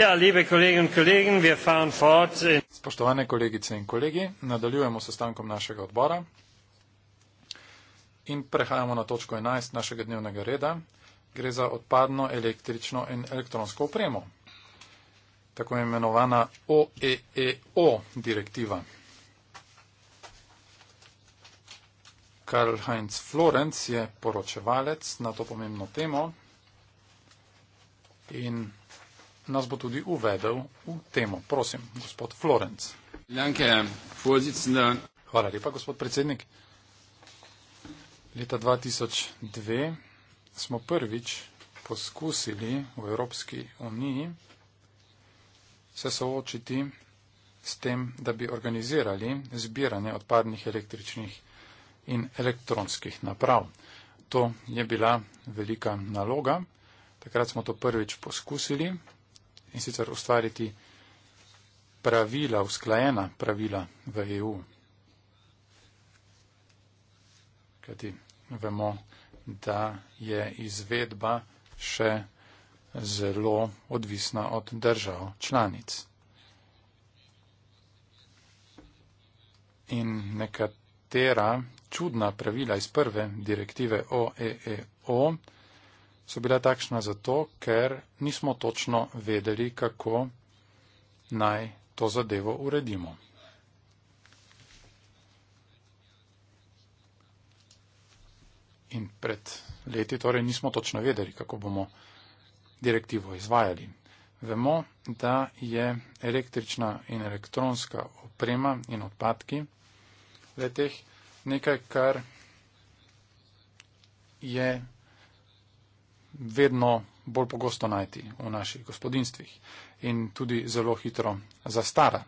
Ja, liebe Kolleginnen und Kollegen, wir fahren fort. Spoštovane kolegice in kolegi, nadaljujemo s sestankom našega odbora in prehajamo na točko 11 našega dnevnega reda. Gre za odpadno električno in elektronsko opremo, tako imenovana OEEO e e direktiva. Karl Heinz Florenc je poročevalec na to pomembno temo in nas bo tudi uvedel v temo. Prosim, gospod Florenc. Hvala lepa, gospod predsednik. Leta 2002 smo prvič poskusili v Evropski uniji se soočiti s tem, da bi organizirali zbiranje odpadnih električnih in elektronskih naprav. To je bila velika naloga. Takrat smo to prvič poskusili, in sicer ustvariti pravila, usklajena pravila v EU. Kajti vemo, da je izvedba še zelo odvisna od držav članic. In nekatera čudna pravila iz prve direktive OEEO, e e so bila takšna zato, ker nismo točno vedeli, kako naj to zadevo uredimo. In pred leti torej nismo točno vedeli, kako bomo direktivo izvajali. Vemo, da je električna in elektronska oprema in odpadki le teh nekaj, kar je vedno bolj pogosto najti v naših gospodinstvih in tudi zelo hitro zastara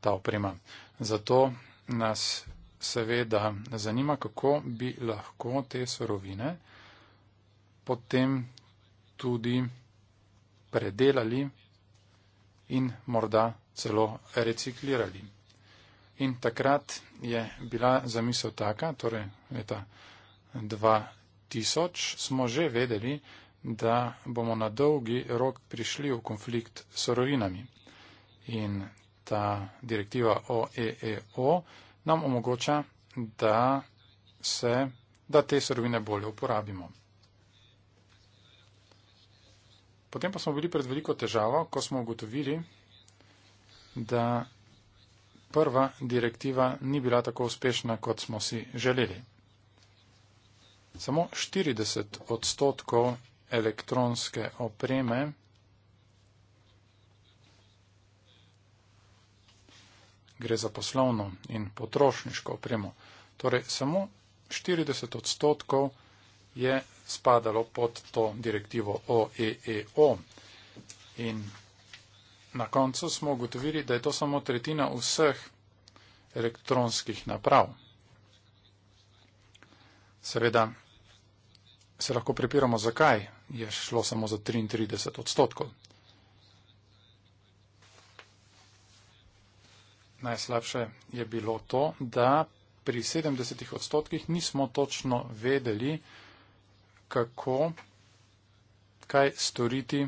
ta oprema. Zato nas seveda zanima, kako bi lahko te sorovine potem tudi predelali in morda celo reciklirali. In takrat je bila zamisel taka, torej leta tisoč, smo že vedeli, da bomo na dolgi rok prišli v konflikt s sorovinami. In ta direktiva OEEO e e nam omogoča, da, se, da te sorovine bolje uporabimo. Potem pa smo bili pred veliko težavo, ko smo ugotovili, da prva direktiva ni bila tako uspešna, kot smo si želeli. Samo 40 odstotkov elektronske opreme gre za poslovno in potrošniško opremo. Torej, samo 40 odstotkov je spadalo pod to direktivo OEEO. E e in na koncu smo ugotovili, da je to samo tretjina vseh elektronskih naprav. Seveda se lahko prepiramo, zakaj je šlo samo za 33 odstotkov. Najslabše je bilo to, da pri 70 odstotkih nismo točno vedeli, kako, kaj storiti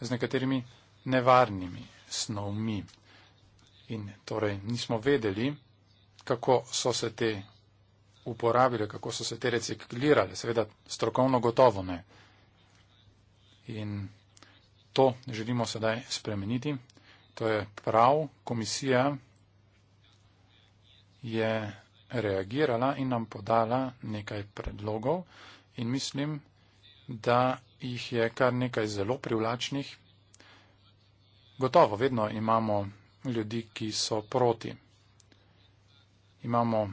z nekaterimi nevarnimi snovmi. In torej nismo vedeli, kako so se te uporabile, kako so se te reciklirale, seveda strokovno gotovo ne. In to želimo sedaj spremeniti. To je prav, komisija je reagirala in nam podala nekaj predlogov in mislim, da jih je kar nekaj zelo privlačnih. Gotovo, vedno imamo ljudi, ki so proti. Imamo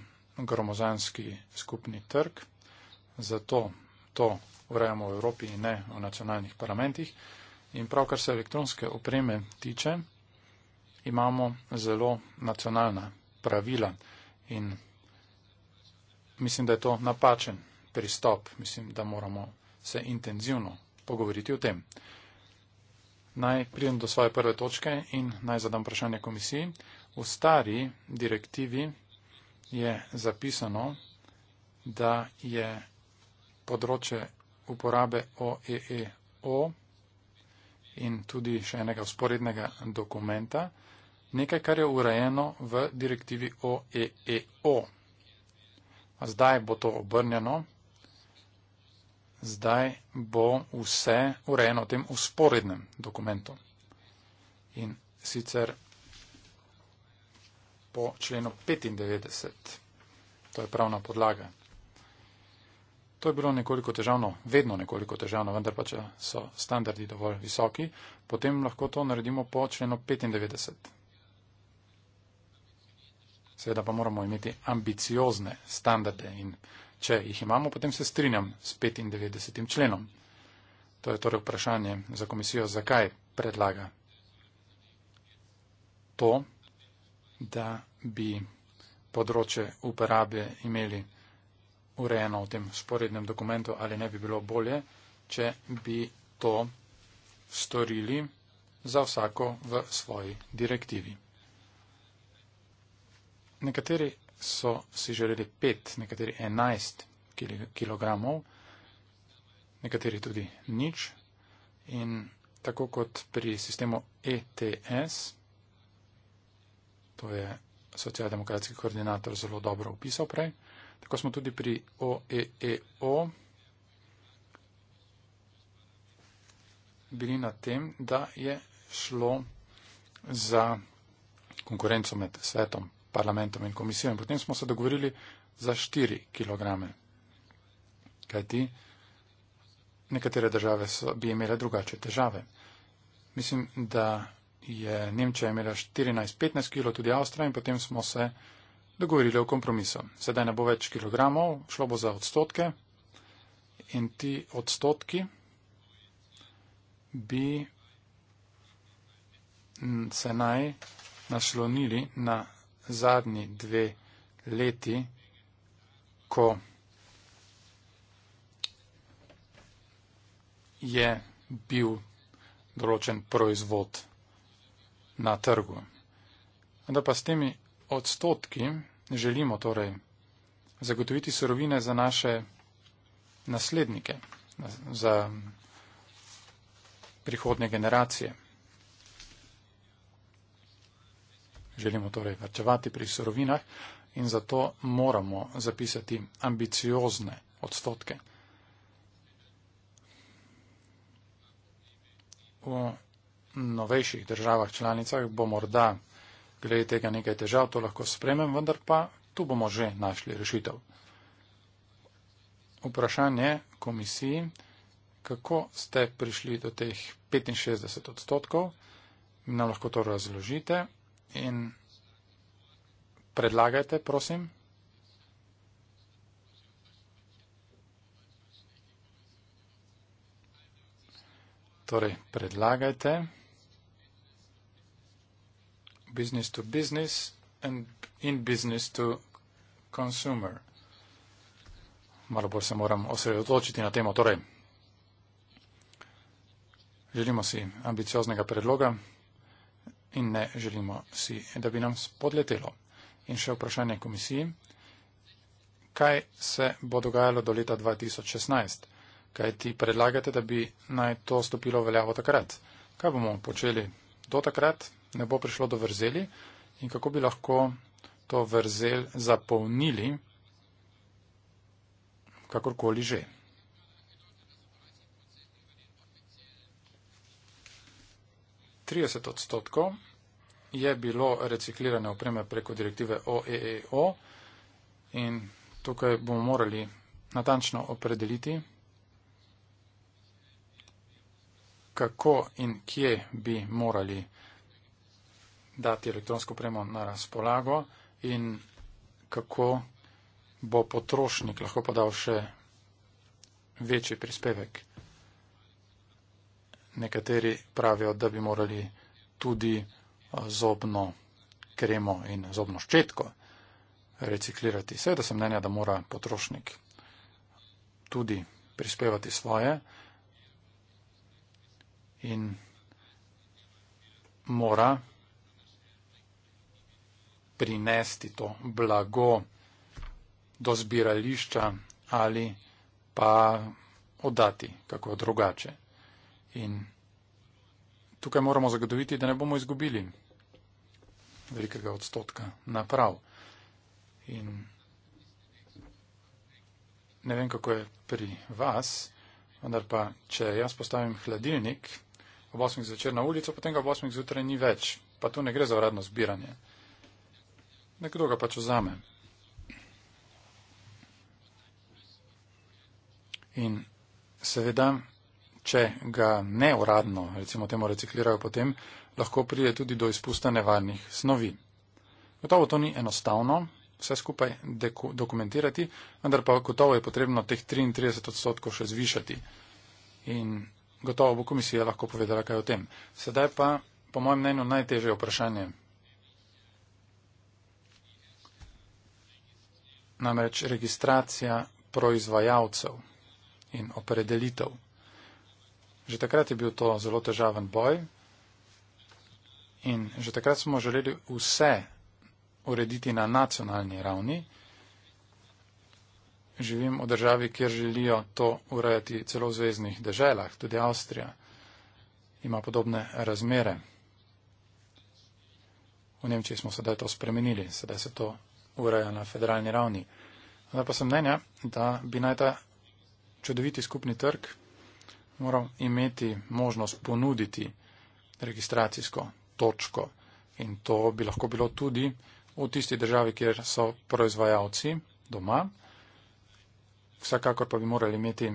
gromozanski skupni trg, zato to urejamo v Evropi in ne v nacionalnih parlamentih. In prav kar se elektronske opreme tiče, imamo zelo nacionalna pravila in mislim, da je to napačen pristop. Mislim, da moramo se intenzivno pogovoriti o tem. Naj pridem do svoje prve točke in naj zadam vprašanje komisiji. V stari direktivi je zapisano, da je področje uporabe OEEO e e in tudi še enega sporednega dokumenta nekaj, kar je urejeno v direktivi OEEO. E zdaj bo to obrnjeno, zdaj bo vse urejeno v tem usporednem dokumentu. In sicer po členu 95. To je pravna podlaga. To je bilo nekoliko težavno, vedno nekoliko težavno, vendar pa če so standardi dovolj visoki, potem lahko to naredimo po členu 95. Seveda pa moramo imeti ambiciozne standarde in če jih imamo, potem se strinjam s 95. členom. To je torej vprašanje za komisijo, zakaj predlaga to da bi področje uporabe imeli urejeno v tem sporednem dokumentu ali ne bi bilo bolje, če bi to storili za vsako v svoji direktivi. Nekateri so si želeli 5, nekateri 11 kg, nekateri tudi nič in tako kot pri sistemu ETS to je socialdemokratski koordinator zelo dobro opisal prej. Tako smo tudi pri OEEO e e bili na tem, da je šlo za konkurenco med svetom, parlamentom in komisijo in potem smo se dogovorili za 4 kg. Kajti nekatere države so, bi imele drugače težave. Mislim, da je Nemčija imela 14-15 kg, tudi Avstrija in potem smo se dogovorili o kompromisu. Sedaj ne bo več kilogramov, šlo bo za odstotke in ti odstotki bi se naj naslonili na zadnji dve leti, ko je bil določen proizvod na trgu. Da pa s temi odstotki želimo torej zagotoviti surovine za naše naslednike, za prihodne generacije. Želimo torej vrčevati pri surovinah in zato moramo zapisati ambiciozne odstotke novejših državah članicah bo morda glede tega nekaj težav, to lahko spremem, vendar pa tu bomo že našli rešitev. Vprašanje komisiji, kako ste prišli do teh 65 odstotkov, nam lahko to razložite in predlagajte, prosim. Torej, predlagajte business to business and in business to consumer. Malo bolj se moram osredotočiti na temo. Torej, želimo si ambicioznega predloga in ne želimo si, da bi nam spodletelo. In še vprašanje komisiji. Kaj se bo dogajalo do leta 2016? Kaj ti predlagate, da bi naj to stopilo veljavo takrat? Kaj bomo počeli do takrat? ne bo prišlo do vrzeli in kako bi lahko to vrzel zapolnili, kakorkoli že. Trideset odstotkov je bilo reciklirane opreme preko direktive OEEO e e in tukaj bomo morali natančno opredeliti, kako in kje bi morali reciklirati dati elektronsko opremo na razpolago in kako bo potrošnik lahko podal še večji prispevek. Nekateri pravijo, da bi morali tudi zobno kremo in zobno ščetko reciklirati. Seveda sem mnenja, da mora potrošnik tudi prispevati svoje in mora prinesti to blago do zbirališča ali pa oddati kako drugače. In tukaj moramo zagotoviti, da ne bomo izgubili velikega odstotka naprav. In ne vem, kako je pri vas, vendar pa, če jaz postavim hladilnik ob 8. zvečer na ulico, potem ga ob 8. zjutraj ni več. Pa tu ne gre za uradno zbiranje nekdo ga pač vzame. In seveda, če ga neuradno, recimo temu reciklirajo potem, lahko pride tudi do izpusta nevarnih snovi. Gotovo to ni enostavno vse skupaj dokumentirati, vendar pa gotovo je potrebno teh 33 odstotkov še zvišati. In gotovo bo komisija lahko povedala kaj o tem. Sedaj pa, po mojem mnenju, najteže vprašanje namreč registracija proizvajalcev in opredelitev. Že takrat je bil to zelo težaven boj in že takrat smo želeli vse urediti na nacionalni ravni. Živim v državi, kjer želijo to urejati celo v zvezdnih deželah, tudi Avstrija ima podobne razmere. V Nemčiji smo sedaj to spremenili, sedaj se to ureja na federalni ravni. Zdaj pa sem mnenja, da bi naj ta čudoviti skupni trg moral imeti možnost ponuditi registracijsko točko in to bi lahko bilo tudi v tisti državi, kjer so proizvajalci doma. Vsekakor pa bi morali imeti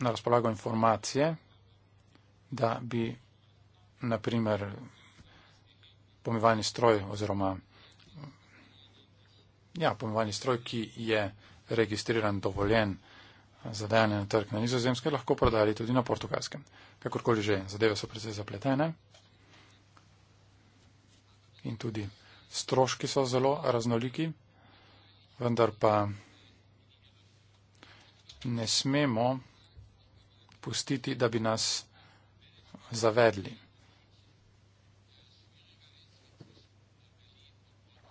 na razpolago informacije, da bi, na primer, pomivalni stroj oziroma ja, pomivalni stroj, ki je registriran, dovoljen za dajanje na trg na nizozemske, lahko prodali tudi na portugalskem. Kakorkoli že, zadeve so precej zapletene in tudi stroški so zelo raznoliki, vendar pa ne smemo pustiti, da bi nas zavedli.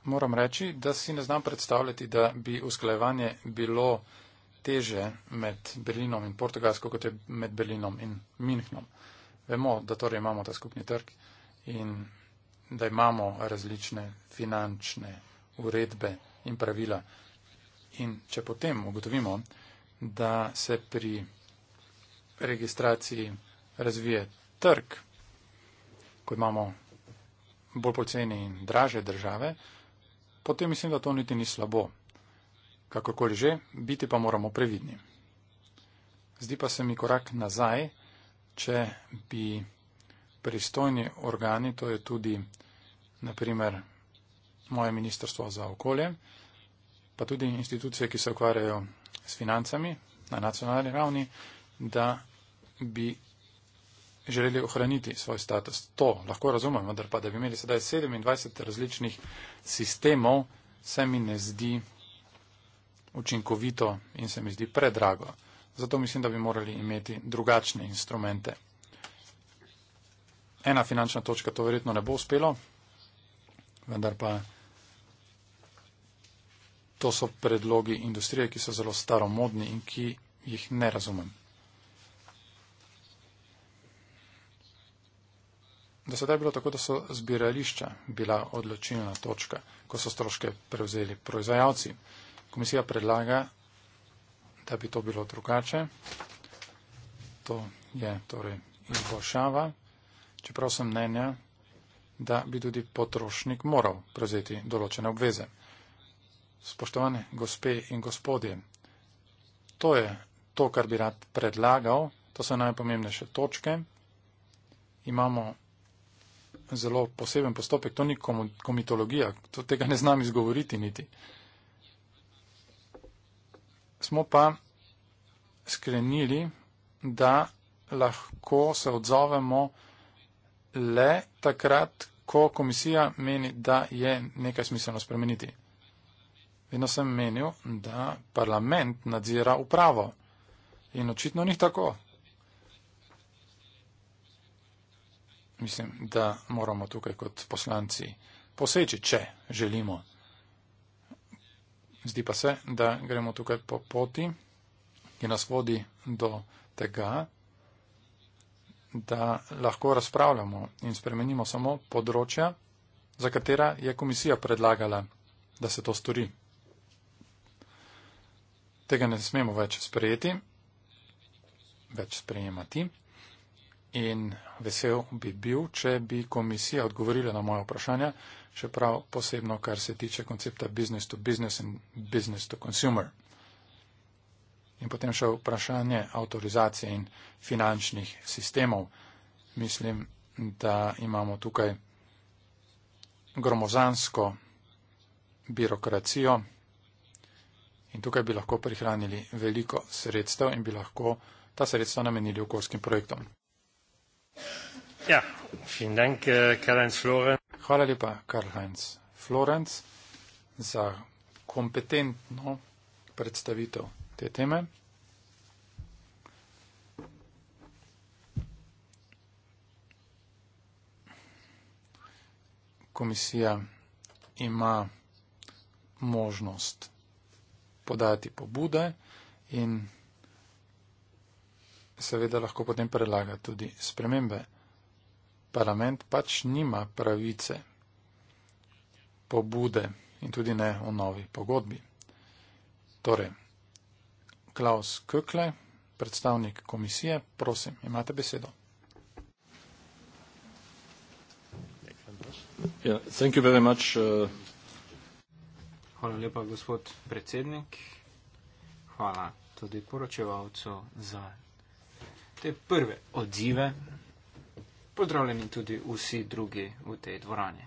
moram reči, da si ne znam predstavljati, da bi usklajevanje bilo teže med Berlinom in Portugalsko, kot je med Berlinom in Minhnom. Vemo, da torej imamo ta skupni trg in da imamo različne finančne uredbe in pravila. In če potem ugotovimo, da se pri registraciji razvije trg, ko imamo bolj poceni in draže države, potem mislim, da to niti ni slabo. Kakorkoli že, biti pa moramo previdni. Zdi pa se mi korak nazaj, če bi pristojni organi, to je tudi naprimer moje ministrstvo za okolje, pa tudi institucije, ki se ukvarjajo s financami na nacionalni ravni, da bi želeli ohraniti svoj status. To lahko razumem, vendar pa, da bi imeli sedaj 27 različnih sistemov, se mi ne zdi učinkovito in se mi zdi predrago. Zato mislim, da bi morali imeti drugačne instrumente. Ena finančna točka to verjetno ne bo uspelo, vendar pa to so predlogi industrije, ki so zelo staromodni in ki jih ne razumem. Do sedaj je bilo tako, da so zbirališča bila odločilna točka, ko so stroške prevzeli proizvajalci. Komisija predlaga, da bi to bilo drugače. To je torej izboljšava, čeprav sem mnenja, da bi tudi potrošnik moral prevzeti določene obveze. Spoštovane gospe in gospodje, to je to, kar bi rad predlagal. To so najpomembnejše točke. Imamo zelo poseben postopek, to ni komitologija, to tega ne znam izgovoriti niti. Smo pa sklenili, da lahko se odzovemo le takrat, ko komisija meni, da je nekaj smiselno spremeniti. Vedno sem menil, da parlament nadzira upravo. In očitno ni tako. mislim, da moramo tukaj kot poslanci poseči, če želimo. Zdi pa se, da gremo tukaj po poti, ki nas vodi do tega, da lahko razpravljamo in spremenimo samo področja, za katera je komisija predlagala, da se to stori. Tega ne smemo več sprejeti, več sprejemati in vesel bi bil, če bi komisija odgovorila na moje vprašanja, čeprav posebno, kar se tiče koncepta business to business in business to consumer. In potem še vprašanje avtorizacije in finančnih sistemov. Mislim, da imamo tukaj gromozansko birokracijo in tukaj bi lahko prihranili veliko sredstev in bi lahko ta sredstva namenili okoljskim projektom. Ja, vielen Dank, äh, Karl-Heinz Florenz. Hvala lepa, Karl-Heinz Florenz, za kompetentno predstavitev te teme. Komisija ima možnost podati pobude in seveda lahko potem predlaga tudi spremembe. Parlament pač nima pravice pobude in tudi ne o novi pogodbi. Torej, Klaus Kökle, predstavnik komisije, prosim, imate besedo. Ja, yeah, uh, Hvala lepa, gospod predsednik. Hvala tudi poročevalcu za te prve odzive, pozdravljeni tudi vsi drugi v tej dvorani.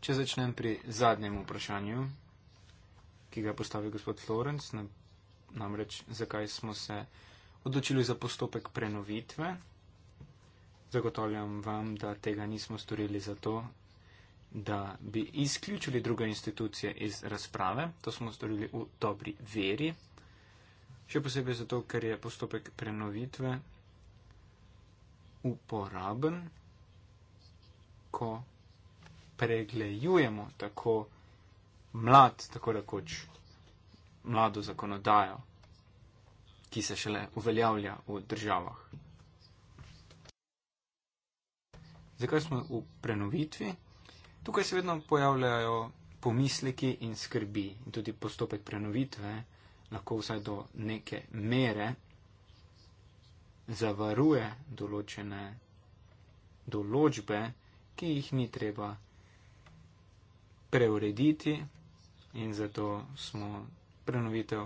Če začnem pri zadnjem vprašanju, ki ga je postavil gospod Florenc, namreč zakaj smo se odločili za postopek prenovitve. Zagotavljam vam, da tega nismo storili zato, da bi izključili druge institucije iz razprave. To smo storili v dobri veri. Še posebej zato, ker je postopek prenovitve uporaben, ko preglejujemo tako mlad, tako rekoč, mlado zakonodajo, ki se šele uveljavlja v državah. Zakaj smo v prenovitvi? tukaj se vedno pojavljajo pomisleki in skrbi in tudi postopek prenovitve lahko vsaj do neke mere zavaruje določene določbe, ki jih ni treba preurediti in zato smo prenovitev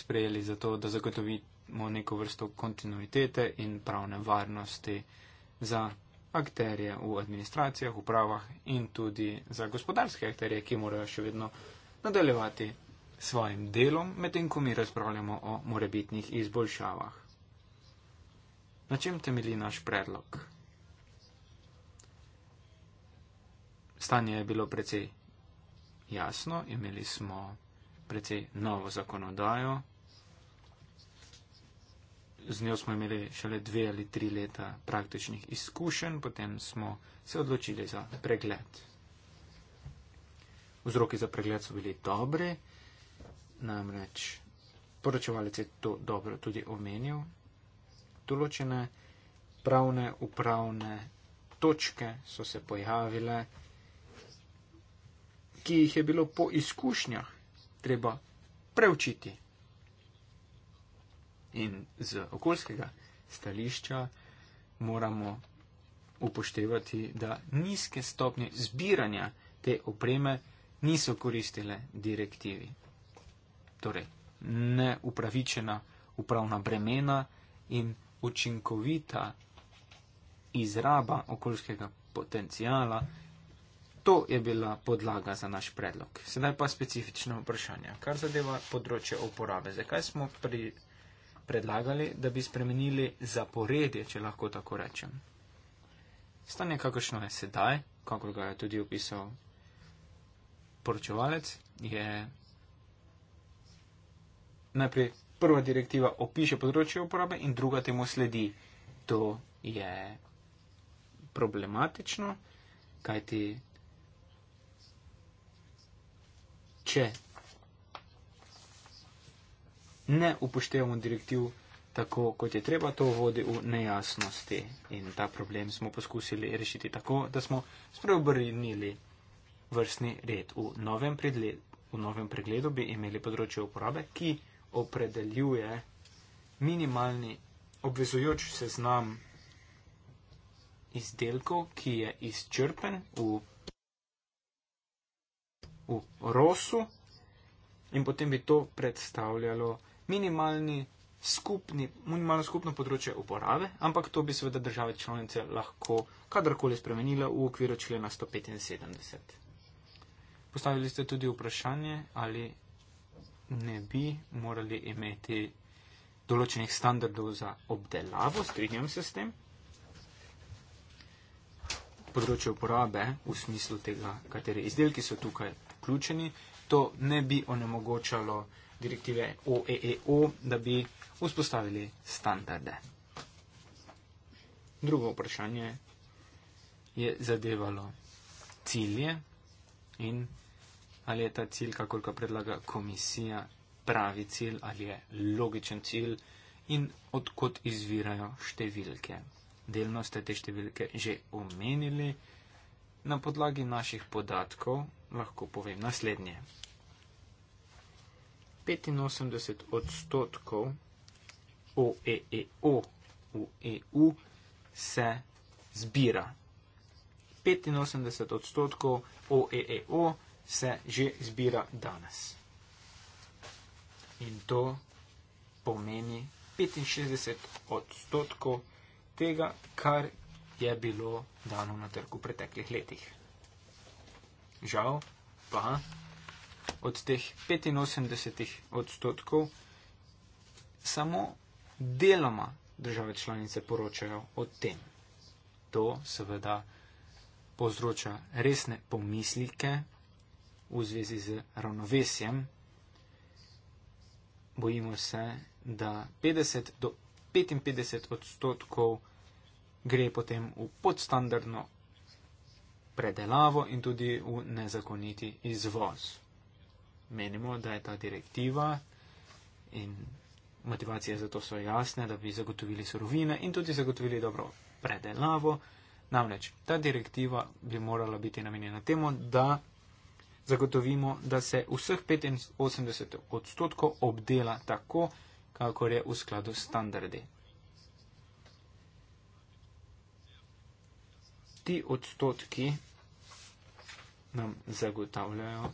sprejeli zato, da zagotovimo neko vrsto kontinuitete in pravne varnosti za akterje v administracijah, upravah in tudi za gospodarske akterje, ki morajo še vedno nadaljevati svojim delom, medtem ko mi razpravljamo o morebitnih izboljšavah. Na čem temeli naš predlog? Stanje je bilo precej jasno, imeli smo precej novo zakonodajo, z njo smo imeli šele dve ali tri leta praktičnih izkušenj, potem smo se odločili za pregled. Vzroki za pregled so bili dobri, namreč poročevalec je to dobro tudi omenil. Določene pravne, upravne točke so se pojavile, ki jih je bilo po izkušnjah treba preučiti. In z okoljskega stališča moramo upoštevati, da nizke stopnje zbiranja te opreme niso koristile direktivi. Torej, neupravičena upravna bremena in učinkovita izraba okoljskega potencijala, to je bila podlaga za naš predlog. Sedaj pa specifično vprašanje, kar zadeva področje uporabe. Zakaj smo pri predlagali, da bi spremenili zaporedje, če lahko tako rečem. Stanje, kakršno je sedaj, kakor ga je tudi opisal poročevalec, je najprej prva direktiva opiše področje uporabe in druga temu sledi. To je problematično, kajti če ne upoštevamo direktiv tako, kot je treba, to vodi v nejasnosti. In ta problem smo poskusili rešiti tako, da smo spreobrnili vrstni red. V novem, v novem pregledu bi imeli področje uporabe, ki opredeljuje minimalni obvezujoč seznam izdelkov, ki je izčrpen v, v rosu in potem bi to predstavljalo minimalni skupni, minimalno skupno področje uporabe, ampak to bi seveda države članice lahko kadarkoli spremenile v okviru člena 175. Postavili ste tudi vprašanje, ali ne bi morali imeti določenih standardov za obdelavo, strinjam se s tem. Področje uporabe v smislu tega, kateri izdelki so tukaj vključeni, to ne bi onemogočalo uh, direktive OEEO, e e da bi vzpostavili standarde. Drugo vprašanje je zadevalo cilje in ali je ta cilj, kakor ga predlaga komisija, pravi cilj ali je logičen cilj in odkot izvirajo številke. Delno ste te številke že omenili. Na podlagi naših podatkov lahko povem naslednje. 85 odstotkov OEEO e e v EU se zbira. 85 odstotkov OEEO e se že zbira danes. In to pomeni 65 odstotkov tega, kar je bilo dano na trgu v preteklih letih. Žal pa od teh 85 odstotkov samo deloma države članice poročajo o tem. To seveda povzroča resne pomislike v zvezi z ravnovesjem. Bojimo se, da 50 do 55 odstotkov gre potem v podstandardno predelavo in tudi v nezakoniti izvoz menimo, da je ta direktiva in motivacije za to so jasne, da bi zagotovili surovine in tudi zagotovili dobro predelavo. Namreč ta direktiva bi morala biti namenjena temu, da zagotovimo, da se vseh 85 odstotkov obdela tako, kakor je v skladu s standardi. Ti odstotki nam zagotavljajo,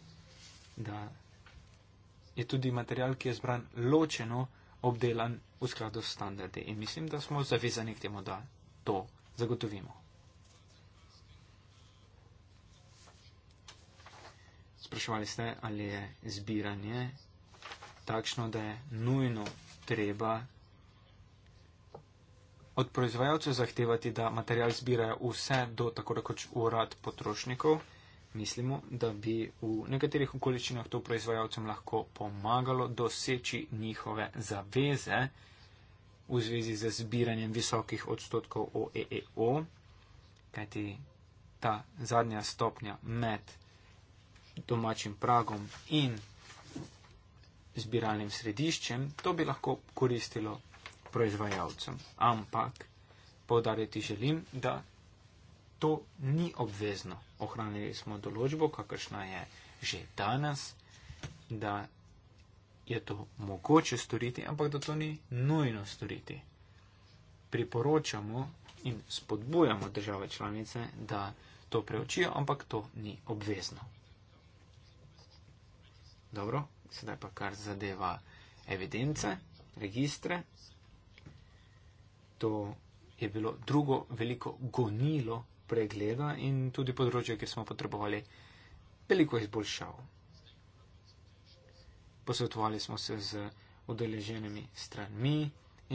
da je tudi material, ki je zbran ločeno, obdelan v skladu s standardi. In mislim, da smo zavezani k temu, da to zagotovimo. Sprašvali ste, ali je zbiranje takšno, da je nujno treba od proizvajalcev zahtevati, da material zbirajo vse do tako rekoč urad potrošnikov mislimo, da bi v nekaterih okoliščinah to proizvajalcem lahko pomagalo doseči njihove zaveze v zvezi z zbiranjem visokih odstotkov OEEO, e e kajti ta zadnja stopnja med domačim pragom in zbiralnim središčem, to bi lahko koristilo proizvajalcem. Ampak. Povdariti želim, da to ni obvezno. Ohranili smo določbo, kakršna je že danes, da je to mogoče storiti, ampak da to ni nujno storiti. Priporočamo in spodbujamo države članice, da to preučijo, ampak to ni obvezno. Dobro, sedaj pa kar zadeva evidence, registre. To je bilo drugo veliko gonilo pregleda in tudi področje, ki smo potrebovali, veliko izboljšav. Posvetovali smo se z udeleženimi stranmi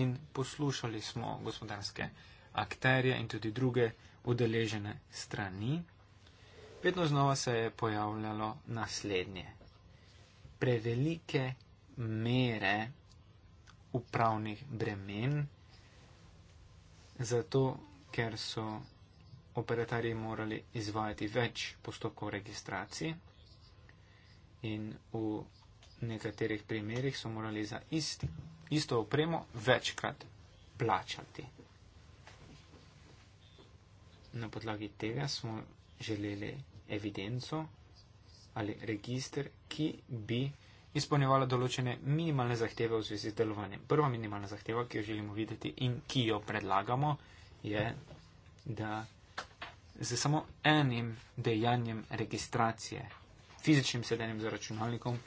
in poslušali smo gospodarske akterje in tudi druge udeležene strani. Vedno znova se je pojavljalo naslednje. Prevelike mere upravnih bremen, zato ker so operatarji morali izvajati več postopkov registracije in v nekaterih primerjih so morali za isti, isto opremo večkrat plačati. Na podlagi tega smo želeli evidenco ali registr, ki bi izpolnjevala določene minimalne zahteve v zvezi z delovanjem. Prva minimalna zahteva, ki jo želimo videti in ki jo predlagamo, je, da z samo enim dejanjem registracije, fizičnim sedenjem za računalnikom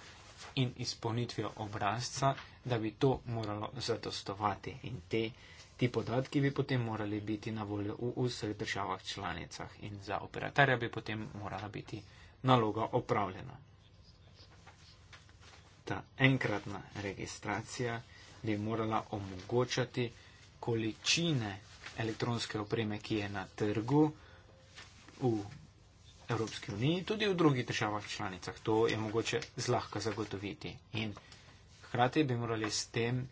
in izpolnitvijo obrazca, da bi to moralo zadostovati. In te, ti podatki bi potem morali biti na voljo v vseh državah članicah in za operatarja bi potem morala biti naloga opravljena. Ta enkratna registracija bi morala omogočati količine elektronske opreme, ki je na trgu, v Evropski uniji, tudi v drugih državah članicah. To je mogoče zlahka zagotoviti. In hkrati bi morali s tem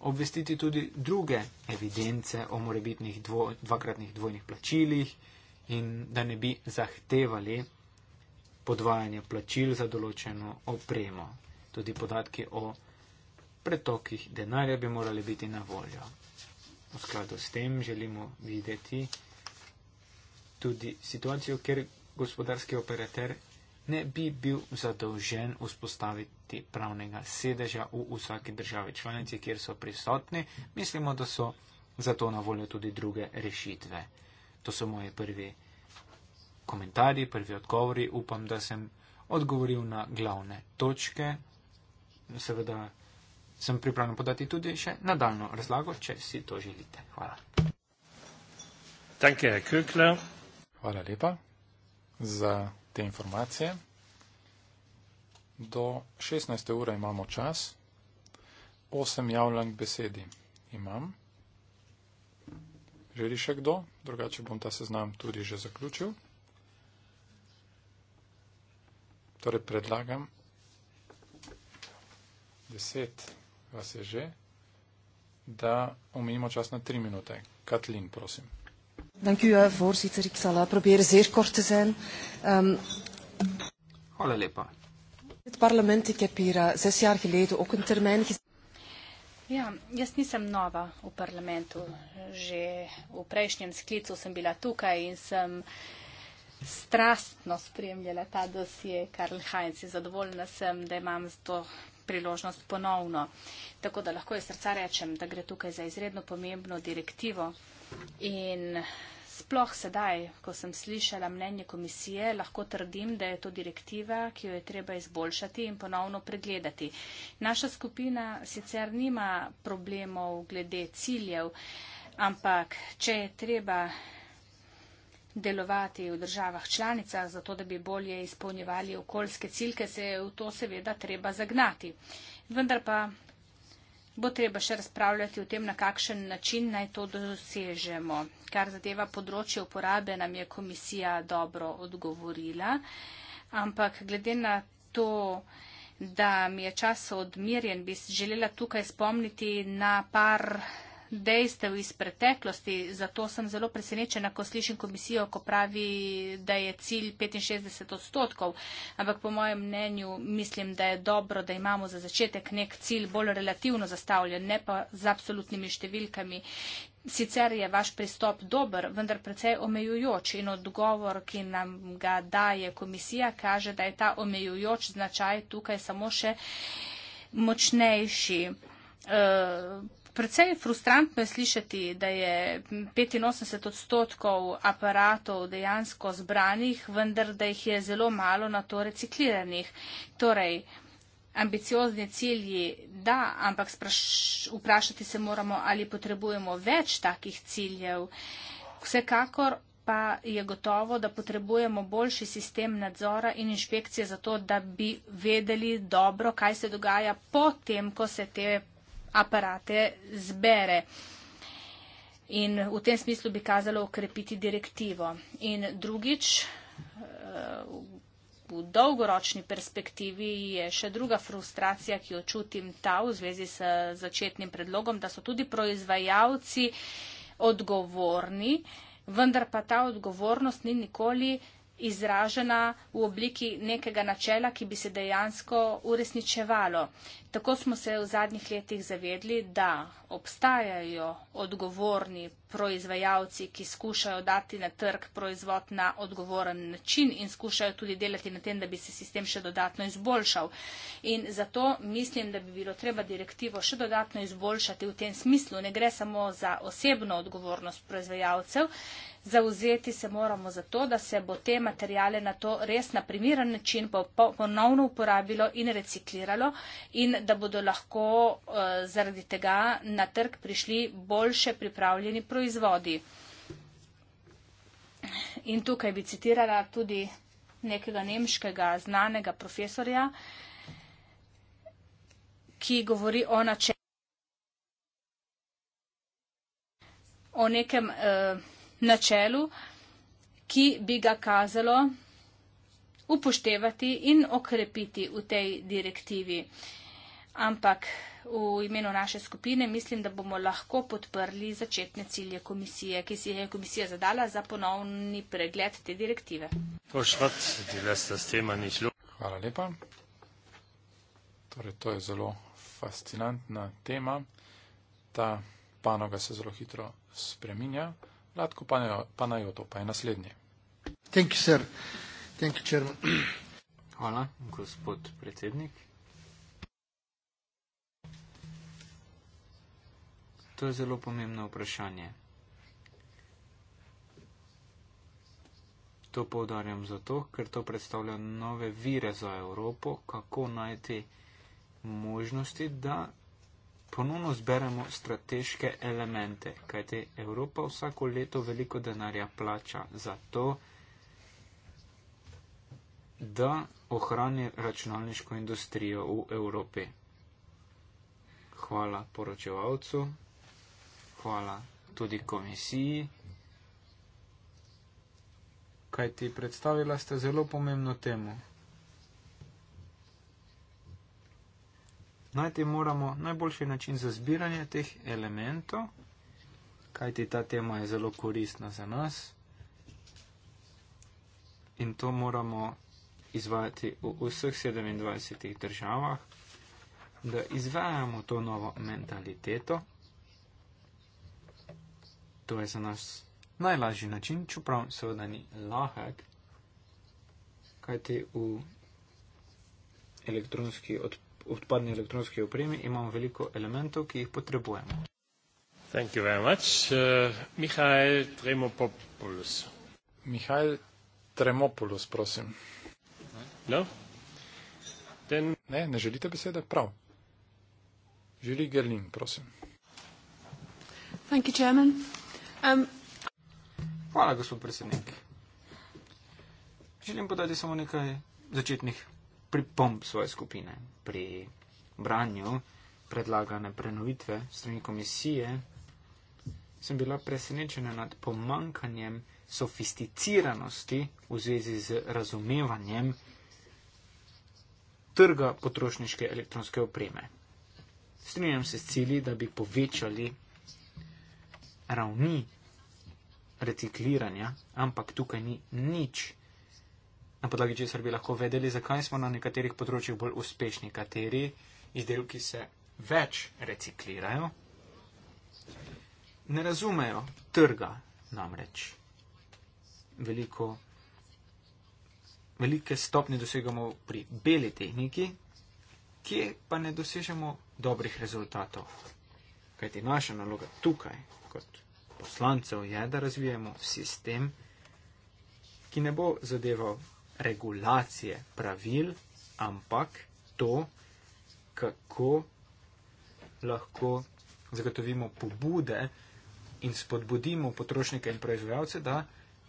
obvestiti tudi druge evidence o morebitnih dvo, dvakratnih dvojnih plačilih in da ne bi zahtevali podvajanja plačil za določeno opremo. Tudi podatki o pretokih denarja bi morali biti na voljo. V skladu s tem želimo videti, tudi situacijo, ker gospodarski operater ne bi bil zadolžen vzpostaviti pravnega sedeža v vsaki državi članici, kjer so prisotni. Mislimo, da so zato na voljo tudi druge rešitve. To so moje prvi komentarji, prvi odgovori. Upam, da sem odgovoril na glavne točke. Seveda sem pripravljen podati tudi še nadaljno razlago, če si to želite. Hvala. Danke, Herr Köckler. Hvala lepa za te informacije. Do 16. ure imamo čas. Osem javljanj besedi imam. Želi še kdo? Drugače bom ta seznam tudi že zaključil. Torej predlagam. Deset vas je že, da omenimo čas na tri minute. Katlin, prosim. Dank u, eh, voorzitter. Ik zal eh, proberen zeer kort te zijn. Um... Ehm, Hallo, Lepa. Het parlement, ik heb hier uh, zes jaar geleden ook een termijn gezet. Ja, jaz nisem nova v parlamentu. Že v prejšnjem sklicu sem bila tukaj in sem strastno spremljala ta dosje Karl Heinz. Zadovoljna sem, da imam to priložnost ponovno. Tako da lahko iz srca rečem, da gre tukaj za izredno pomembno direktivo, In sploh sedaj, ko sem slišala mnenje komisije, lahko trdim, da je to direktiva, ki jo je treba izboljšati in ponovno pregledati. Naša skupina sicer nima problemov glede ciljev, ampak če je treba delovati v državah članicah, zato da bi bolje izpolnjevali okoljske ciljke, se je v to seveda treba zagnati. Vendar pa bo treba še razpravljati o tem, na kakšen način naj to dosežemo. Kar zadeva področje uporabe, nam je komisija dobro odgovorila, ampak glede na to, da mi je čas odmirjen, bi želela tukaj spomniti na par dejstev iz preteklosti, zato sem zelo presenečena, ko slišim komisijo, ko pravi, da je cilj 65 odstotkov, ampak po mojem mnenju mislim, da je dobro, da imamo za začetek nek cilj bolj relativno zastavljen, ne pa z absolutnimi številkami. Sicer je vaš pristop dober, vendar precej omejujoč in odgovor, ki nam ga daje komisija, kaže, da je ta omejujoč značaj tukaj samo še močnejši. Eh, Predvsej frustrantno je slišati, da je 85 odstotkov aparatov dejansko zbranih, vendar da jih je zelo malo na to recikliranih. Torej, ambiciozni cilji da, ampak spraš, vprašati se moramo, ali potrebujemo več takih ciljev. Vsekakor pa je gotovo, da potrebujemo boljši sistem nadzora in inšpekcije za to, da bi vedeli dobro, kaj se dogaja potem, ko se te aparate zbere. In v tem smislu bi kazalo ukrepiti direktivo. In drugič, eh, v dolgoročni perspektivi je še druga frustracija, ki jo čutim ta v zvezi s začetnim predlogom, da so tudi proizvajalci odgovorni, vendar pa ta odgovornost ni nikoli izražena v obliki nekega načela, ki bi se dejansko uresničevalo. Tako smo se v zadnjih letih zavedli, da obstajajo odgovorni proizvajalci, ki skušajo dati na trg proizvod na odgovoren način in skušajo tudi delati na tem, da bi se sistem še dodatno izboljšal. In zato mislim, da bi bilo treba direktivo še dodatno izboljšati v tem smislu. Ne gre samo za osebno odgovornost proizvajalcev, Zauzeti se moramo za to, da se bo te materijale na to res na primiran način ponovno uporabilo in recikliralo in da bodo lahko eh, zaradi tega na trg prišli boljše pripravljeni proizvodi. In tukaj bi citirala tudi nekega nemškega znanega profesorja, ki govori o načelu o nekem eh, na čelu, ki bi ga kazalo upoštevati in okrepiti v tej direktivi. Ampak v imenu naše skupine mislim, da bomo lahko podprli začetne cilje komisije, ki si je komisija zadala za ponovni pregled te direktive. Hvala lepa. Torej, to je zelo fascinantna tema. Ta panoga se zelo hitro spreminja. Radko Panajoto pa je naslednji. Thank you, sir. Thank you, chairman. Hvala, gospod predsednik. To je zelo pomembno vprašanje. To povdarjam zato, ker to predstavlja nove vire za Evropo, kako najti možnosti, da ponovno zberemo strateške elemente, kajte Evropa vsako leto veliko denarja plača za to, da ohrani računalniško industrijo v Evropi. Hvala poročevalcu, hvala tudi komisiji, kajte predstavila ste zelo pomembno temo. najti moramo najboljši način za zbiranje teh elementov, kajti ta tema je zelo koristna za nas in to moramo izvajati v vseh 27 državah, da izvajamo to novo mentaliteto. To je za nas najlažji način, čeprav seveda ni lahek, kajti v elektronski odprtosti odpadni elektronski opremi, imamo veliko elementov, ki jih potrebujemo. Thank you very much. Uh, Mihajl Tremopoulos. Mihajl Tremopoulos, prosim. No? Then... Ne, ne želite besede? Prav. Želi Gerlin, prosim. Thank you, Chairman. Um... Hvala, gospod predsednik. Želim podati samo nekaj začetnih pripomb svoje skupine pri branju predlagane prenovitve strani komisije, sem bila presenečena nad pomankanjem sofisticiranosti v zvezi z razumevanjem trga potrošniške elektronske opreme. Strinjam se s cilji, da bi povečali ravni recikliranja, ampak tukaj ni nič na podlagi česar bi lahko vedeli, zakaj smo na nekaterih področjih bolj uspešni, kateri izdelki se več reciklirajo. Ne razumejo trga namreč. Veliko, velike stopnje dosegamo pri beli tehniki, kje pa ne dosežemo dobrih rezultatov. Kajti naša naloga tukaj kot poslancev je, da razvijemo sistem, ki ne bo zadeval regulacije pravil, ampak to, kako lahko zagotovimo pobude in spodbudimo potrošnike in proizvajalce, da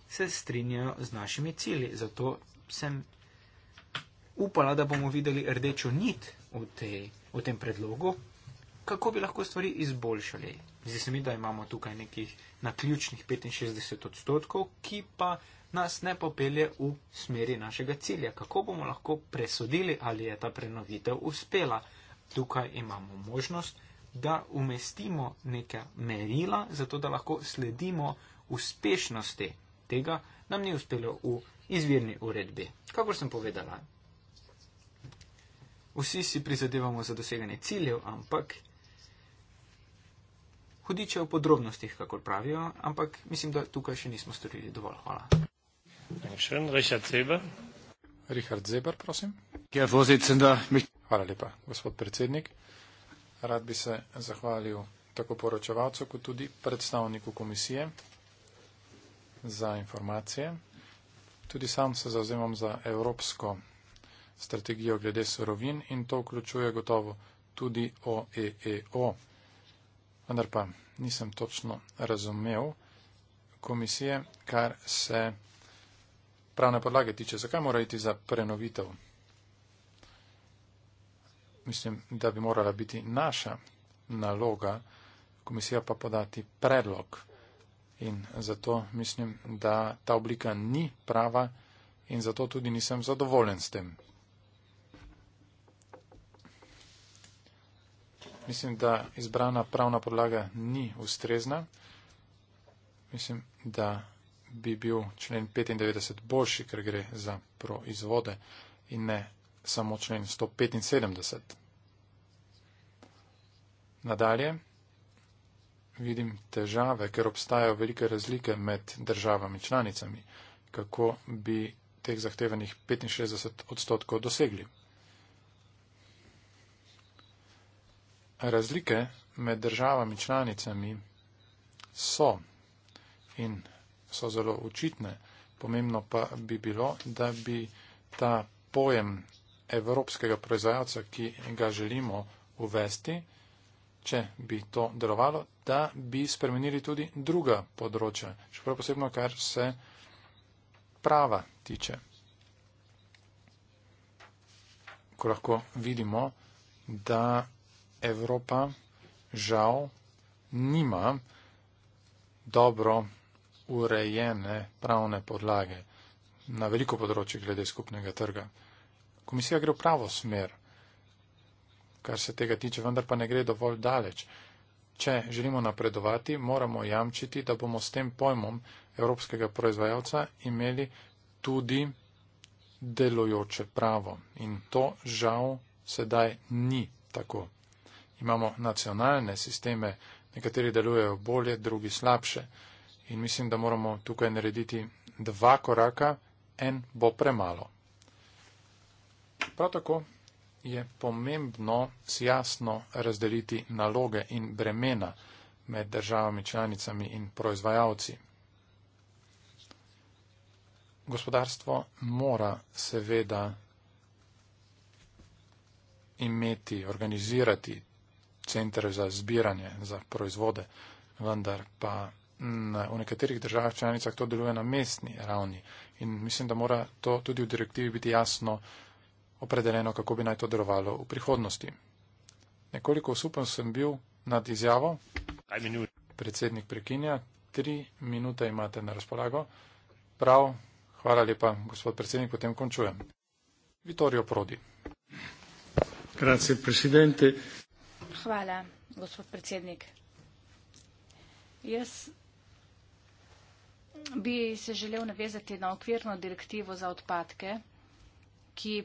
se strinjajo z našimi cili. Zato sem upala, da bomo videli rdečo nit v, tej, v tem predlogu, kako bi lahko stvari izboljšali. Zdi se mi, da imamo tukaj nekih naključnih 65 odstotkov, ki pa nas ne popelje v smeri našega cilja. Kako bomo lahko presodili, ali je ta prenovitev uspela? Tukaj imamo možnost, da umestimo neka merila, zato da lahko sledimo uspešnosti tega, nam ni uspelo v izvirni uredbi. Kakor sem povedala, vsi si prizadevamo za doseganje ciljev, ampak hudiče v podrobnostih, kako pravijo, ampak mislim, da tukaj še nismo storili dovolj. Hvala. Richard Zeber, prosim. Hvala lepa, gospod predsednik. Rad bi se zahvalil tako poročevalcu, kot tudi predstavniku komisije za informacije. Tudi sam se zauzemam za evropsko strategijo glede sorovin in to vključuje gotovo tudi OEEO. E e vendar pa nisem točno razumel komisije, kar se pravne podlage tiče. Zakaj mora iti za prenovitev? Mislim, da bi morala biti naša naloga komisija pa podati predlog. In zato mislim, da ta oblika ni prava in zato tudi nisem zadovoljen s tem. Mislim, da izbrana pravna podlaga ni ustrezna. Mislim, da bi bil člen 95 boljši, ker gre za proizvode in ne samo člen 175. Nadalje vidim težave, ker obstajajo velike razlike med državami članicami, kako bi teh zahtevanih 65 odstotkov dosegli. Razlike med državami članicami so in so zelo očitne. Pomembno pa bi bilo, da bi ta pojem evropskega proizvajalca, ki ga želimo uvesti, če bi to delovalo, da bi spremenili tudi druga področja, še prav posebno, kar se prava tiče. Ko lahko vidimo, da Evropa žal nima dobro urejene pravne podlage na veliko področje glede skupnega trga. Komisija gre v pravo smer, kar se tega tiče, vendar pa ne gre dovolj daleč. Če želimo napredovati, moramo jamčiti, da bomo s tem pojmom evropskega proizvajalca imeli tudi delojoče pravo. In to žal sedaj ni tako imamo nacionalne sisteme, nekateri delujejo bolje, drugi slabše. In mislim, da moramo tukaj narediti dva koraka, en bo premalo. Prav tako je pomembno si jasno razdeliti naloge in bremena med državami članicami in proizvajalci. Gospodarstvo mora seveda imeti, organizirati center za zbiranje, za proizvode, vendar pa mm, v nekaterih državah članicah to deluje na mestni ravni. In mislim, da mora to tudi v direktivi biti jasno opredeljeno, kako bi naj to delovalo v prihodnosti. Nekoliko osupen sem bil nad izjavo. Predsednik prekinja. Tri minute imate na razpolago. Prav, hvala lepa, gospod predsednik, potem končujem. Vittorio Prodi. Grazie, presidente. Hvala, gospod predsednik. Jaz bi se želel navezati na okvirno direktivo za odpadke, ki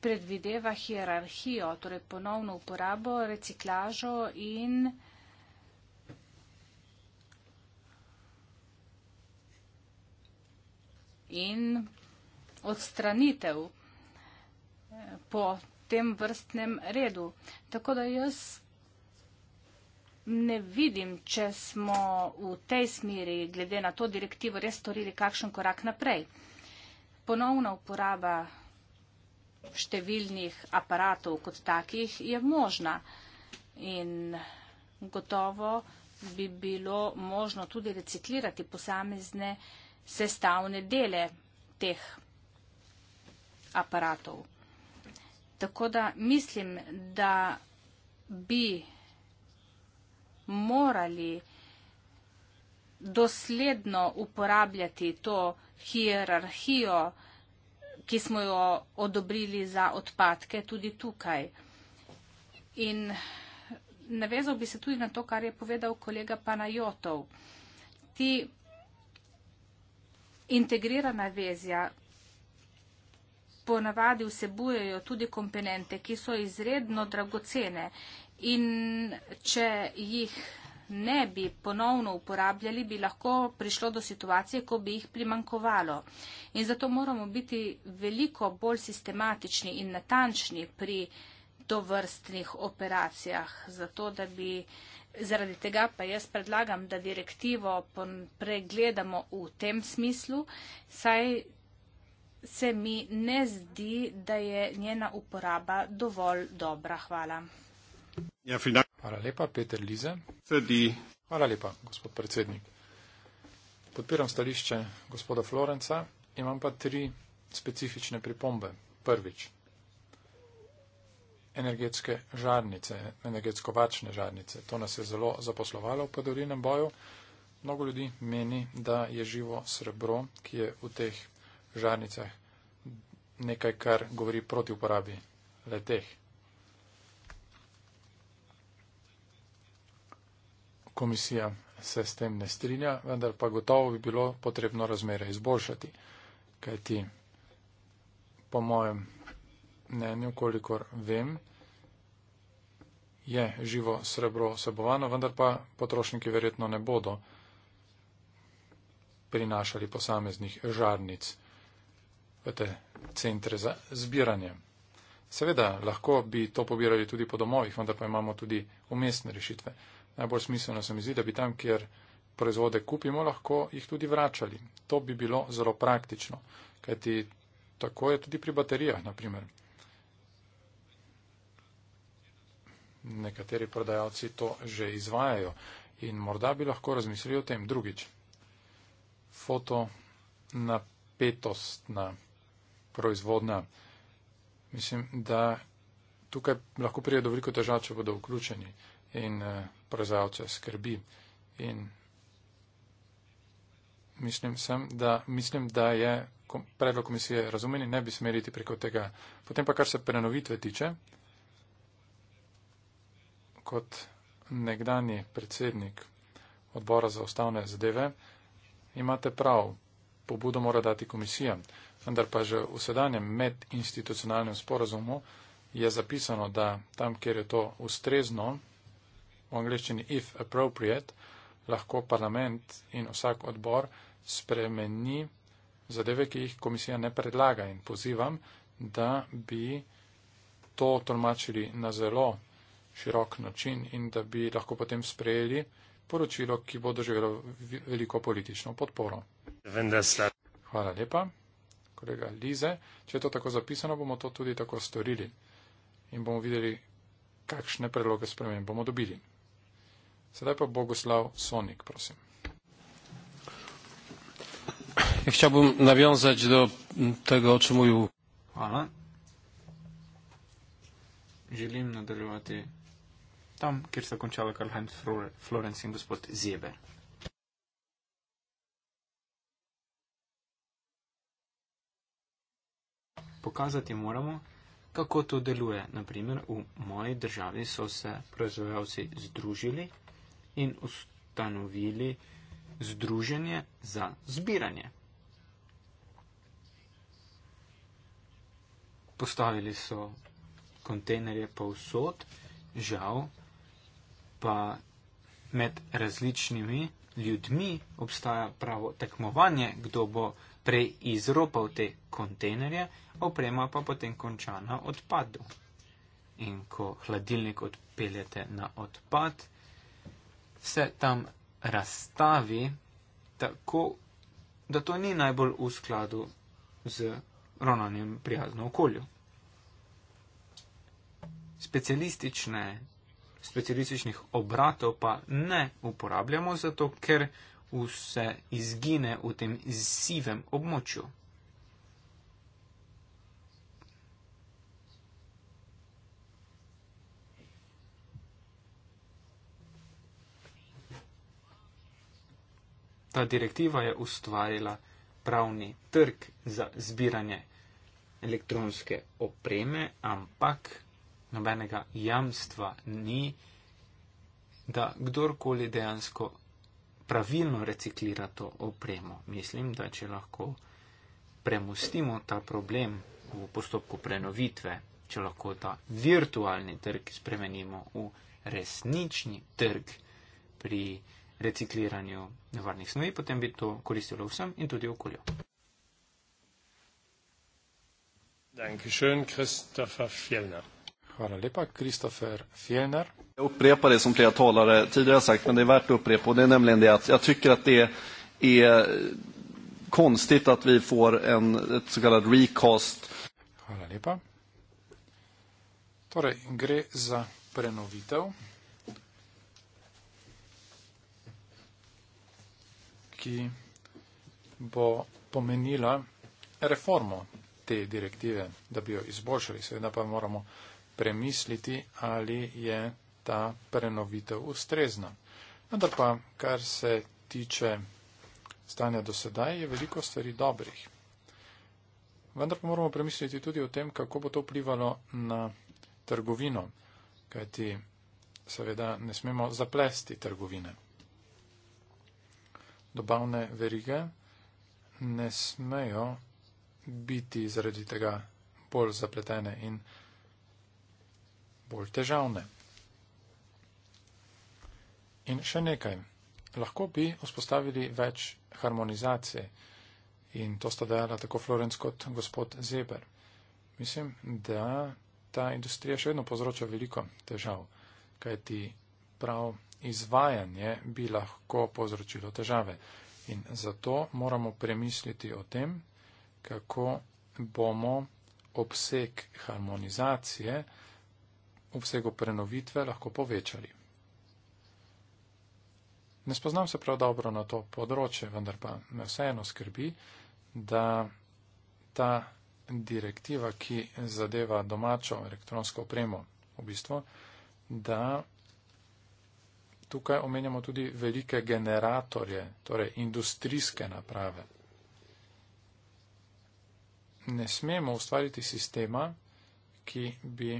predvideva hierarhijo, torej ponovno uporabo, reciklažo in in odstranitev po tem vrstnem redu. Tako da jaz ne vidim, če smo v tej smeri, glede na to direktivo, res storili kakšen korak naprej. Ponovna uporaba številnih aparatov kot takih je možna in gotovo bi bilo možno tudi reciklirati posamezne sestavne dele teh aparatov. Tako da mislim, da bi morali dosledno uporabljati to hierarhijo, ki smo jo odobrili za odpadke tudi tukaj. In navezal bi se tudi na to, kar je povedal kolega Panajotov. Ti integrirana vezja ponavadi vsebujejo tudi komponente, ki so izredno dragocene in če jih ne bi ponovno uporabljali, bi lahko prišlo do situacije, ko bi jih primankovalo. In zato moramo biti veliko bolj sistematični in natančni pri tovrstnih operacijah, zato da bi Zaradi tega pa jaz predlagam, da direktivo pregledamo v tem smislu, saj se mi ne zdi, da je njena uporaba dovolj dobra. Hvala. Ja, Hvala lepa, Peter Lize. Sredi. Hvala lepa, gospod predsednik. Podpiram stališče gospoda Florenca, imam pa tri specifične pripombe. Prvič, energetske žarnice, energetsko-vačne žarnice. To nas je zelo zaposlovalo v padorinem boju. Mnogo ljudi meni, da je živo srebro, ki je v teh žarnicah, nekaj, kar govori proti uporabi leteh. Komisija se s tem ne strinja, vendar pa gotovo bi bilo potrebno razmere izboljšati, kajti po mojem mnenju, kolikor vem, je živo srebro sebovano, vendar pa potrošniki verjetno ne bodo prinašali posameznih žarnic te centre za zbiranje. Seveda, lahko bi to pobirali tudi po domovih, vendar pa imamo tudi umestne rešitve. Najbolj smiselno se mi zdi, da bi tam, kjer proizvode kupimo, lahko jih tudi vračali. To bi bilo zelo praktično, kajti tako je tudi pri baterijah, naprimer. Nekateri prodajalci to že izvajajo in morda bi lahko razmislili o tem drugič. Fotonapetostna proizvodna. Mislim, da tukaj lahko prije do veliko težav, če bodo vključeni in uh, proizvajalce skrbi. In mislim, sem, da, mislim, da je kom, predlog komisije razumeni, ne bi smeriti preko tega. Potem pa, kar se prenovitve tiče, kot nekdani predsednik odbora za ustavne zadeve, imate prav, pobudo mora dati komisija. Vendar pa že v sedanjem medinstitucionalnem sporazumu je zapisano, da tam, kjer je to ustrezno, v angleščini if appropriate, lahko parlament in vsak odbor spremeni zadeve, ki jih komisija ne predlaga in pozivam, da bi to tolmačili na zelo širok način in da bi lahko potem sprejeli poročilo, ki bo doživelo veliko politično podporo vendar slab. Hvala lepa, kolega Lize. Če je to tako zapisano, bomo to tudi tako storili in bomo videli, kakšne predloge spremem bomo dobili. Sedaj pa Bogoslav Sonik, prosim. Ja, Hvala. bom navjonzač do tega, o čem mu Hvala. Želim nadaljevati tam, kjer se je končala Karl-Heinz Florenc in gospod Zieber. pokazati moramo, kako to deluje. Naprimer, v moji državi so se proizvajalci združili in ustanovili združenje za zbiranje. Postavili so kontejnerje pa vsod, žal pa med različnimi ljudmi obstaja pravo tekmovanje, kdo bo prej izropal te kontejnerje, oprema pa potem konča na odpadu. In ko hladilnik odpeljete na odpad, se tam razstavi tako, da to ni najbolj v skladu z ravnanjem prijazno okolju. Specialističnih obratov pa ne uporabljamo zato, ker vse izgine v tem sivem območju. Ta direktiva je ustvarila pravni trg za zbiranje elektronske opreme, ampak nobenega jamstva ni, da kdorkoli dejansko pravilno reciklira to opremo. Mislim, da če lahko premustimo ta problem v postopku prenovitve, če lahko ta virtualni trg spremenimo v resnični trg pri recikliranju nevarnih snovi, potem bi to koristilo vsem in tudi okolju. Dankeschön, Christopher Fjellner. Hvala lepa, Kristoffer Fjellner. Jag upprepar det som flera talare tidigare sagt, men det är värt att upprepa. Och det är nämligen det att jag tycker att det är konstigt att vi får en, ett så kallat recast. Hvala lepa. Torej, gre za prenovitev, ki bo pomenila reformo te direktive, da bi jo izboljšali. Seveda pa moramo uh, premisliti, ali je ta prenovitev ustrezna. Vendar pa, kar se tiče stanja do sedaj, je veliko stvari dobrih. Vendar pa moramo premisliti tudi o tem, kako bo to vplivalo na trgovino, kajti seveda ne smemo zaplesti trgovine. Dobavne verige ne smejo biti zaradi tega bolj zapletene in bolj težavne. In še nekaj. Lahko bi vzpostavili več harmonizacije in to sta dejala tako Florence kot gospod Zeber. Mislim, da ta industrija še vedno povzroča veliko težav, kajti prav izvajanje bi lahko povzročilo težave. In zato moramo premisliti o tem, kako bomo obseg harmonizacije obsegu prenovitve lahko povečali. Ne spoznam se prav dobro na to področje, vendar pa me vseeno skrbi, da ta direktiva, ki zadeva domačo elektronsko opremo, v bistvu, da tukaj omenjamo tudi velike generatorje, torej industrijske naprave. Ne smemo ustvariti sistema, ki bi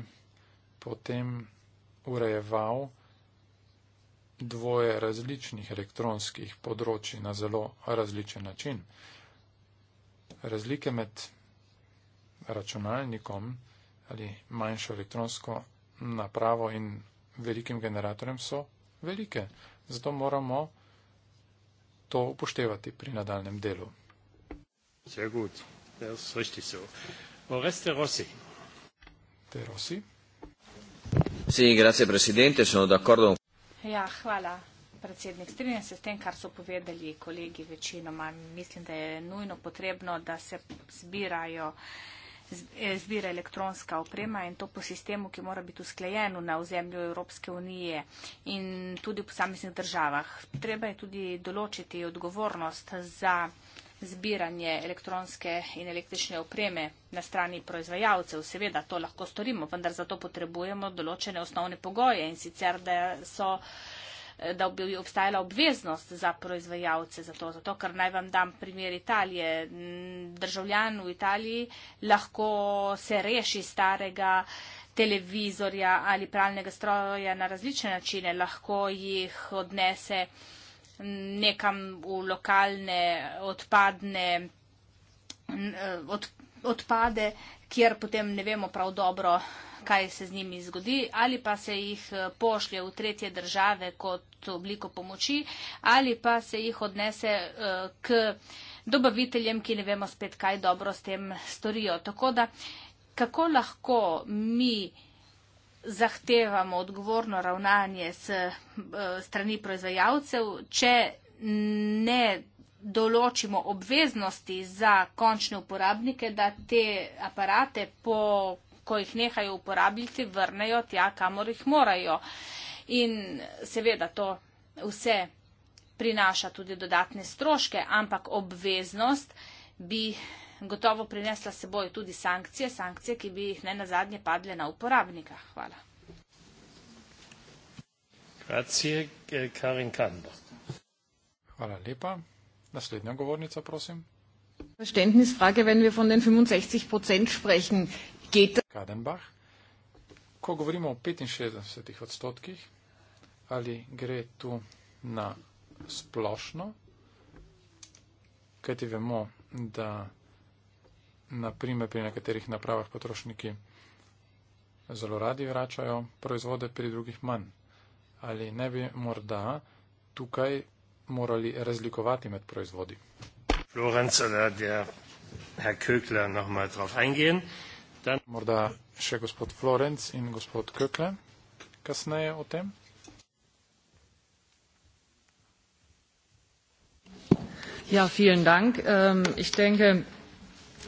potem urejeval dvoje različnih elektronskih področij na zelo različen način. Razlike med računalnikom ali manjšo elektronsko napravo in velikim generatorjem so velike, zato moramo to upoštevati pri nadaljem delu. Sehr gut, das ist richtig so. Oreste Rossi. Der Rossi. Sì, grazie Presidente, sono d'accordo. Ja, hvala predsednik. Strinjam se s tem, kar so povedali kolegi večinoma. Mislim, da je nujno potrebno, da se zbirajo zbira elektronska oprema in to po sistemu, ki mora biti usklejen na ozemlju Evropske unije in tudi v posameznih državah. Treba je tudi določiti odgovornost za zbiranje elektronske in električne opreme na strani proizvajalcev. Seveda to lahko storimo, vendar zato potrebujemo določene osnovne pogoje in sicer, da, so, da bi obstajala obveznost za proizvajalce. Zato, zato, ker naj vam dam primer Italije. Državljan v Italiji lahko se reši starega televizorja ali pralnega stroja na različne načine, lahko jih odnese nekam v lokalne odpadne eh, od, odpade, kjer potem ne vemo prav dobro, kaj se z njimi zgodi, ali pa se jih eh, pošlje v tretje države kot obliko pomoči, ali pa se jih odnese eh, k dobaviteljem, ki ne vemo spet, kaj dobro s tem storijo. Tako da, kako lahko mi zahtevamo odgovorno ravnanje s eh, strani proizvajalcev, če ne določimo obveznosti za končne uporabnike, da te aparate, po, ko jih nehajo uporabljati, vrnejo tja, kamor jih morajo. In seveda to vse prinaša tudi dodatne stroške, ampak obveznost bi gotovo prinesla seboj tudi sankcije, sankcije, ki bi jih ne nazadnje padle na uporabnika. Hvala. Eh, Hvala lepa. Naslednja govornica, prosim. Kadenbach, ko govorimo o 65 odstotkih, ali gre tu na splošno, kajti vemo, da naprimer pri nekaterih napravah potrošniki zelo radi vračajo proizvode, pri drugih manj. Ali ne bi morda tukaj morali razlikovati med proizvodi? Florenc, Kökler, Dan... Morda še gospod Florenc in gospod Kökle kasneje o tem. Ja, vielen Dank. Ähm, ich denke,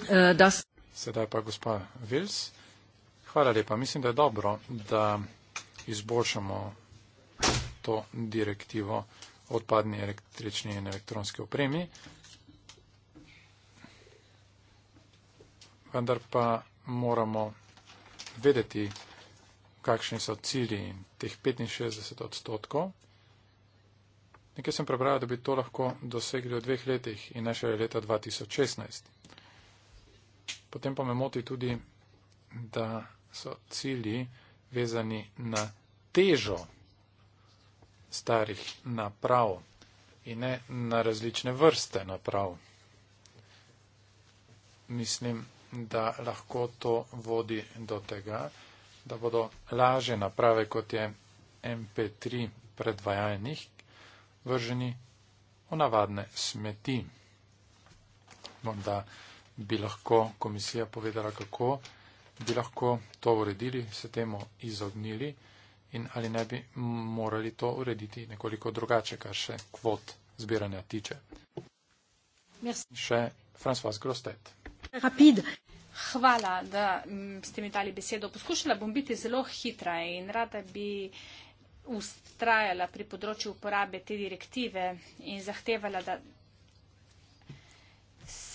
Eh, da. Sedaj pa gospa Vils. Hvala lepa. Mislim, da je dobro, da izboljšamo to direktivo odpadni električni in elektronski opremi. Vendar pa moramo vedeti, kakšni so cilji teh 65 odstotkov. Nekaj sem prebral, da bi to lahko dosegli v dveh letih in ne še leta 2016. Potem pa me moti tudi, da so cilji vezani na težo starih naprav in ne na različne vrste naprav. Mislim, da lahko to vodi do tega, da bodo laže naprave, kot je MP3 predvajalnih, vrženi v navadne smeti. Morda. No, bi lahko komisija povedala, kako bi lahko to uredili, se temu izognili in ali ne bi morali to urediti nekoliko drugače, kar še kvot zbiranja tiče. Merci. Še François Grostet. Rapid. Hvala, da mm, ste mi dali besedo. Poskušala bom biti zelo hitra in rada bi ustrajala pri področju uporabe te direktive in zahtevala, da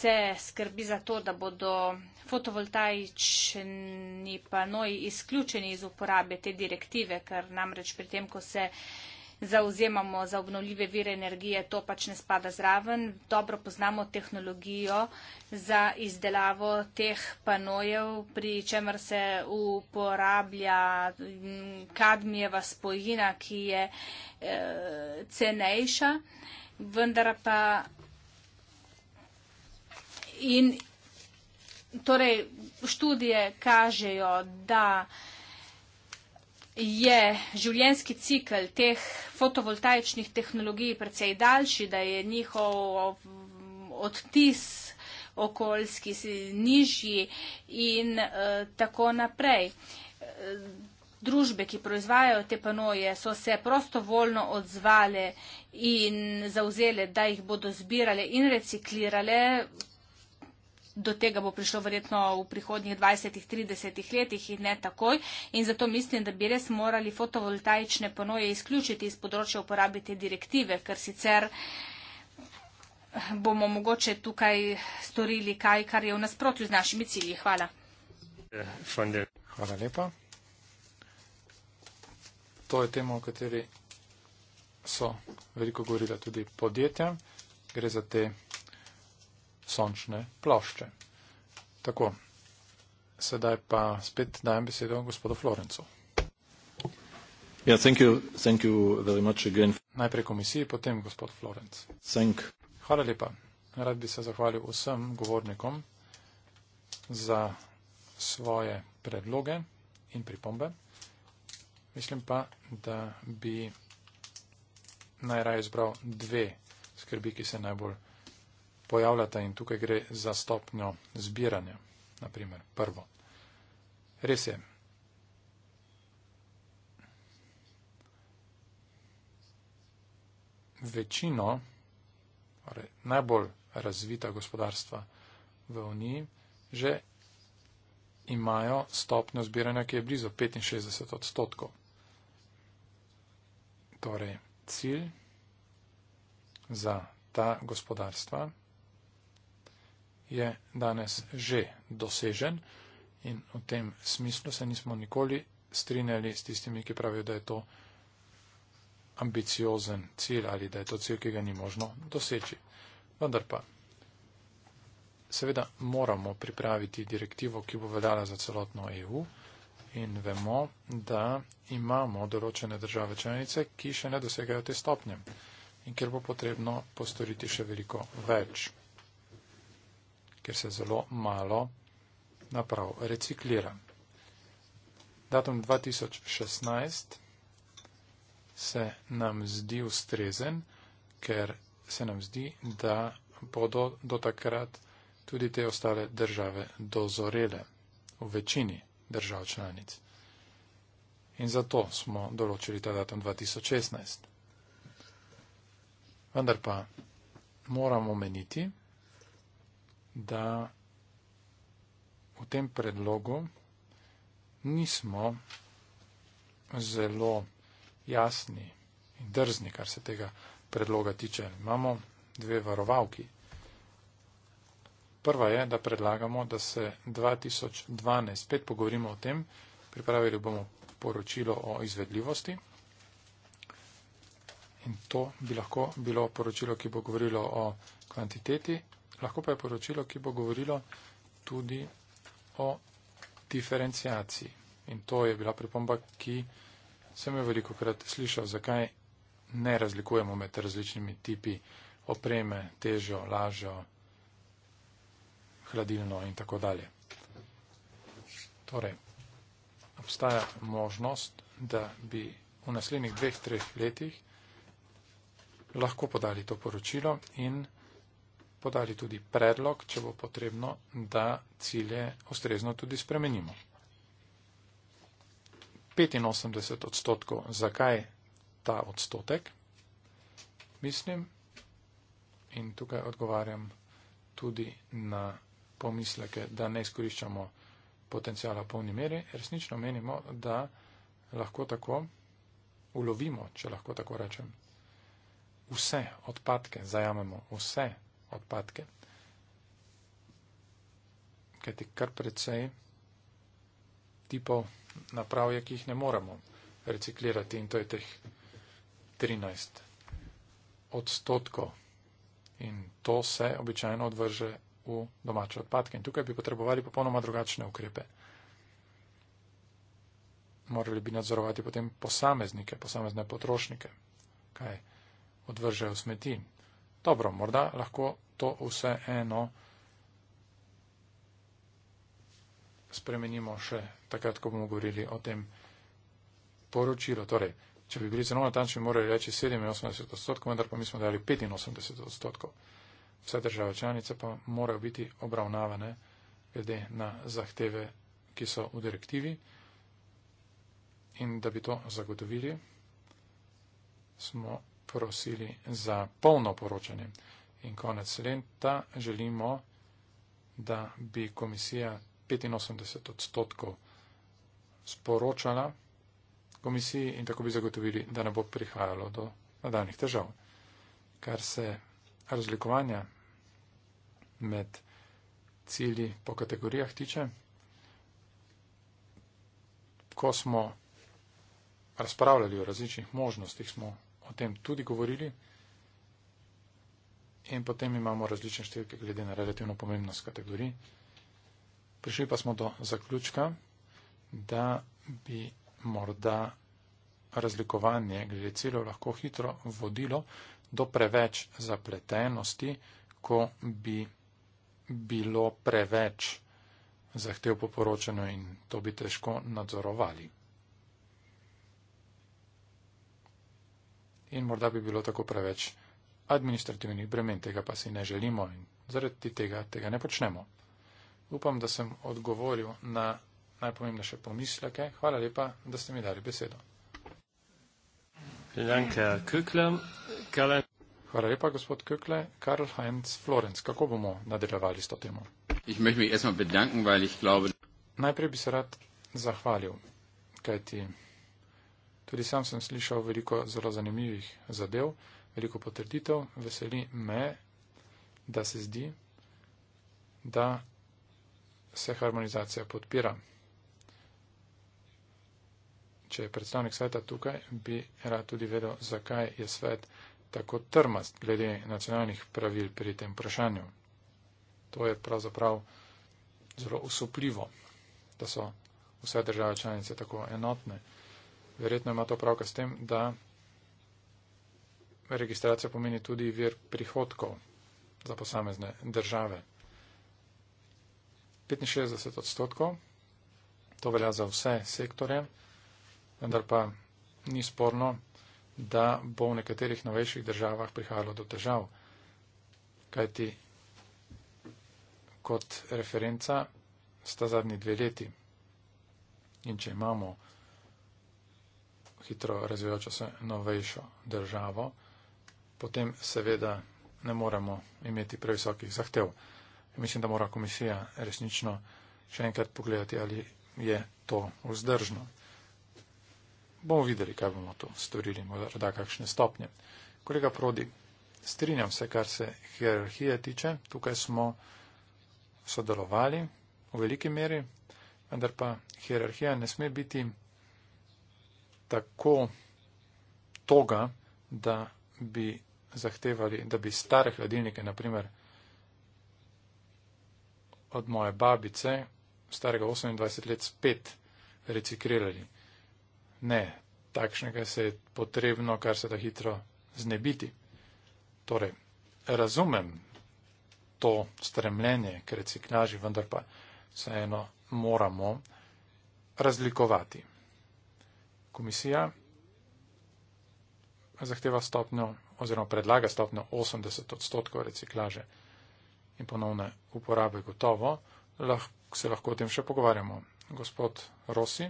se skrbi za to, da bodo fotovoltaični panoji izključeni iz uporabe te direktive, ker namreč pri tem, ko se zauzemamo za obnovljive vire energije, to pač ne spada zraven. Dobro poznamo tehnologijo za izdelavo teh panojev, pri čemer se uporablja kadmijeva spojina, ki je e, cenejša, vendar pa In torej študije kažejo, da je življenski cikl teh fotovoltaičnih tehnologij precej daljši, da je njihov odtis okoljski nižji in uh, tako naprej. Družbe, ki proizvajajo te panoje, so se prostovoljno odzvale in zauzele, da jih bodo zbirale in reciklirale, do tega bo prišlo verjetno v prihodnjih 20-30 letih in ne takoj. In zato mislim, da bi res morali fotovoltaične ponoje izključiti iz področja uporabe te direktive, ker sicer bomo mogoče tukaj storili kaj, kar je v nasprotju z našimi cilji. Hvala. Hvala lepa. To je tema, o kateri so veliko govorila tudi podjetja. Gre za te sončne plošče. Tako, sedaj pa spet dajem besedo gospodu Florencu. Yeah, ja, thank you. Thank you very much again. Najprej komisiji, potem gospod Florenc. Thank. Hvala lepa. Rad bi se zahvalil vsem govornikom za svoje predloge in pripombe. Mislim pa, da bi najraje izbral dve skrbi, ki se najbolj pojavljata in tukaj gre za stopnjo zbiranja, naprimer prvo. Res je. Večino, torej najbolj razvita gospodarstva v Uniji, že imajo stopnjo zbiranja, ki je blizu 65 odstotkov. Torej, cilj za ta gospodarstva je danes že dosežen in v tem smislu se nismo nikoli strinjali s tistimi, ki pravijo, da je to ambiciozen cilj ali da je to cilj, ki ga ni možno doseči. Vendar pa, seveda moramo pripraviti direktivo, ki bo veljala za celotno EU in vemo, da imamo določene države članice, ki še ne dosegajo te stopnje in kjer bo potrebno postoriti še veliko več kjer se zelo malo naprav reciklira. Datum 2016 se nam zdi ustrezen, ker se nam zdi, da bodo do takrat tudi te ostale države dozorele v večini držav članic. In zato smo določili ta datum 2016. Vendar pa moramo meniti, da v tem predlogu nismo zelo jasni in drzni, kar se tega predloga tiče. Imamo dve varovalki. Prva je, da predlagamo, da se 2012, spet pogovorimo o tem, pripravili bomo poročilo o izvedljivosti. In to bi lahko bilo poročilo, ki bo govorilo o kvantiteti lahko pa je poročilo, ki bo govorilo tudi o diferencijaciji. In to je bila pripomba, ki sem jo veliko krat slišal, zakaj ne razlikujemo med različnimi tipi opreme, težo, lažjo, hladilno in tako dalje. Torej, obstaja možnost, da bi v naslednjih dveh, treh letih lahko podali to poročilo in podali tudi predlog, če bo potrebno, da cilje ustrezno tudi spremenimo. 85 odstotkov, zakaj ta odstotek? Mislim, in tukaj odgovarjam tudi na pomisleke, da ne izkoriščamo potencijala v polni meri, resnično menimo, da lahko tako ulovimo, če lahko tako rečem, vse odpadke, zajamemo vse odpadke. Kajti kar precej tipov naprav je, ki jih ne moramo reciklirati in to je teh 13 odstotkov. In to se običajno odvrže v domače odpadke. In tukaj bi potrebovali popolnoma drugačne ukrepe. Morali bi nadzorovati potem posameznike, posamezne potrošnike, kaj odvržejo smeti, Dobro, morda lahko to vse eno spremenimo še takrat, ko bomo govorili o tem poročilu. Torej, če bi bili zelo natančni, morali reči 87 odstotkov, vendar pa mi smo dali 85 odstotkov. Vse države članice pa morajo biti obravnavane glede na zahteve, ki so v direktivi. In da bi to zagotovili, smo prosili za polno poročanje. In konec leta želimo, da bi komisija 85 odstotkov sporočala komisiji in tako bi zagotovili, da ne bo prihajalo do nadaljnih težav. Kar se razlikovanja med cilji po kategorijah tiče, ko smo razpravljali o različnih možnostih, smo tem tudi govorili. In potem imamo različne številke glede na relativno pomembnost kategorij. Prišli pa smo do zaključka, da bi morda razlikovanje glede ciljev lahko hitro vodilo do preveč zapletenosti, ko bi bilo preveč zahtev po poročanju in to bi težko nadzorovali. in morda bi bilo tako preveč administrativnih bremen, tega pa si ne želimo in zaradi tega tega ne počnemo. Upam, da sem odgovoril na najpomembnejše pomisleke. Hvala lepa, da ste mi dali besedo. Hvala lepa, gospod Kökle. Karl Heinz Florenc, kako bomo nadaljevali s to temo? Najprej bi se rad zahvalil, kajti Tudi sam sem slišal veliko zelo zanimivih zadev, veliko potrditev. Veseli me, da se zdi, da se harmonizacija podpira. Če je predstavnik sveta tukaj, bi rad tudi vedel, zakaj je svet tako trmast glede nacionalnih pravil pri tem vprašanju. To je pravzaprav zelo usupljivo, da so vse države članice tako enotne. Verjetno ima to pravka s tem, da registracija pomeni tudi vir prihodkov za posamezne države. 65 odstotkov, to velja za vse sektore, vendar pa ni sporno, da bo v nekaterih novejših državah prihajalo do težav, kajti kot referenca sta zadnji dve leti. In če imamo hitro razvijajočo se novejšo državo, potem seveda ne moremo imeti previsokih zahtev. Mislim, da mora komisija resnično še enkrat pogledati, ali je to vzdržno. Bomo videli, kaj bomo tu storili, morda kakšne stopnje. Kolega Prodi, strinjam se, kar se hierarhije tiče. Tukaj smo sodelovali v veliki meri, vendar pa hierarhija ne sme biti tako toga, da bi zahtevali, da bi stare hladilnike, naprimer od moje babice, starega 28 let, spet reciklirali. Ne, takšnega se je potrebno, kar se da hitro znebiti. Torej, razumem to stremljenje k reciklaži, vendar pa vseeno moramo razlikovati komisija zahteva stopnjo oziroma predlaga stopnjo 80 odstotkov reciklaže in ponovne uporabe gotovo, lahko, se lahko o tem še pogovarjamo. Gospod Rosi,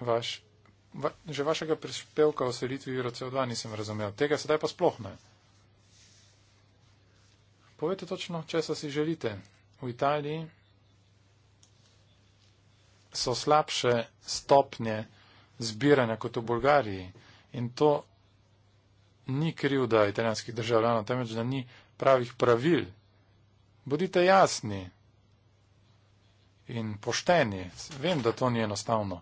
vaš, va, že vašega prispevka o selitvi viro CO2 nisem razumel, tega sedaj pa sploh ne. Povejte točno, če se si želite. V Italiji so slabše stopnje zbiranja kot v Bolgariji. In to ni krivda italijanskih državljanov, temveč da ni pravih pravil. Bodite jasni in pošteni. Vem, da to ni enostavno.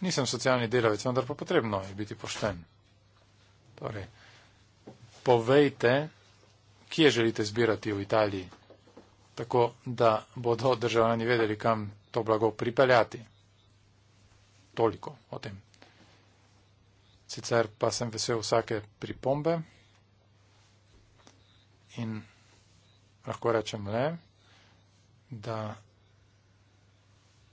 Nisem socialni delavec, vendar pa potrebno je biti pošten. Torej, povejte, kje želite zbirati v Italiji, tako da bodo državljani vedeli, kam to blago pripeljati. Toliko o tem. Sicer pa sem vesel vsake pripombe in lahko rečem le, da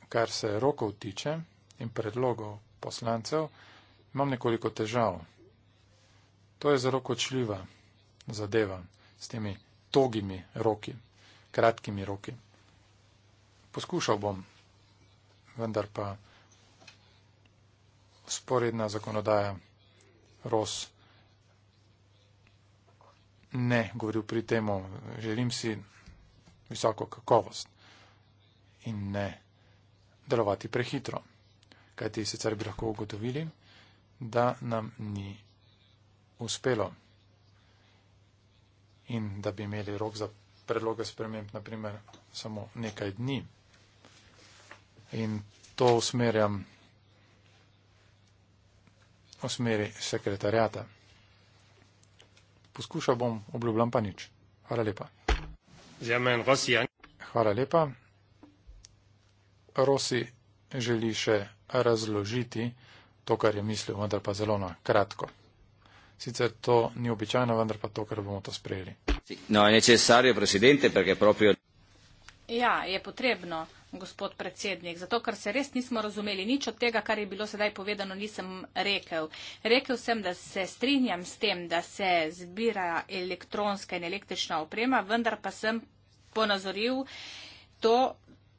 kar se rokov tiče in predlogov poslancev, imam nekoliko težav. To je zelo kočljiva zadeva s temi togimi roki, kratkimi roki. Poskušal bom, vendar pa sporedna zakonodaja ROS ne govori pri temu. Želim si visoko kakovost in ne delovati prehitro, kajti sicer bi lahko ugotovili, da nam ni uspelo in da bi imeli rok za predloge sprememb, naprimer, samo nekaj dni in to usmerjam v smeri sekretarjata. Poskušal bom, obljubljam pa nič. Hvala lepa. Ja. Hvala lepa. Rosi želi še razložiti to, kar je mislil, vendar pa zelo na kratko. Sicer to ni običajno, vendar pa to, kar bomo to sprejeli. No, necessario, presidente, perché proprio. Ja, je potrebno, gospod predsednik, zato ker se res nismo razumeli. Nič od tega, kar je bilo sedaj povedano, nisem rekel. Rekel sem, da se strinjam s tem, da se zbira elektronska in električna oprema, vendar pa sem ponazoril to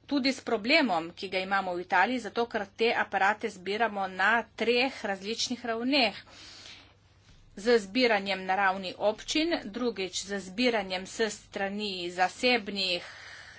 tudi s problemom, ki ga imamo v Italiji, zato ker te aparate zbiramo na treh različnih ravneh. Z zbiranjem na ravni občin, drugič z zbiranjem s strani zasebnih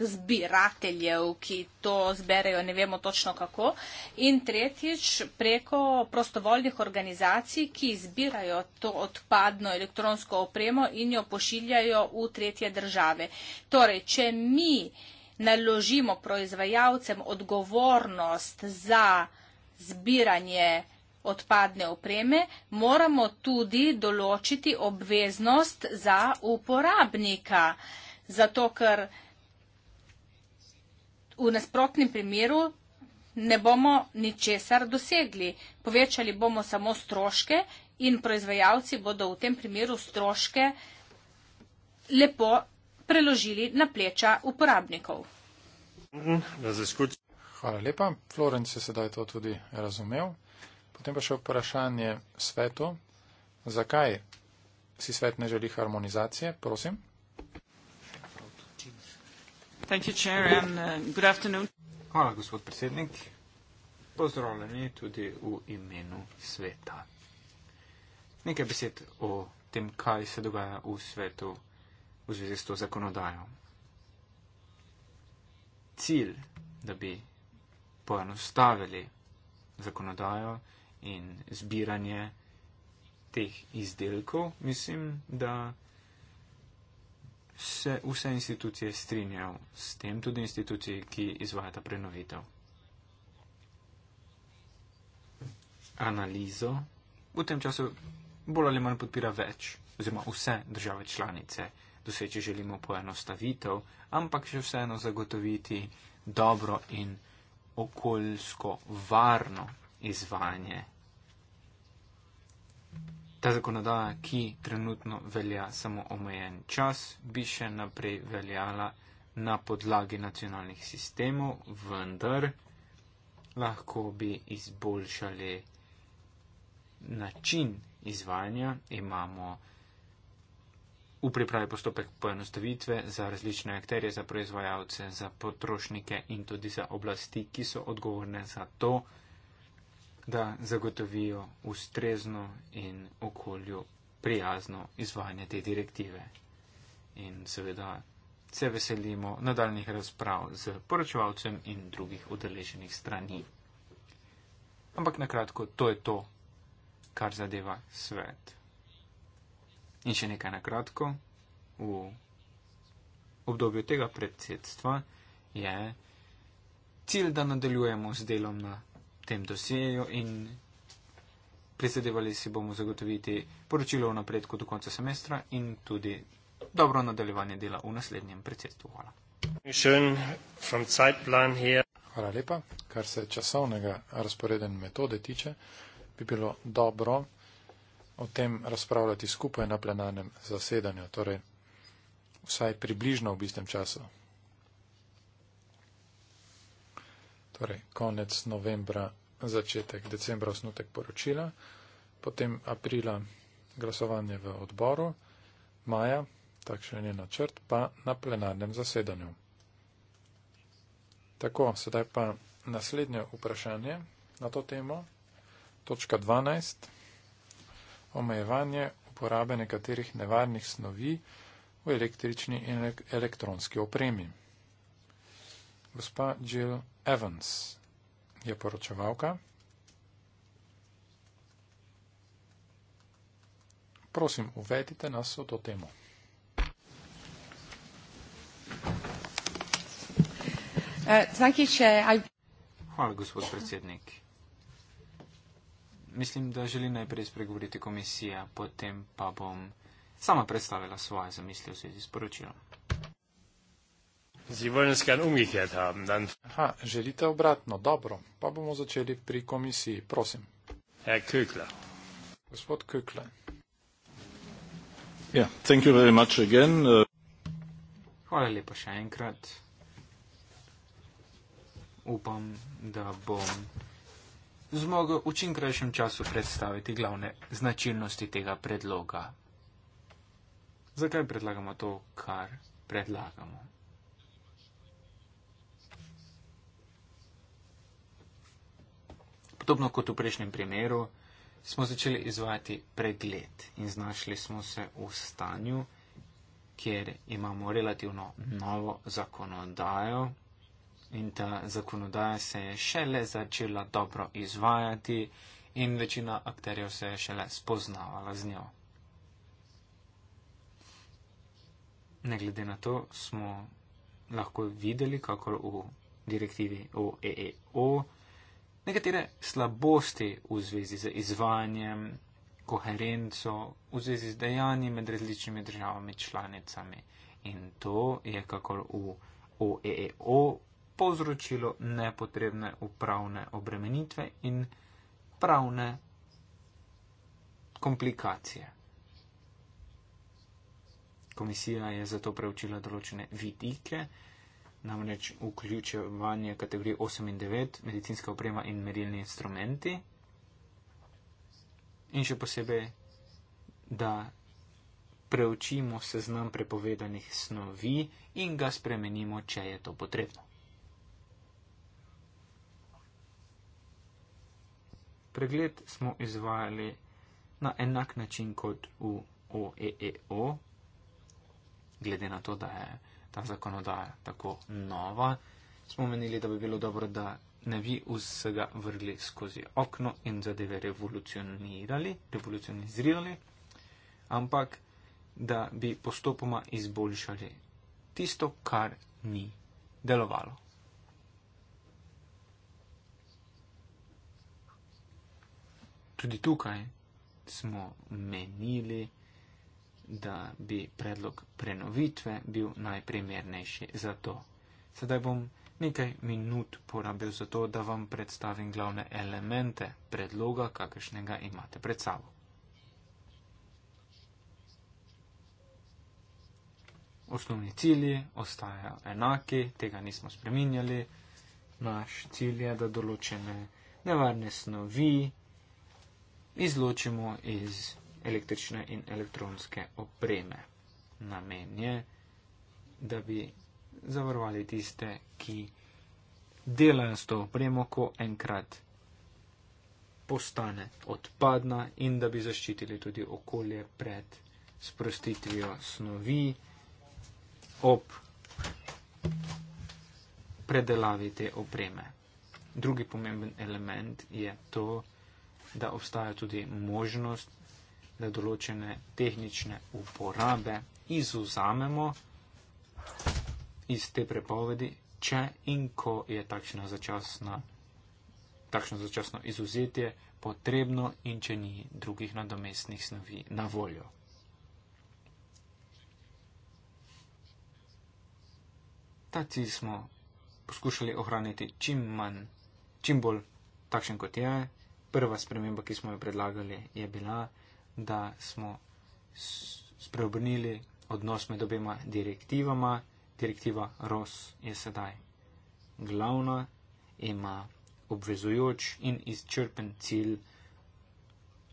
zbirateljev, ki to zberejo, ne vemo točno kako. In tretjič, preko prostovoljnih organizacij, ki zbirajo to odpadno elektronsko opremo in jo pošiljajo v tretje države. Torej, če mi naložimo proizvajalcem odgovornost za zbiranje odpadne opreme, moramo tudi določiti obveznost za uporabnika. Zato, ker v nasprotnem primeru ne bomo ničesar dosegli. Povečali bomo samo stroške in proizvajalci bodo v tem primeru stroške lepo preložili na pleča uporabnikov. Hvala lepa. Florenc je sedaj to tudi razumel. Potem pa še vprašanje svetu. Zakaj si svet ne želi harmonizacije? Prosim. Thank you, Chair, and uh, good afternoon. Hvala, gospod predsednik. Pozdravljeni tudi v imenu sveta. Nekaj besed o tem, kaj se dogaja v svetu v zvezi s to zakonodajo. Cilj, da bi poenostavili zakonodajo in zbiranje teh izdelkov, mislim, da se vse institucije strinjajo s tem, tudi institucije, ki izvajata prenovitev. Analizo v tem času bolj ali manj podpira več, oziroma vse države članice. Doseči želimo poenostavitev, ampak še vseeno zagotoviti dobro in okoljsko varno izvajanje Ta zakonodaja, ki trenutno velja samo omejen čas, bi še naprej veljala na podlagi nacionalnih sistemov, vendar lahko bi izboljšali način izvajanja. Imamo v pripravi postopek poenostavitve za različne akterje, za proizvajalce, za potrošnike in tudi za oblasti, ki so odgovorne za to, da da zagotovijo ustrezno in okolju prijazno izvajanje te direktive. In seveda se veselimo nadaljnih razprav z poročevalcem in drugih udeleženih strani. Ampak na kratko, to je to, kar zadeva svet. In še nekaj na kratko, v obdobju tega predsedstva je cilj, da nadaljujemo z delom na tem dosjeju in prizadevali si bomo zagotoviti poročilo o napredku do konca semestra in tudi dobro nadaljevanje dela v naslednjem predsedstvu. Hvala. Hvala lepa. Kar se časovnega razporeda in metode tiče, bi bilo dobro o tem razpravljati skupaj na plenarnem zasedanju, torej vsaj približno v istem času. torej konec novembra, začetek decembra osnutek poročila, potem aprila glasovanje v odboru, maja, takšen je načrt, pa na plenarnem zasedanju. Tako, sedaj pa naslednje vprašanje na to temo. Točka 12. Omejevanje uporabe nekaterih nevarnih snovi v električni in elektronski opremi gospa Jill Evans je poročevalka. Prosim, uvedite nas v to temo. Uh, Hvala, gospod predsednik. Mislim, da želi najprej spregovoriti komisija, potem pa bom sama predstavila svoje zamisli v zvezi s poročilom. Sie wollen es gern umgekehrt haben, dann. Aha, želite obratno, dobro. Pa bomo začeli pri komisiji, prosim. Herr Kökler. Gospod Kökler. Ja, thank you very much again. Uh, Hvala lepa še enkrat. Upam, da bom zmogel v čim krajšem času predstaviti glavne značilnosti tega predloga. Zakaj predlagamo to, kar predlagamo? podobno kot v prejšnjem primeru, smo začeli izvajati pregled in znašli smo se v stanju, kjer imamo relativno novo zakonodajo in ta zakonodaja se je šele začela dobro izvajati in večina akterjev se je šele spoznavala z njo. Ne glede na to smo lahko videli, kako v direktivi OEEO e e nekatere slabosti v zvezi z izvajanjem, koherenco, v zvezi z dejanji med različnimi državami članicami. In to je, kako v OEO, e e povzročilo nepotrebne upravne obremenitve in pravne komplikacije. Komisija je zato preučila določene vidike, namreč vključevanje kategorij 8 in 9, medicinska oprema in merilni instrumenti. In še posebej, da preučimo seznam prepovedanih snovi in ga spremenimo, če je to potrebno. Pregled smo izvajali na enak način kot v OEEO, e e glede na to, da je ta zakonodaja tako nova, smo menili, da bi bilo dobro, da ne bi vsega vrgli skozi okno in zadeve revolucionirali, revolucionizirali, ampak da bi postopoma izboljšali tisto, kar ni delovalo. Tudi tukaj smo menili, da bi predlog prenovitve bil najprimernejši za to. Sedaj bom nekaj minut porabil za to, da vam predstavim glavne elemente predloga, kakršnega imate pred sabo. Osnovni cilji ostajajo enaki, tega nismo spreminjali. Naš cilj je, da določene nevarne snovi izločimo iz električne in elektronske opreme. Namen je, da bi zavarovali tiste, ki delajo s to opremo, ko enkrat postane odpadna in da bi zaščitili tudi okolje pred sprostitvijo snovi ob predelavi te opreme. Drugi pomemben element je to, da obstaja tudi možnost nedoločene tehnične uporabe izuzamemo iz te prepovedi, če in ko je takšna začasna, takšno začasno izuzetje potrebno in če ni drugih nadomestnih snovi na voljo. Ta cilj smo poskušali ohraniti čim manj, čim bolj takšen kot je. Prva sprememba, ki smo jo predlagali, je bila, da smo spreobrnili odnos med obema direktivama. Direktiva ROS je sedaj glavna, ima obvezujoč in izčrpen cilj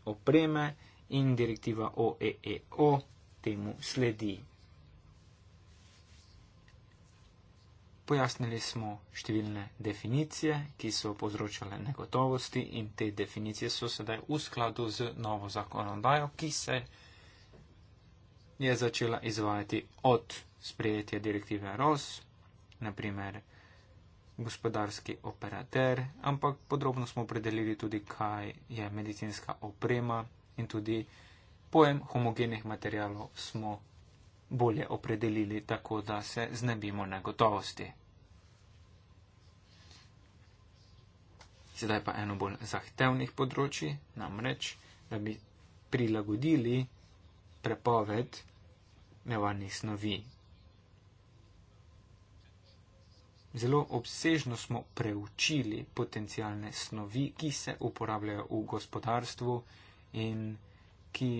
opreme in direktiva OEEO e e temu sledi. Pojasnili smo številne definicije, ki so povzročale negotovosti in te definicije so sedaj v skladu z novo zakonodajo, ki se je začela izvajati od sprejetja direktive ROS, naprimer gospodarski operater, ampak podrobno smo predelili tudi, kaj je medicinska oprema in tudi pojem homogenih materijalov smo bolje opredelili, tako da se znebimo negotovosti. Sedaj pa eno bolj zahtevnih področji, namreč, da bi prilagodili prepoved nevarnih snovi. Zelo obsežno smo preučili potencijalne snovi, ki se uporabljajo v gospodarstvu in ki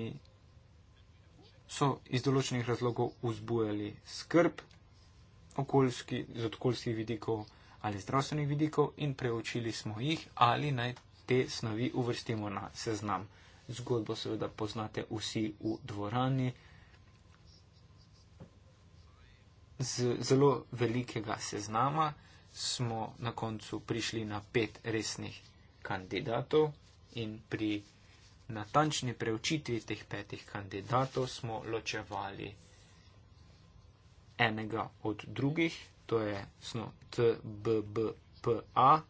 so iz določenih razlogov vzbujali skrb okoljski, z okoljskih vidikov ali zdravstvenih vidikov in preučili smo jih, ali naj te snovi uvrstimo na seznam. Zgodbo seveda poznate vsi v dvorani. Z zelo velikega seznama smo na koncu prišli na pet resnih kandidatov in pri natančni preučitvi teh petih kandidatov smo ločevali enega od drugih, to je sno TBBPA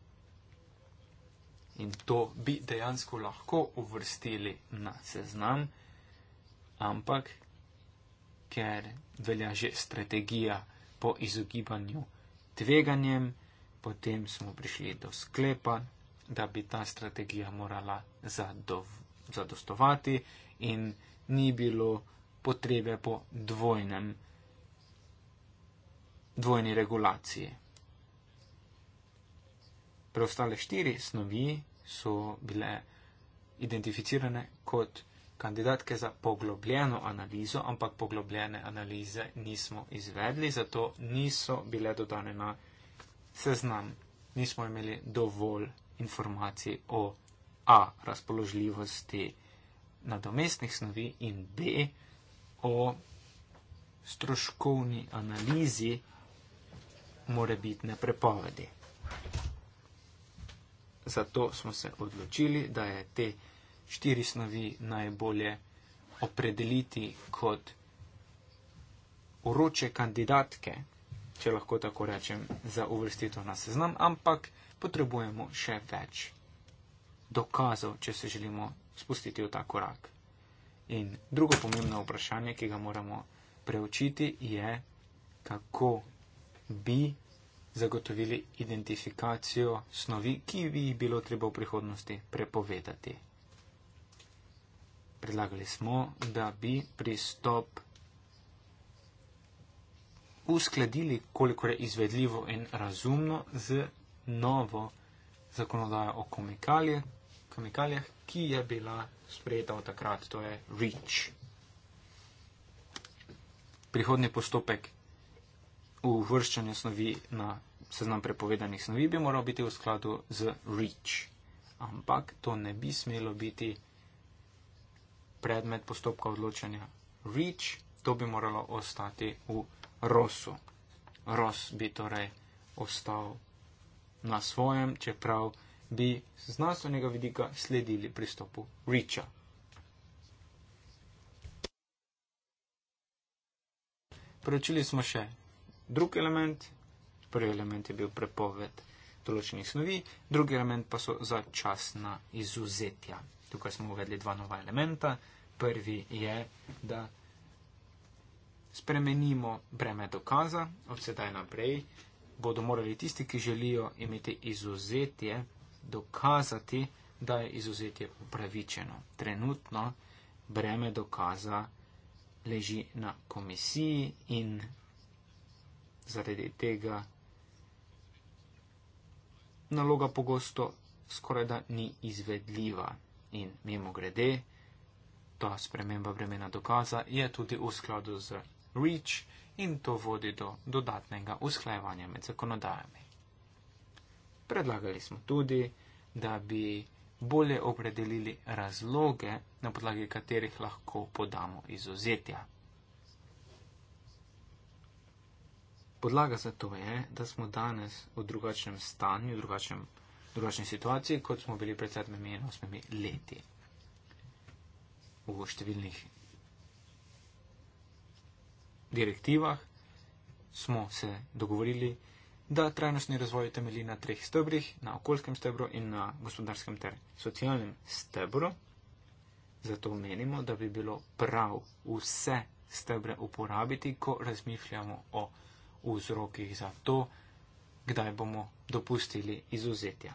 in to bi dejansko lahko uvrstili na seznam, ampak ker velja že strategija po izogibanju tveganjem, potem smo prišli do sklepa, da bi ta strategija morala zadovoljiti zadostovati in ni bilo potrebe po dvojnem, dvojni regulaciji. Preostale štiri snovi so bile identificirane kot kandidatke za poglobljeno analizo, ampak poglobljene analize nismo izvedli, zato niso bile dodane na seznam. Nismo imeli dovolj informacij o A. razpoložljivosti nadomestnih snovi in B. o stroškovni analizi morebitne prepovedi. Zato smo se odločili, da je te štiri snovi najbolje opredeliti kot uroče kandidatke, če lahko tako rečem, za uvrstitev na seznam, ampak potrebujemo še več dokazov, če se želimo spustiti v ta korak. In drugo pomembno vprašanje, ki ga moramo preučiti, je, kako bi zagotovili identifikacijo snovi, ki bi jih bilo treba v prihodnosti prepovedati. Predlagali smo, da bi pristop uskladili, koliko je izvedljivo in razumno, z novo zakonodajo o komikalijah, kemikalijah, ki je bila sprejeta od takrat, to je REACH. Prihodni postopek v vrščanju snovi na seznam prepovedanih snovi bi moral biti v skladu z REACH. Ampak to ne bi smelo biti predmet postopka odločanja REACH, to bi moralo ostati v ROSU. ROS bi torej ostal na svojem, čeprav bi z znanstvenega vidika sledili pristopu Riča. Preučili smo še drugi element. Prvi element je bil prepoved določenih snovi, drugi element pa so začasna izuzetja. Tukaj smo uvedli dva nova elementa. Prvi je, da spremenimo breme dokaza. Od sedaj naprej bodo morali tisti, ki želijo imeti izuzetje, dokazati, da je izuzetje upravičeno. Trenutno breme dokaza leži na komisiji in zaradi tega naloga pogosto skoraj da ni izvedljiva. In mimo grede, ta sprememba vremena dokaza je tudi v skladu z REACH in to vodi do dodatnega usklajevanja med zakonodajami. Predlagali smo tudi, da bi bolje opredelili razloge, na podlagi katerih lahko podamo izuzetja. Podlaga za to je, da smo danes v drugačnem stanju, v drugačni situaciji, kot smo bili pred sedmimi in osmimi leti. V številnih direktivah smo se dogovorili, da trajnostni razvoj temelji na treh stebrih, na okoljskem stebru in na gospodarskem ter socialnem stebru. Zato menimo, da bi bilo prav vse stebre uporabiti, ko razmišljamo o vzrokih za to, kdaj bomo dopustili izuzetja.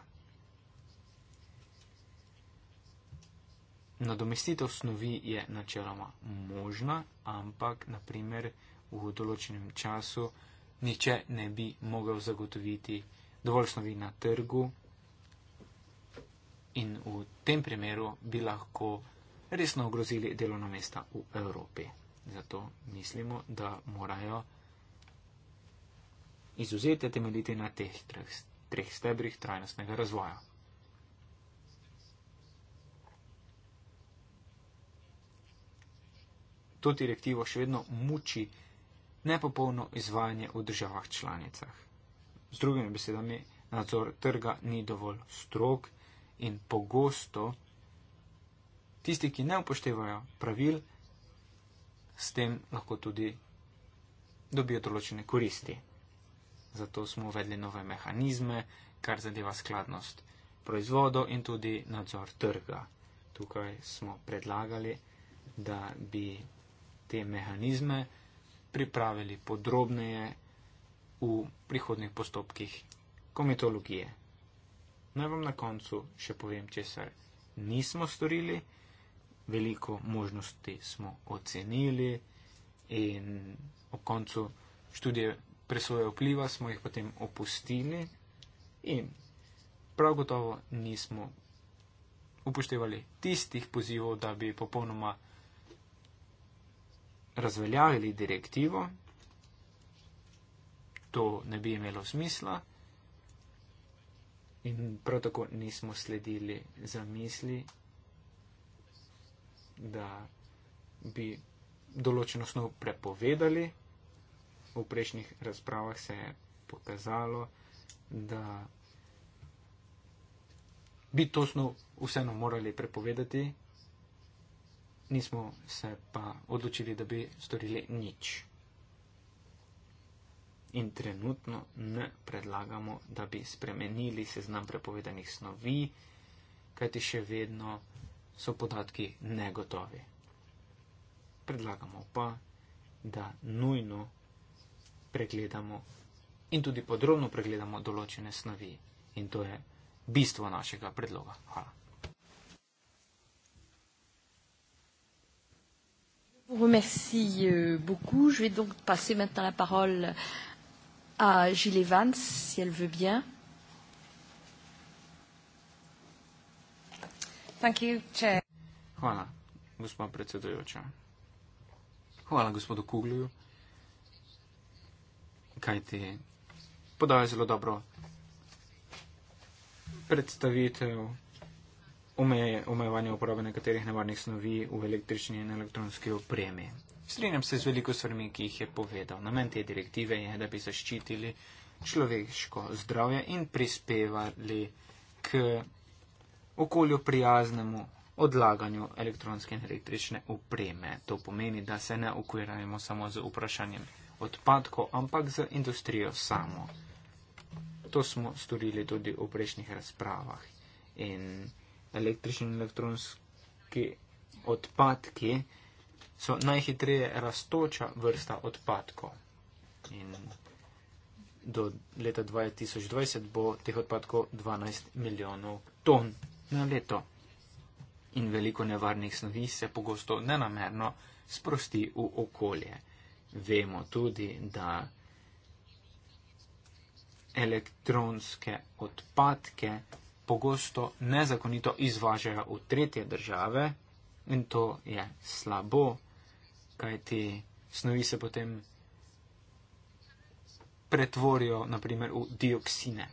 Nadomestitev snovi je načeloma možna, ampak naprimer v določenem času niče ne bi mogel zagotoviti dovolj snovi na trgu in v tem primeru bi lahko resno ogrozili delovna mesta v Evropi. Zato mislimo, da morajo izuzete temeljiti na teh treh, treh stebrih trajnostnega razvoja. To direktivo še vedno muči nepopolno izvajanje v državah članicah. Z drugimi besedami, nadzor trga ni dovolj strog in pogosto tisti, ki ne upoštevajo pravil, s tem lahko tudi dobijo določene koristi. Zato smo uvedli nove mehanizme, kar zadeva skladnost proizvodo in tudi nadzor trga. Tukaj smo predlagali, da bi te mehanizme pripravili podrobneje v prihodnih postopkih komitologije. Naj vam na koncu še povem, česar nismo storili. Veliko možnosti smo ocenili in ob koncu študije presoje vpliva smo jih potem opustili in prav gotovo nismo upoštevali tistih pozivov, da bi popolnoma razveljavili direktivo, to ne bi imelo smisla in prav tako nismo sledili za misli, da bi določeno snov prepovedali. V prejšnjih razpravah se je pokazalo, da bi to snov vseeno morali prepovedati, nismo se pa odločili, da bi storili nič. In trenutno ne predlagamo, da bi spremenili seznam prepovedanih snovi, kajti še vedno so podatki negotovi. Predlagamo pa, da nujno pregledamo in tudi podrobno pregledamo določene snovi. In to je bistvo našega predloga. Hvala. Je vous remercie euh, beaucoup. Je vais donc passer maintenant la parole à Gilles Evans, si elle veut bien. Thank you, chair. Hvala, gospod predsedujoča. Hvala gospodu Kugliju, kaj ti podaja zelo dobro predstavitev omeje omejevanje uporabe nekaterih nevarnih snovi v električni in elektronski opremi. Strinjam se z veliko stvarmi, ki jih je povedal. Namen te direktive je, da bi zaščitili človeško zdravje in prispevali k okolju prijaznemu odlaganju elektronske in električne opreme. To pomeni, da se ne ukvarjamo samo z vprašanjem odpadkov, ampak z industrijo samo. To smo storili tudi v prejšnjih razpravah. In električni elektronski odpadki so najhitreje rastoča vrsta odpadkov. In do leta 2020 bo teh odpadkov 12 milijonov ton na leto. In veliko nevarnih snovi se pogosto nenamerno sprosti v okolje. Vemo tudi, da elektronske odpadke pogosto nezakonito izvažajo v tretje države in to je slabo, kajti snovi se potem pretvorijo naprimer v dioksine.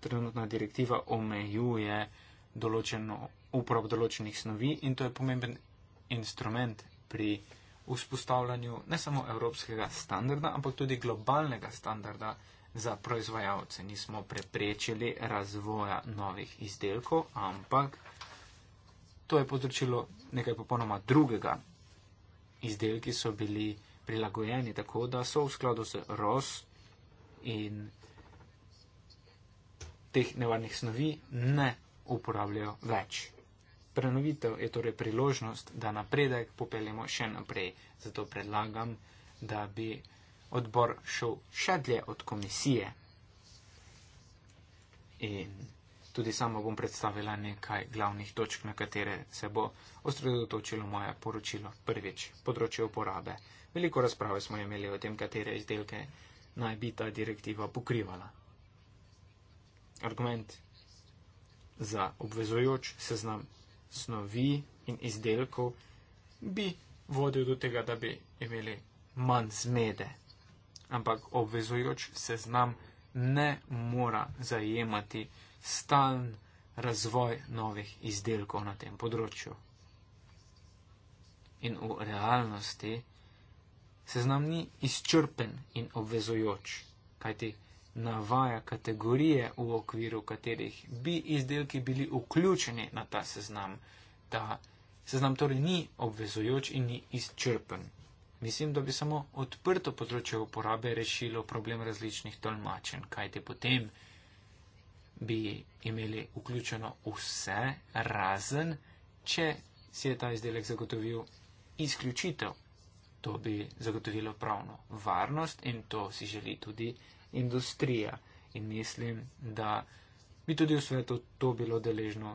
Trenutna direktiva omejuje določeno uporabo določenih snovi in to je pomemben instrument pri vzpostavljanju ne samo evropskega standarda, ampak tudi globalnega standarda za proizvajalce. Nismo preprečili razvoja novih izdelkov, ampak to je področilo nekaj popolnoma drugega. Izdelki so bili prilagojeni tako, da so v skladu z ROS in teh nevarnih snovi ne uporabljajo več. Prenovitev je torej priložnost, da napredek popeljemo še naprej. Zato predlagam, da bi odbor šel še dlje od komisije. In tudi sama bom predstavila nekaj glavnih točk, na katere se bo osredotočilo moje poročilo. Prvič, področje uporabe. Veliko razprave smo imeli o tem, katere izdelke naj bi ta direktiva pokrivala. Argument za obvezujoč seznam snovi in izdelkov bi vodil do tega, da bi imeli manj zmede ampak obvezujoč seznam ne mora zajemati stalen razvoj novih izdelkov na tem področju. In v realnosti seznam ni izčrpen in obvezujoč, kajti navaja kategorije, v okviru katerih bi izdelki bili vključeni na ta seznam. Ta seznam torej ni obvezujoč in ni izčrpen. Mislim, da bi samo odprto področje uporabe rešilo problem različnih tolmačen, kajte potem bi imeli vključeno vse, razen, če si je ta izdelek zagotovil izključitev. To bi zagotovilo pravno varnost in to si želi tudi industrija. In mislim, da bi tudi v svetu to bilo deležno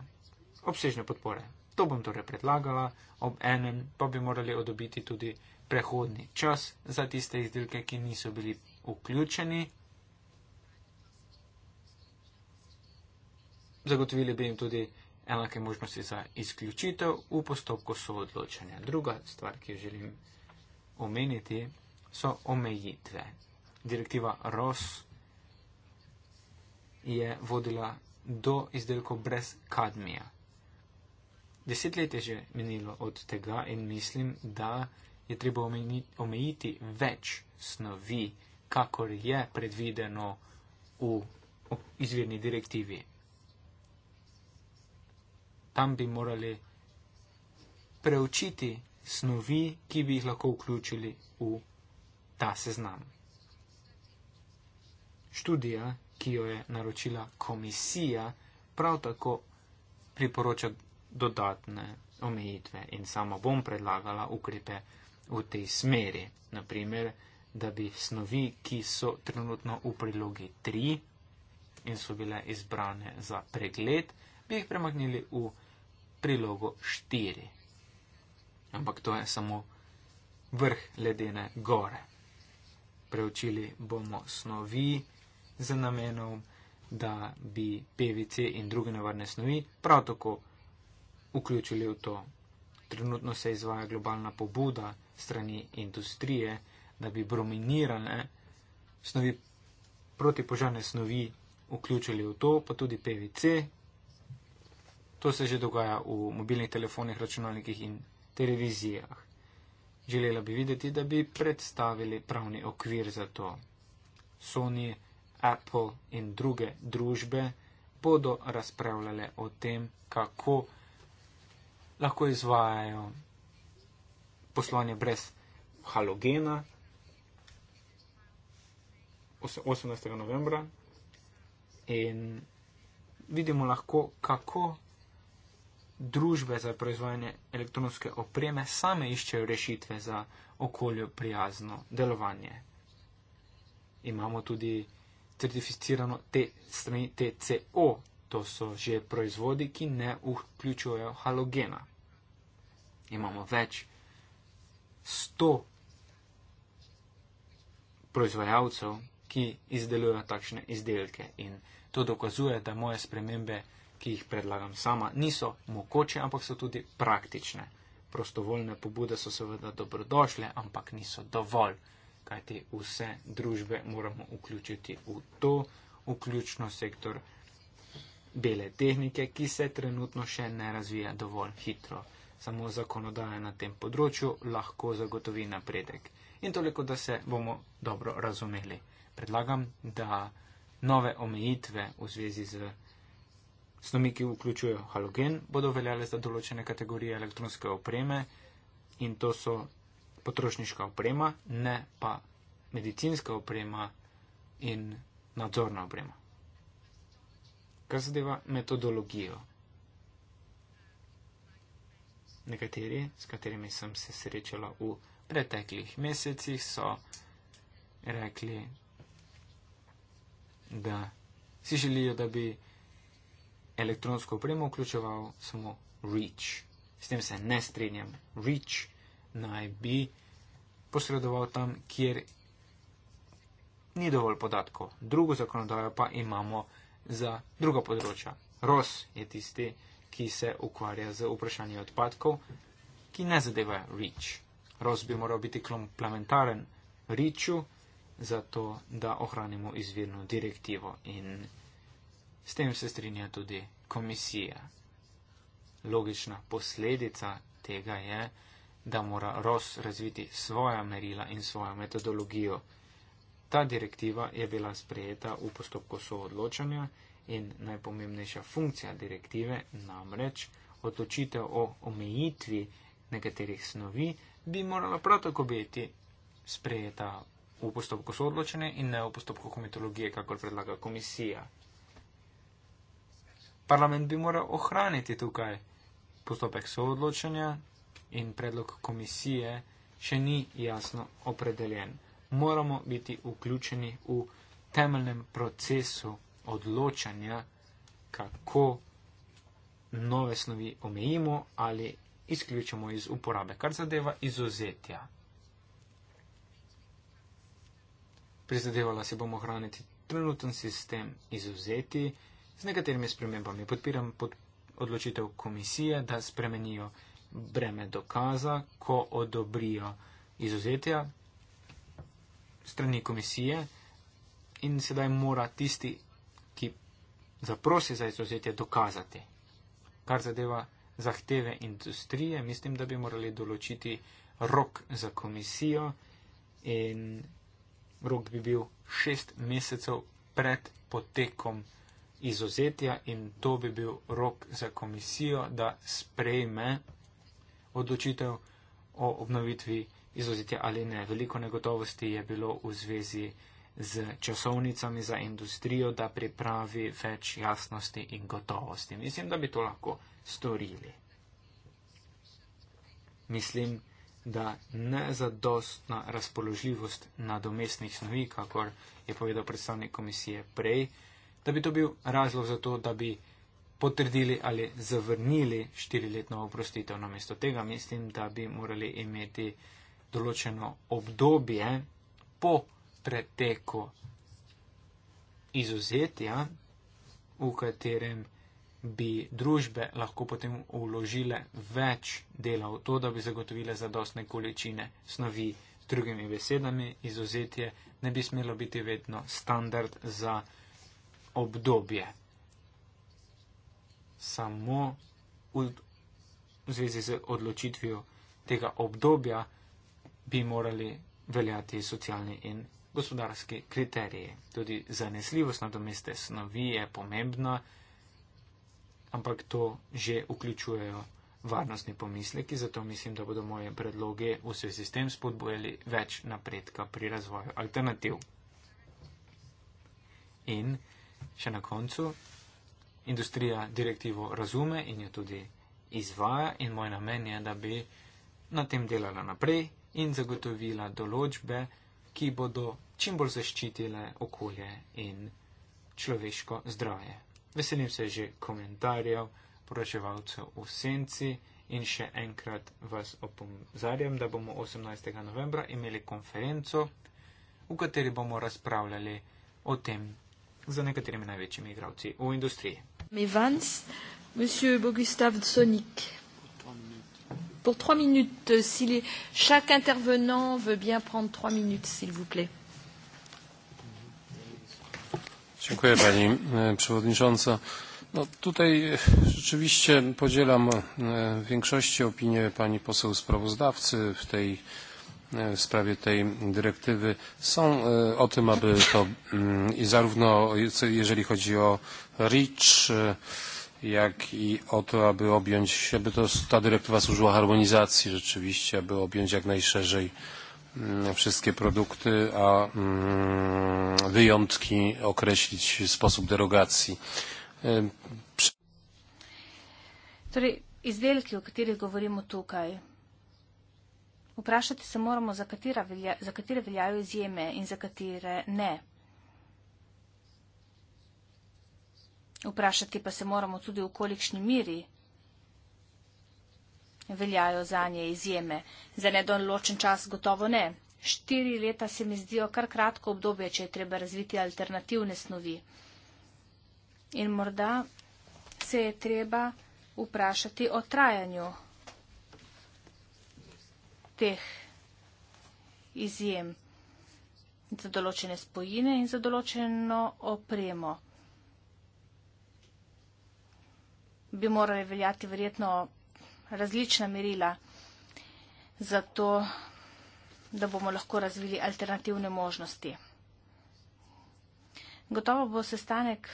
obsežne podpore. To bom torej predlagala, ob enem pa bi morali odobiti tudi prehodni čas za tiste izdelke, ki niso bili vključeni. Zagotovili bi jim tudi enake možnosti za izključitev v postopku soodločanja. Druga stvar, ki jo želim omeniti, so omejitve. Direktiva ROS je vodila do izdelkov brez kadmija. Deset let je že minilo od tega in mislim, da je treba omejiti več snovi, kakor je predvideno v izvirni direktivi. Tam bi morali preučiti snovi, ki bi jih lahko vključili v ta seznam. Študija, ki jo je naročila komisija, prav tako priporoča dodatne omejitve in samo bom predlagala ukrepe, v tej smeri. Naprimer, da bi snovi, ki so trenutno v prilogi 3 in so bile izbrane za pregled, bi jih premaknili v prilogo 4. Ampak to je samo vrh ledene gore. Preučili bomo snovi za namenom, da bi PVC in druge nevarne snovi prav tako vključili v to. Trenutno se izvaja globalna pobuda strani industrije, da bi brominirane snovi, protipožarne snovi vključili v to, pa tudi PVC. To se že dogaja v mobilnih telefonih, računalnikih in televizijah. Želela bi videti, da bi predstavili pravni okvir za to. Sony, Apple in druge družbe bodo razpravljale o tem, kako lahko izvajajo poslovanje brez halogena. 18. novembra in vidimo lahko, kako družbe za proizvajanje elektronske opreme same iščejo rešitve za okolju prijazno delovanje. Imamo tudi certificirano te strani TCO, to so že proizvodi, ki ne vključujejo halogena. Imamo več 100 proizvajalcev, ki izdelujejo takšne izdelke. In to dokazuje, da moje spremembe, ki jih predlagam sama, niso mogoče, ampak so tudi praktične. Prostovoljne pobude so seveda dobrodošle, ampak niso dovolj, kajti vse družbe moramo vključiti v to, vključno sektor bele tehnike, ki se trenutno še ne razvija dovolj hitro samo zakonodaja na tem področju lahko zagotovi napredek. In toliko, da se bomo dobro razumeli. Predlagam, da nove omejitve v zvezi z snovmi, ki vključujejo halogen, bodo veljale za določene kategorije elektronske opreme in to so potrošniška oprema, ne pa medicinska oprema in nadzorna oprema. Kar zadeva metodologijo. Nekateri, s katerimi sem se srečala v preteklih mesecih, so rekli, da si želijo, da bi elektronsko opremo vključeval samo REACH. S tem se ne strinjam. REACH naj bi posredoval tam, kjer ni dovolj podatkov. Drugo zakonodajo pa imamo za druga področja. ROS je tisti, ki ki se ukvarja z vprašanjem odpadkov, ki ne zadeva REACH. ROS bi moral biti komplementaren REACHu, zato da ohranimo izvirno direktivo in s tem se strinja tudi komisija. Logična posledica tega je, da mora ROS razviti svoja merila in svojo metodologijo. Ta direktiva je bila sprejeta v postopku soodločanja in najpomembnejša funkcija direktive, namreč odločitev o omejitvi nekaterih snovi, bi morala prav tako biti sprejeta v postopku soodločene in ne v postopku komitologije, kakor predlaga komisija. Parlament bi moral ohraniti tukaj postopek soodločanja in predlog komisije še ni jasno opredeljen. Moramo biti vključeni v temeljnem procesu odločanja, kako nove snovi omejimo ali izključimo iz uporabe, kar zadeva izuzetja. Prizadevala se bomo ohraniti trenuten sistem izuzeti, z nekaterimi spremembami podpiram pod odločitev komisije, da spremenijo breme dokaza, ko odobrijo izuzetja strani komisije in sedaj mora tisti zaprosi za izuzetje, dokazati. Kar zadeva zahteve industrije, mislim, da bi morali določiti rok za komisijo in rok bi bil šest mesecev pred potekom izuzetja in to bi bil rok za komisijo, da sprejme odločitev o obnovitvi izuzetja ali ne. Veliko negotovosti je bilo v zvezi z z časovnicami za industrijo, da pripravi več jasnosti in gotovosti. Mislim, da bi to lahko storili. Mislim, da nezadostna razpoložljivost nadomestnih snovi, kakor je povedal predstavnik komisije prej, da bi to bil razlog za to, da bi potrdili ali zavrnili štiriletno oprostitev. Namesto tega mislim, da bi morali imeti določeno obdobje po preteku izuzetja, v katerem bi družbe lahko potem uložile več dela v to, da bi zagotovile zadostne količine snovi. Z drugimi besedami, izuzetje ne bi smelo biti vedno standard za obdobje. Samo v zvezi z odločitvijo tega obdobja bi morali veljati socialni in gospodarski kriteriji. Tudi zanesljivost nadomeste snovi je pomembna, ampak to že vključujejo varnostni pomisleki, zato mislim, da bodo moje predloge v svoj sistem spodbojali več napredka pri razvoju alternativ. In še na koncu, industrija direktivo razume in jo tudi izvaja in moj namen je, da bi na tem delala naprej in zagotovila določbe, ki bodo čim bolj zaščitile okolje in človeško zdravje. Veselim se že komentarjev, poročevalcev v senci in še enkrat vas opozarjam, da bomo 18. novembra imeli konferenco, v kateri bomo razpravljali o tem za nekaterimi največjimi igravci v industriji. Mevans, monsieur Bogustav Sonik. Pour trois minutes, si les... chaque intervenant veut bien prendre trois minutes, s'il vous plaît. Dziękuję Pani e, Przewodnicząca. No, tutaj e, rzeczywiście podzielam w e, większości opinię Pani Poseł Sprawozdawcy w tej w sprawie tej dyrektywy są o tym, aby to mm, i zarówno jeżeli chodzi o REACH, jak i o to, aby objąć, aby to, ta dyrektywa służyła harmonizacji rzeczywiście, aby objąć jak najszerzej y, Mm, wszystkie produkty, a mm, wyjątki określić w sposób derogacji. Torej, izdelki, o katerih govorimo tukaj, vprašati se moramo, za, velja, za katere veljajo izjeme in za katere ne. Vprašati pa se moramo tudi, v kolikšni miri veljajo za nje izjeme. Za nedoločen čas gotovo ne. Štiri leta se mi zdijo kar kratko obdobje, če je treba razviti alternativne snovi. In morda se je treba vprašati o trajanju teh izjem za določene spojine in za določeno opremo. Bi morali veljati verjetno različna merila za to, da bomo lahko razvili alternativne možnosti. Gotovo bo sestanek,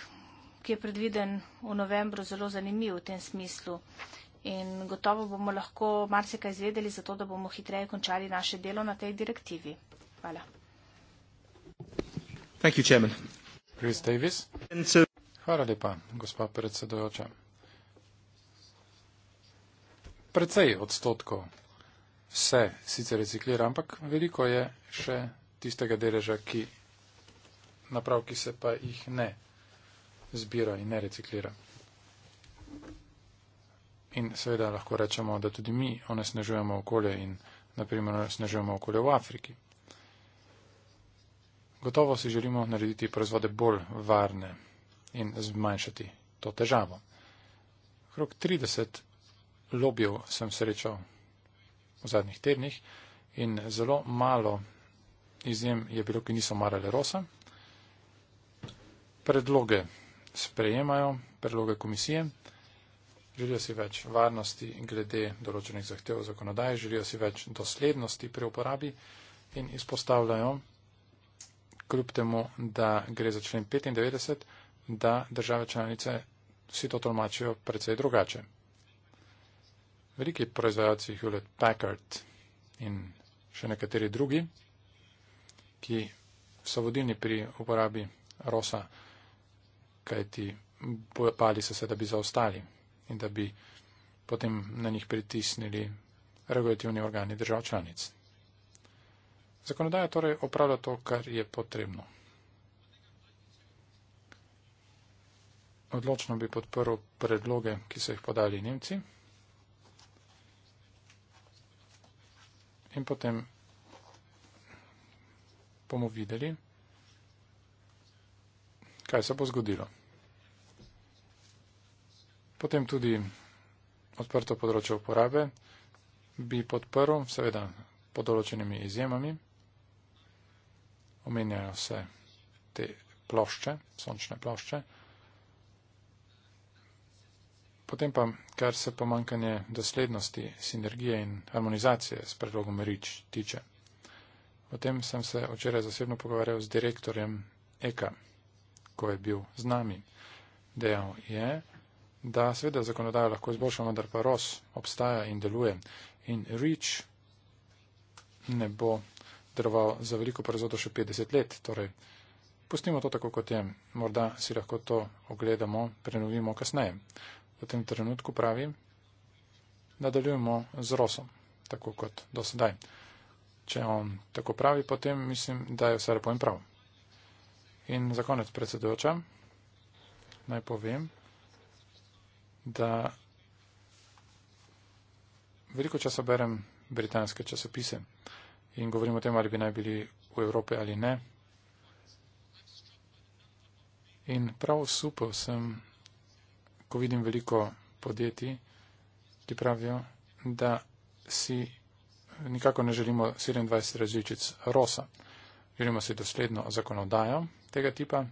ki je predviden v novembru, zelo zanimiv v tem smislu in gotovo bomo lahko marsikaj izvedeli za to, da bomo hitreje končali naše delo na tej direktivi. Hvala. Hvala lepa, gospod predsedojoča precej odstotkov vse sicer reciklira, ampak veliko je še tistega deleža, ki napravki se pa jih ne zbira in ne reciklira. In seveda lahko rečemo, da tudi mi onesnažujemo okolje in naprimer onesnažujemo okolje v Afriki. Gotovo si želimo narediti proizvode bolj varne in zmanjšati to težavo. Krok 30 lobijev sem srečal v zadnjih tednih in zelo malo izjem je bilo, ki niso marali rosa. Predloge sprejemajo, predloge komisije, želijo si več varnosti glede določenih zahtev zakonodaje, želijo si več doslednosti pri uporabi in izpostavljajo, kljub temu, da gre za člen 95, da države članice si to tolmačijo predvsej drugače veliki proizvajalci Hewlett Packard in še nekateri drugi, ki so vodilni pri uporabi ROSA, kajti pali so se, da bi zaostali in da bi potem na njih pritisnili regulativni organi držav članic. Zakonodaja torej opravlja to, kar je potrebno. Odločno bi podprl predloge, ki so jih podali Nemci. in potem bomo videli, kaj se bo zgodilo. Potem tudi odprto področje uporabe bi podprl, seveda pod določenimi izjemami, omenjajo se te plošče, sončne plošče, Potem pa, kar se pomankanje doslednosti, sinergije in harmonizacije s predlogom REACH tiče. O tem sem se včeraj zasebno pogovarjal z direktorjem EKA, ko je bil z nami. Dejal je, da seveda zakonodajo lahko izboljšamo, vendar pa ROS obstaja in deluje. In REACH ne bo deloval za veliko proizvodo še 50 let. Torej, pustimo to tako, kot je. Morda si lahko to ogledamo, prenovimo kasneje v tem trenutku pravi, nadaljujemo z Rosom, tako kot do sedaj. Če on tako pravi, potem mislim, da je vse lepo in prav. In za konec predsedujoča naj povem, da veliko časa berem britanske časopise in govorim o tem, ali bi naj bili v Evropi ali ne. In prav supo sem ko vidim veliko podjetij, ki pravijo, da si nikako ne želimo 27 različic rosa. Želimo si dosledno zakonodajo tega tipa,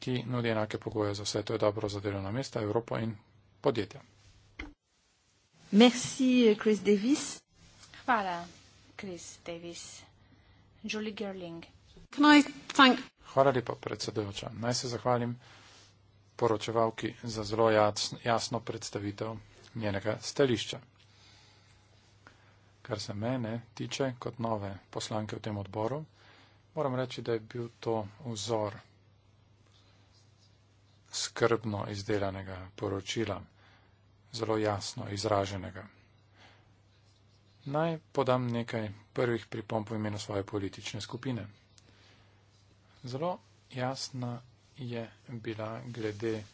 ki nudi enake pogoje za vse. To je dobro za delovna mesta, Evropo in podjetja. Merci, Chris Davis. Hvala, Chris Davis. Julie Gerling. Hvala lepa, predsedujoča. Naj se zahvalim poročevalki za zelo jasno predstavitev njenega stališča. Kar se mene tiče kot nove poslanke v tem odboru, moram reči, da je bil to vzor skrbno izdelanega poročila, zelo jasno izraženega. Naj podam nekaj prvih pripomp v imenu svoje politične skupine. Zelo jasna je bila glede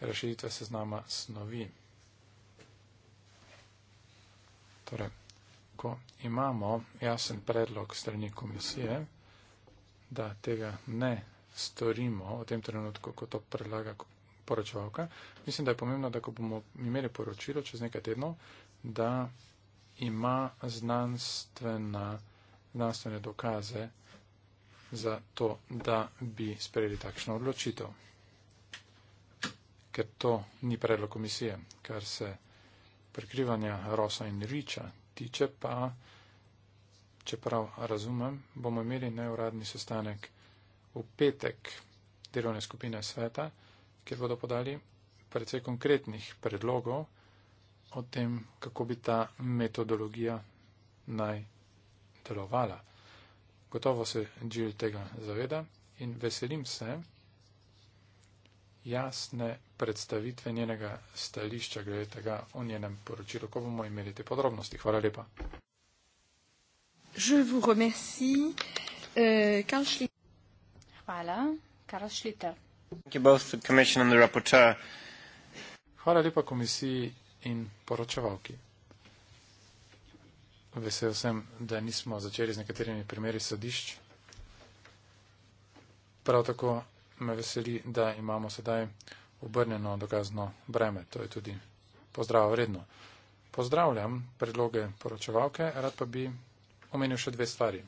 rešitve seznama snovi. Torej, ko imamo jasen predlog strani komisije, da tega ne storimo v tem trenutku, ko to predlaga poročevalka, mislim, da je pomembno, da ko bomo imeli poročilo čez nekaj tednov, da ima znanstvene dokaze za to, da bi sprejeli takšno odločitev. Ker to ni predlog komisije, kar se prekrivanja Rosa in Riča tiče, pa čeprav razumem, bomo imeli neuradni sestanek v petek delovne skupine sveta, kjer bodo podali precej konkretnih predlogov o tem, kako bi ta metodologija naj delovala. Gotovo se Jill tega zaveda in veselim se jasne predstavitve njenega stališča glede tega o njenem poročilu, ko bomo imeli te podrobnosti. Hvala lepa. Eh, Hvala, Karl Schlitter. Hvala lepa komisiji in poročevalki. Vesel sem, da nismo začeli z nekaterimi primeri sodišč. Prav tako me veseli, da imamo sedaj obrnjeno dokazno breme. To je tudi pozdrav vredno. Pozdravljam predloge poročevalke, rad pa bi omenil še dve stvari.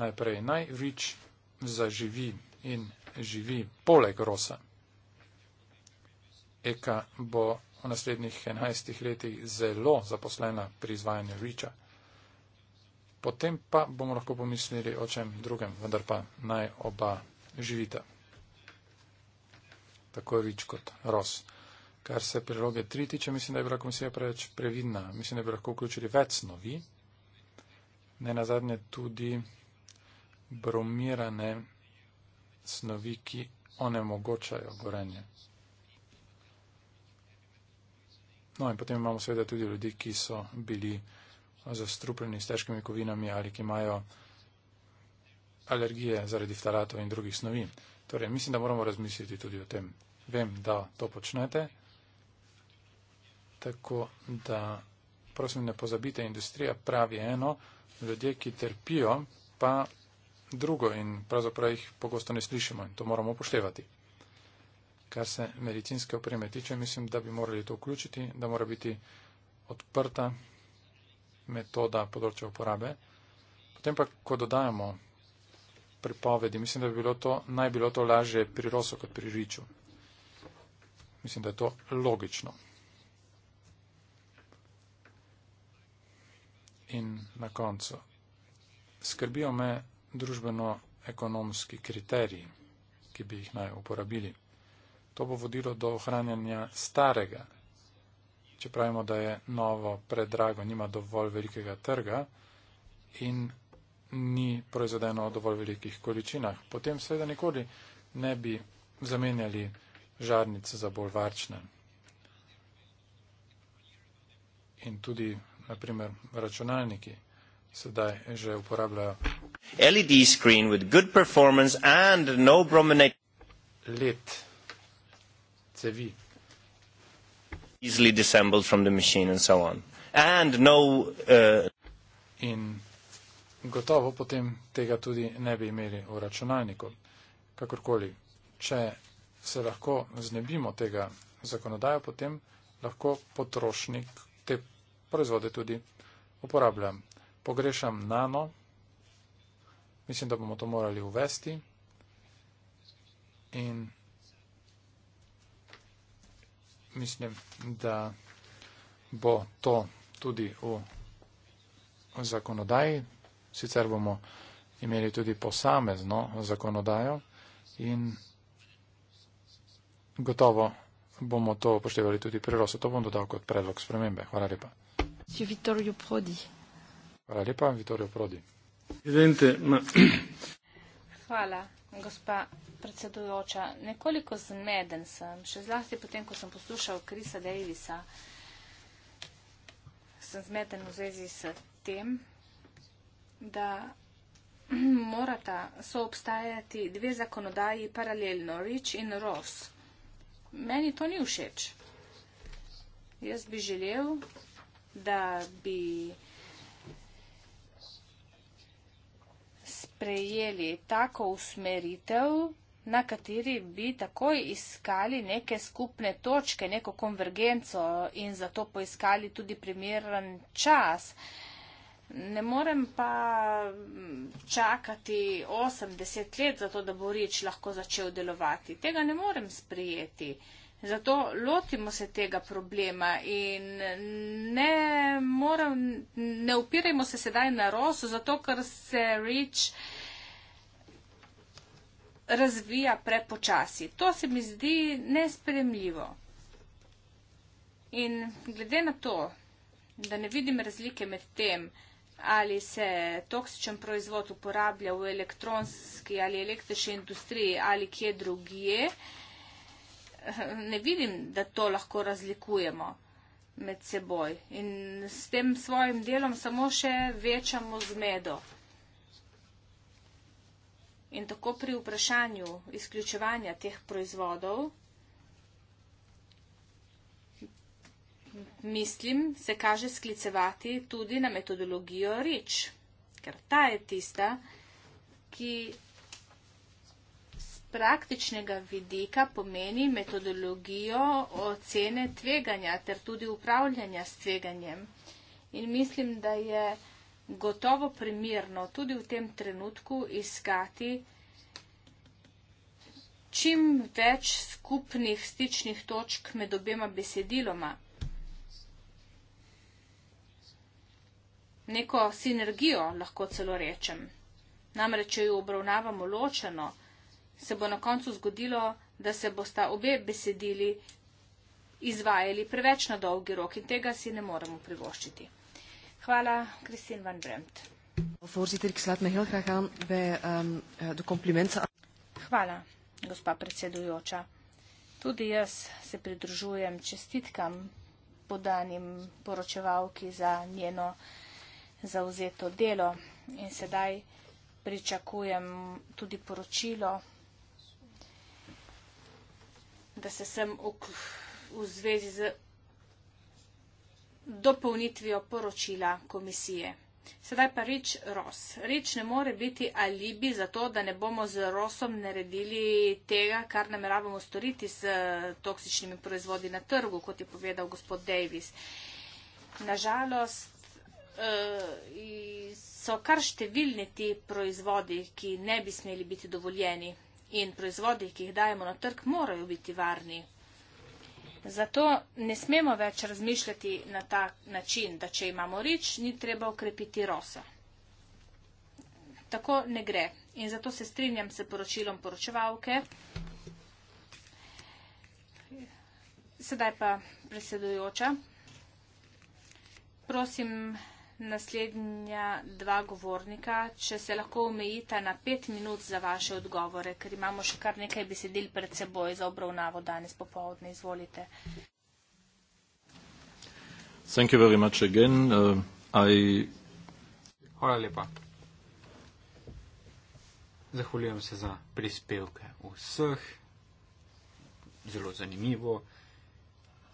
Najprej naj Rich zaživi in živi poleg Rosa. Eka bo v naslednjih 11 letih zelo zaposlena pri izvajanju Reacha. Potem pa bomo lahko pomislili o čem drugem, vendar pa naj oba živita. Tako je Reach kot Ross. Kar se priloge 3 tiče, mislim, da je bila komisija preveč previdna. Mislim, da bi lahko vključili več snovi. Ne nazadnje tudi bromirane snovi, ki onemogočajo gorenje. No in potem imamo seveda tudi ljudi, ki so bili zastrupljeni s težkimi kovinami ali ki imajo alergije zaradi ftalatov in drugih snovi. Torej, mislim, da moramo razmisliti tudi o tem. Vem, da to počnete. Tako da, prosim, ne pozabite, industrija pravi eno, ljudje, ki trpijo, pa drugo in pravzaprav jih pogosto ne slišimo in to moramo upoštevati kar se medicinske opreme tiče, mislim, da bi morali to vključiti, da mora biti odprta metoda področja uporabe. Potem pa, ko dodajamo pripovedi, mislim, da bi bilo to, naj bilo to lažje pri rosu kot pri žiču. Mislim, da je to logično. In na koncu. Skrbijo me družbeno-ekonomski kriteriji, ki bi jih naj uporabili. To bo vodilo do ohranjanja starega, če pravimo, da je novo predrago, nima dovolj velikega trga in ni proizvedeno v dovolj velikih količinah. Potem seveda nikoli ne bi zamenjali žarnice za bolj varčne. In tudi, naprimer, računalniki sedaj že uporabljajo. LED screen with good performance and no brominate. LED cevi. Easily disassembled from the machine and so on. And no, uh... In gotovo potem tega tudi ne bi imeli v računalniku. Kakorkoli, če se lahko znebimo tega zakonodaja, potem lahko potrošnik te proizvode tudi uporablja. Pogrešam nano, mislim, da bomo to morali uvesti. In mislim, da bo to tudi v zakonodaji. Sicer bomo imeli tudi posamezno zakonodajo in gotovo bomo to upoštevali tudi pri Rosu. To bom dodal kot predlog spremembe. Hvala lepa. Hvala lepa, Vittorio Prodi. Hvala gospa predsedujoča, nekoliko zmeden sem, še zlasti potem, ko sem poslušal Krisa Davisa, sem zmeden v zvezi s tem, da morata soobstajati dve zakonodaji paralelno, Rich in Ross. Meni to ni všeč. Jaz bi želel, da bi sprejeli tako usmeritev, na kateri bi takoj iskali neke skupne točke, neko konvergenco in zato poiskali tudi primeren čas. Ne morem pa mm, čakati 80 let za to, da bo rič lahko začel delovati. Tega ne morem sprijeti. Uh, Zato lotimo se tega problema in ne, moram, ne upirajmo se sedaj na ROS, zato ker se REACH razvija prepočasi. To se mi zdi nespremljivo. In glede na to, da ne vidim razlike med tem, ali se toksičen proizvod uporablja v elektronski ali električni industriji ali kje drugje, ne vidim, da to lahko razlikujemo med seboj. In s tem svojim delom samo še večamo zmedo. In tako pri vprašanju izključevanja teh proizvodov, mislim, se kaže sklicevati tudi na metodologijo REACH, ker ta je tista, ki praktičnega vidika pomeni metodologijo ocene tveganja ter tudi upravljanja s tveganjem. In mislim, da je gotovo primirno tudi v tem trenutku iskati čim več skupnih stičnih točk med obema besediloma. Neko sinergijo lahko celo rečem. Namreč, če jo obravnavamo ločeno, se bo na koncu zgodilo, da se bosta obe besedili izvajali preveč na dolgi rok in tega si ne moremo privoščiti. Hvala, Kristin van Bremt. Ehm, eh, Hvala, gospa predsedujoča. Tudi jaz se pridružujem čestitkam podanim poročevalki za njeno zauzeto delo in sedaj pričakujem tudi poročilo da se sem v zvezi z dopolnitvijo poročila komisije. Sedaj pa rič Ros. Rič ne more biti alibi za to, da ne bomo z Rosom naredili tega, kar nameravamo storiti s eh, toksičnimi proizvodi na trgu, kot je povedal gospod Davis. Nažalost, eh, so kar številni ti proizvodi, ki ne bi smeli biti dovoljeni in proizvodi, ki jih dajemo na trg, morajo biti varni. Zato ne smemo več razmišljati na ta način, da če imamo rič, ni treba ukrepiti rosa. Tako ne gre. In zato se strinjam s poročilom poročevalke. Sedaj pa predsedujoča. Prosim, naslednja dva govornika, če se lahko omejita na pet minut za vaše odgovore, ker imamo še kar nekaj besedil pred seboj za obravnavo danes popovdne. Izvolite. Thank you very much again. Uh, I... Hvala lepa. Zahvaljujem se za prispevke vseh. Zelo zanimivo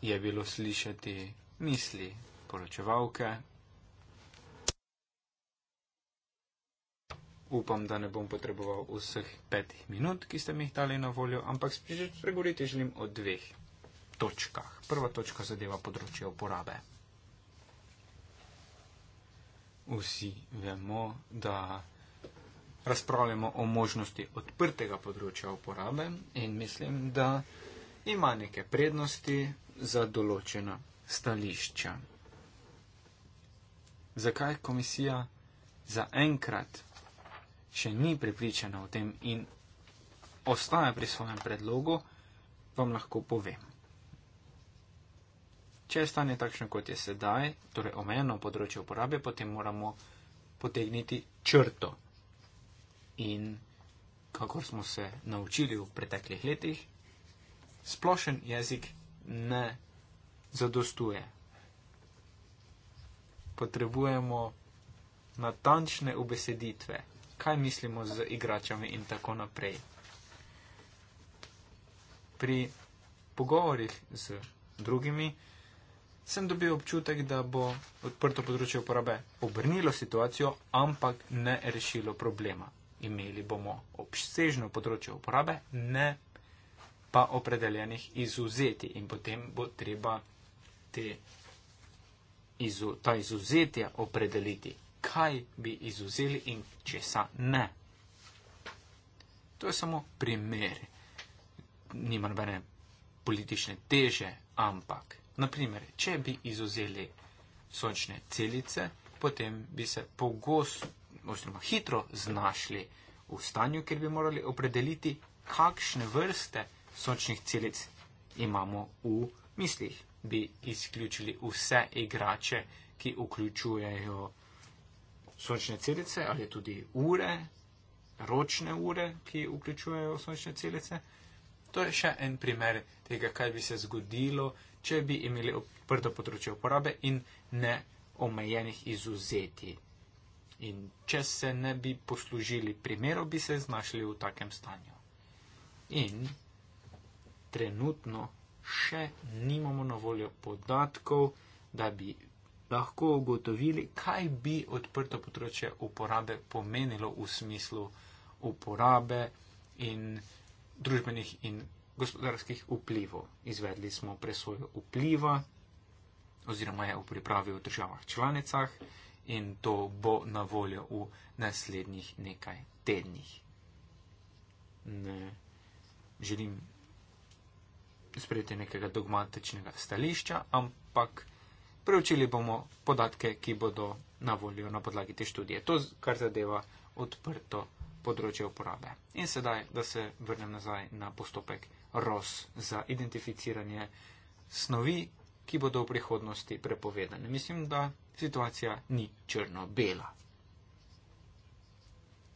je bilo slišati misli poročevalke upam, da ne bom potreboval vseh petih minut, ki ste mi jih dali na voljo, ampak spregovoriti želim o dveh točkah. Prva točka zadeva področje uporabe. Vsi vemo, da razpravljamo o možnosti odprtega področja uporabe in mislim, da ima neke prednosti za določena stališča. Zakaj komisija za enkrat še ni prepričana o tem in ostaja pri svojem predlogu, vam lahko povem. Če je stanje takšno, kot je sedaj, torej omejeno področje uporabe, potem moramo potegniti črto. In kakor smo se naučili v preteklih letih, splošen jezik ne zadostuje. Potrebujemo natančne ubeseditve kaj mislimo z igračami in tako naprej. Pri pogovorih z drugimi sem dobil občutek, da bo odprto področje uporabe obrnilo situacijo, ampak ne rešilo problema. Imeli bomo obsežno področje uporabe, ne pa opredeljenih izuzeti in potem bo treba te, izu, ta izuzetja opredeliti kaj bi izuzeli in česa ne. To je samo primer, nima nobene politične teže, ampak, naprimer, če bi izuzeli sončne celice, potem bi se pogosto, oziroma hitro znašli v stanju, ker bi morali opredeliti, kakšne vrste sončnih celic imamo v mislih. Bi izključili vse igrače, ki vključujejo sončne celice ali tudi ure, ročne ure, ki vključujejo sončne celice. To je še en primer tega, kaj bi se zgodilo, če bi imeli odprto področje uporabe in neomejenih izuzeti. In če se ne bi poslužili primerov, bi se znašli v takem stanju. In trenutno še nimamo na voljo podatkov, da bi lahko ugotovili, kaj bi odprto področje uporabe pomenilo v smislu uporabe in družbenih in gospodarskih vplivov. Izvedli smo presojo vpliva oziroma je v pripravi v državah članicah in to bo na voljo v naslednjih nekaj tednih. Ne želim sprejeti nekega dogmatičnega stališča, ampak preučili bomo podatke, ki bodo na voljo na podlagi te študije. To, kar zadeva odprto področje uporabe. In sedaj, da se vrnem nazaj na postopek ROS za identificiranje snovi, ki bodo v prihodnosti prepovedane. Mislim, da situacija ni črno-bela.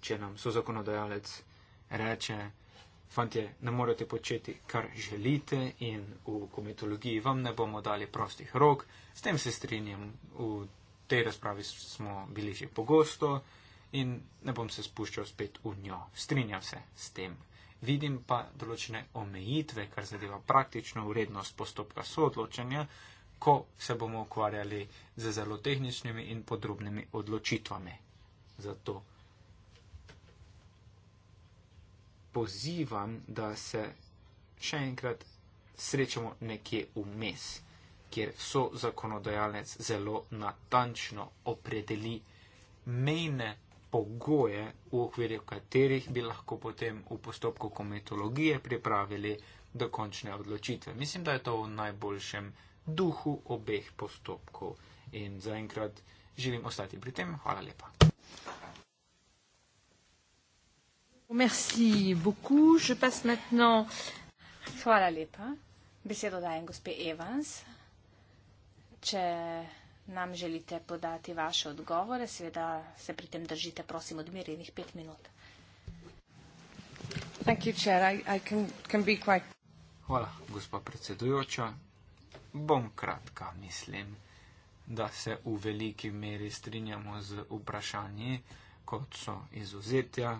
Če nam so zakonodajalec reče, fantje, ne morete početi, kar želite in v komitologiji vam ne bomo dali prostih rok. S tem se strinjam, v tej razpravi smo bili že pogosto in ne bom se spuščal spet v njo. Strinjam se s tem. Vidim pa določene omejitve, kar zadeva praktično urednost postopka soodločanja, ko se bomo ukvarjali z zelo tehničnimi in podrobnimi odločitvami. Zato pozivam, da se še enkrat srečamo nekje vmes, kjer so zakonodajalec zelo natančno opredeli mejne pogoje, v okviru katerih bi lahko potem v postopku komitologije pripravili dokončne odločitve. Mislim, da je to v najboljšem duhu obeh postopkov in zaenkrat želim ostati pri tem. Hvala lepa. Merci beaucoup. Je passe maintenant. Hvala lepa. Besedo dajem gospe Evans. Če nam želite podati vaše odgovore, seveda se pri tem držite, prosim, odmerjenih pet minut. Thank you, chair. I, I can, can be quite... Hvala, gospa predsedujoča. Bom kratka, mislim, da se v veliki meri strinjamo z vprašanji, kot so izuzetja,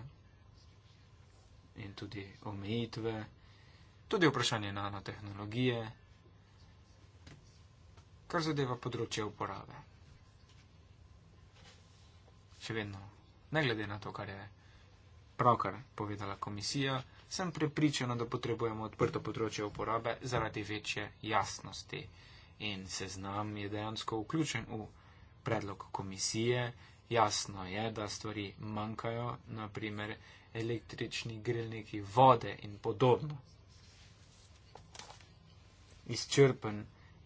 in tudi omejitve, tudi vprašanje nanotehnologije, kar zadeva področje uporabe. Še vedno, ne glede na to, kar je pravkar povedala komisija, sem prepričana, da potrebujemo odprto področje uporabe zaradi večje jasnosti. In seznam je dejansko vključen v predlog komisije. Jasno je, da stvari manjkajo, naprimer električni grilniki vode in podobno. Izčrpen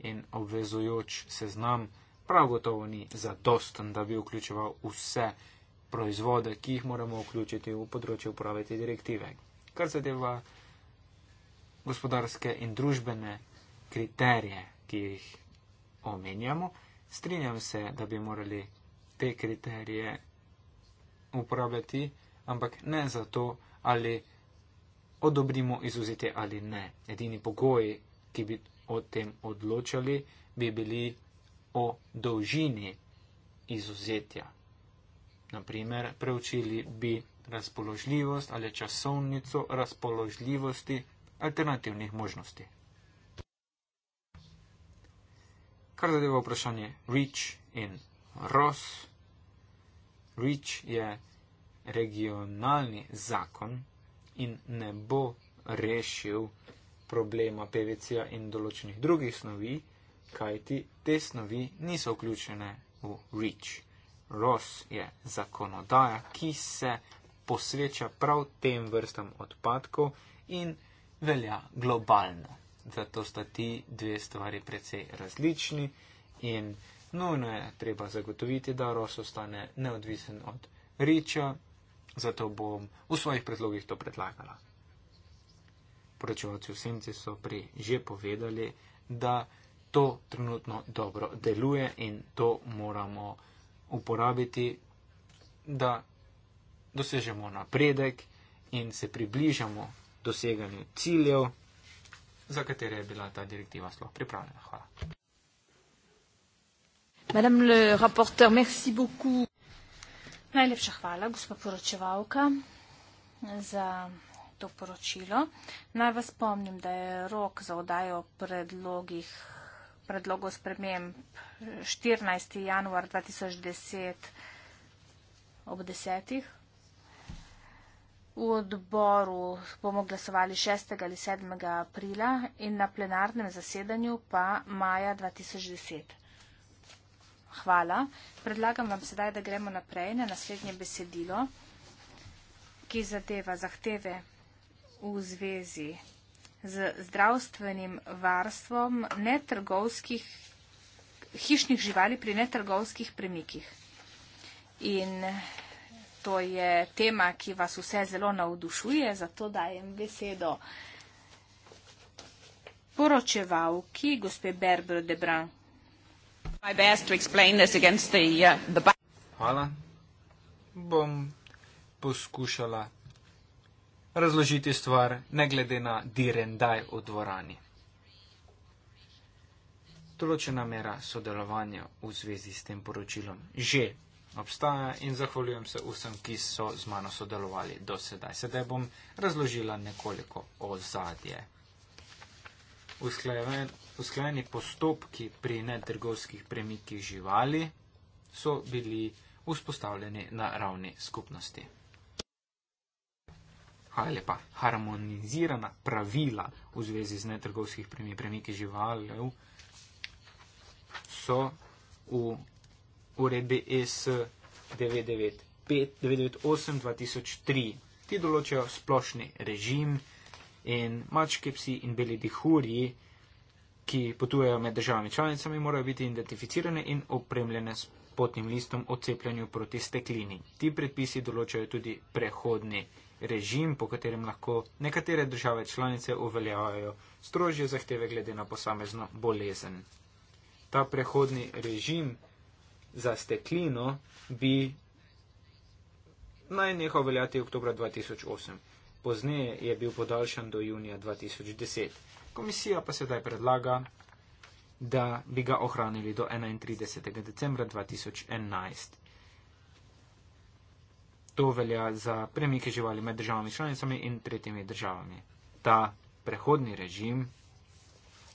in obvezujoč seznam prav gotovo ni zadosten, da bi vključeval vse proizvode, ki jih moramo vključiti v področje uporabe te direktive. Kar zadeva gospodarske in družbene kriterije, ki jih omenjamo, strinjam se, da bi morali te kriterije uporabljati ampak ne za to, ali odobrimo izuzete ali ne. Edini pogoji, ki bi o tem odločali, bi bili o dolžini izuzetja. Naprimer, preučili bi razpoložljivost ali časovnico razpoložljivosti alternativnih možnosti. Kar zadeva vprašanje REACH in ROS. REACH je regionalni zakon in ne bo rešil problema PVC-ja in določenih drugih snovi, kajti te snovi niso vključene v REACH. ROS je zakonodaja, ki se posveča prav tem vrstam odpadkov in velja globalno. Zato sta ti dve stvari precej različni in nujno je treba zagotoviti, da ROS ostane neodvisen od REACH-a Zato bom v svojih predlogih to predlagala. Poročevalci v Senci so prej že povedali, da to trenutno dobro deluje in to moramo uporabiti, da dosežemo napredek in se približamo doseganju ciljev, za katere je bila ta direktiva sploh pripravljena. Hvala. Madame le rapporteur, merci beaucoup. Najlepša hvala, gospod poročevalka, za to poročilo. Naj vas spomnim, da je rok za odajo predlogih, predlogov sprememb 14. januar 2010 ob 10. V odboru bomo glasovali 6. ali 7. aprila in na plenarnem zasedanju pa maja 2010. Hvala. Predlagam vam sedaj, da gremo naprej na naslednje besedilo, ki zadeva zahteve v zvezi z zdravstvenim varstvom netrgovskih hišnih živali pri netrgovskih premikih. In to je tema, ki vas vse zelo navdušuje, zato dajem besedo poročevalki gospe Berbro de Branco my best to explain this against the, uh, the back. Hvala. Bom poskušala razložiti stvar, ne glede na direndaj v dvorani. Določena mera sodelovanja v zvezi s tem poročilom že obstaja in zahvaljujem se vsem, ki so z mano sodelovali do sedaj. Sedaj bom razložila nekoliko ozadje usklajeni postopki pri netrgovskih premikih živali so bili vzpostavljeni na ravni skupnosti. Hvala lepa. Harmonizirana pravila v zvezi z netrgovskih premiki živali so v uredbi S995. 998-2003. Ti določajo splošni režim in mačke, psi in beli dihurji ki potujejo med državami članicami, morajo biti identificirane in opremljene s potnim listom o cepljenju proti steklini. Ti predpisi določajo tudi prehodni režim, po katerem lahko nekatere države članice uveljavajo strožje zahteve glede na posamezno bolezen. Ta prehodni režim za steklino bi naj nehal veljati oktober 2008. Pozneje je bil podaljšan do junija 2010. Komisija pa sedaj predlaga, da bi ga ohranili do 31. decembra 2011. To velja za premike živali med državami članicami in tretjimi državami. Ta prehodni režim,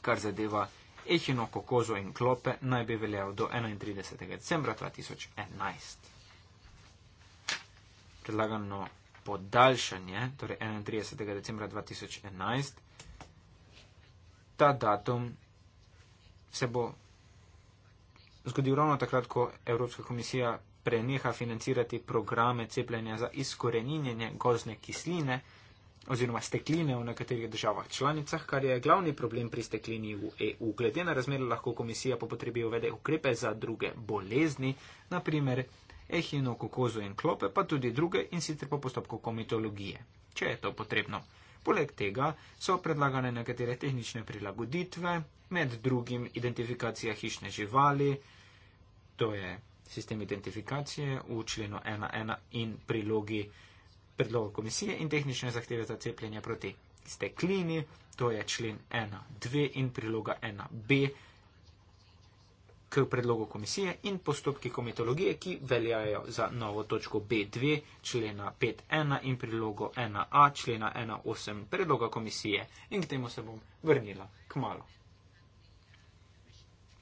kar zadeva ehino, kokozo in klope, naj bi veljal do 31. decembra 2011. Predlagano podaljšanje, torej 31. decembra 2011, ta datum se bo zgodil ravno takrat, ko Evropska komisija preneha financirati programe cepljenja za izkoreninjenje gozne kisline oziroma stekline v nekaterih državah članicah, kar je glavni problem pri steklini v EU. Glede na razmere lahko komisija po potrebi uvede ukrepe za druge bolezni, naprimer ehino, kokozo in klope, pa tudi druge in sicer po postopku komitologije, če je to potrebno. Poleg tega so predlagane nekatere tehnične prilagoditve, med drugim identifikacija hišne živali, to je sistem identifikacije v členu 1.1 in prilogi predloga komisije in tehnične zahteve za cepljenje proti steklini, to je člen 1.2 in priloga 1.b k predlogu komisije in postopki komitologije, ki veljajo za novo točko B2 člena 5.1 in prilogo 1a člena 1.8 predloga komisije. In k temu se bom vrnila k malo.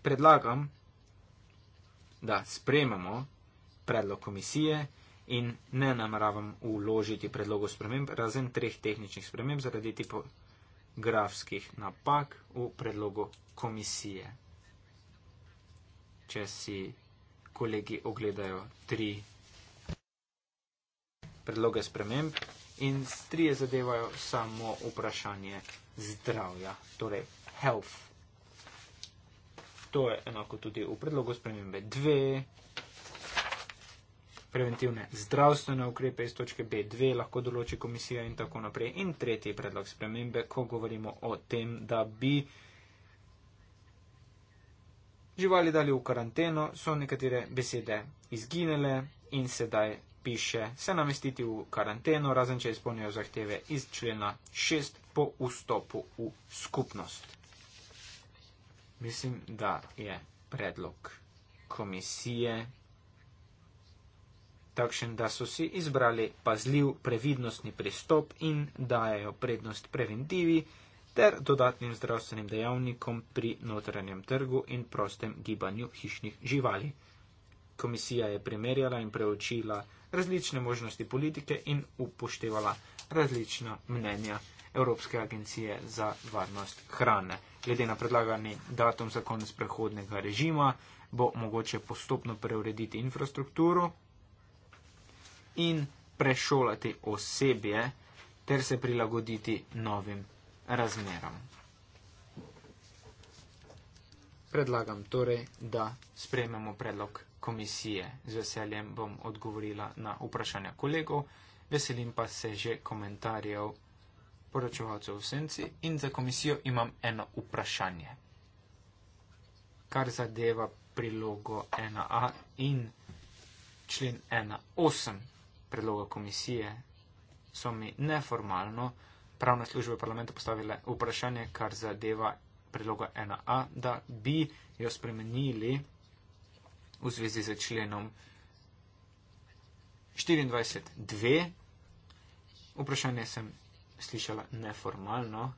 Predlagam, da sprememo predlog komisije in ne nameravam uložiti predlogo sprememb, razen treh tehničnih sprememb zaradi tipografskih napak v predlogu komisije če si kolegi ogledajo tri predloge sprememb in tri je zadevajo samo vprašanje zdravja, torej health. To je enako tudi v predlogu spremembe dve. Preventivne zdravstvene ukrepe iz točke B2 lahko določi komisija in tako naprej. In tretji predlog spremembe, ko govorimo o tem, da bi živali dali v karanteno, so nekatere besede izginile in sedaj piše se namestiti v karanteno, razen če izpolnijo zahteve iz člena 6 po vstopu v skupnost. Mislim, da je predlog komisije takšen, da so si izbrali pazljiv previdnostni pristop in dajo prednost preventivi ter dodatnim zdravstvenim dejavnikom pri notranjem trgu in prostem gibanju hišnih živali. Komisija je primerjala in preučila različne možnosti politike in upoštevala različna mnenja Evropske agencije za varnost hrane. Glede na predlagani datum za konec prehodnega režima bo mogoče postopno preurediti infrastrukturo in prešolati osebje ter se prilagoditi novim razmeram. Predlagam torej, da sprejmemo predlog komisije. Z veseljem bom odgovorila na vprašanja kolegov, veselim pa se že komentarjev poročevalcev v senci in za komisijo imam eno vprašanje. Kar zadeva prilogo 1a in člen 1.8 predloga komisije, so mi neformalno pravne službe parlamenta postavile vprašanje, kar zadeva predloga 1a, da bi jo spremenili v zvezi z členom 24.2. Vprašanje sem slišala neformalno,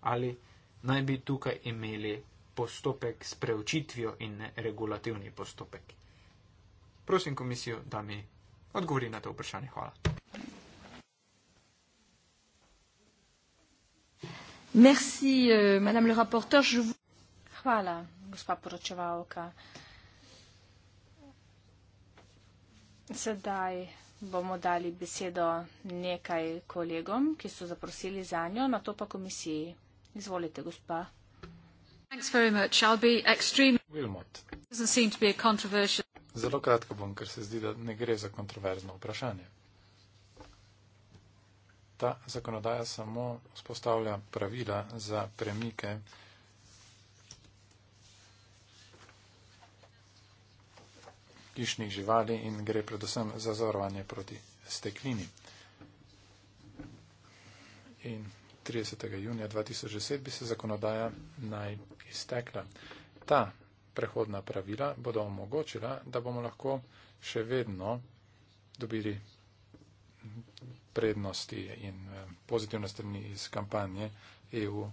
ali naj bi tukaj imeli postopek s preučitvijo in ne regulativni postopek. Prosim komisijo, da mi odgovori na to vprašanje. Hvala. Euh, hvala gospa poročevalka sedaj bomo dali besedo nekaj kolegom ki so zaprosili zanjo na to pa komisiji izvolite gospa zelo kratko bom ker se zdi da ne gre za kontroverzno vprašanje ta zakonodaja samo spostavlja pravila za premike. hišnih živali in gre predvsem za zavarovanje proti steklini. In 30. junija 2010 bi se zakonodaja naj iztekla. Ta prehodna pravila bodo omogočila, da bomo lahko še vedno dobili prednosti in eh, pozitivne strani iz kampanje EU,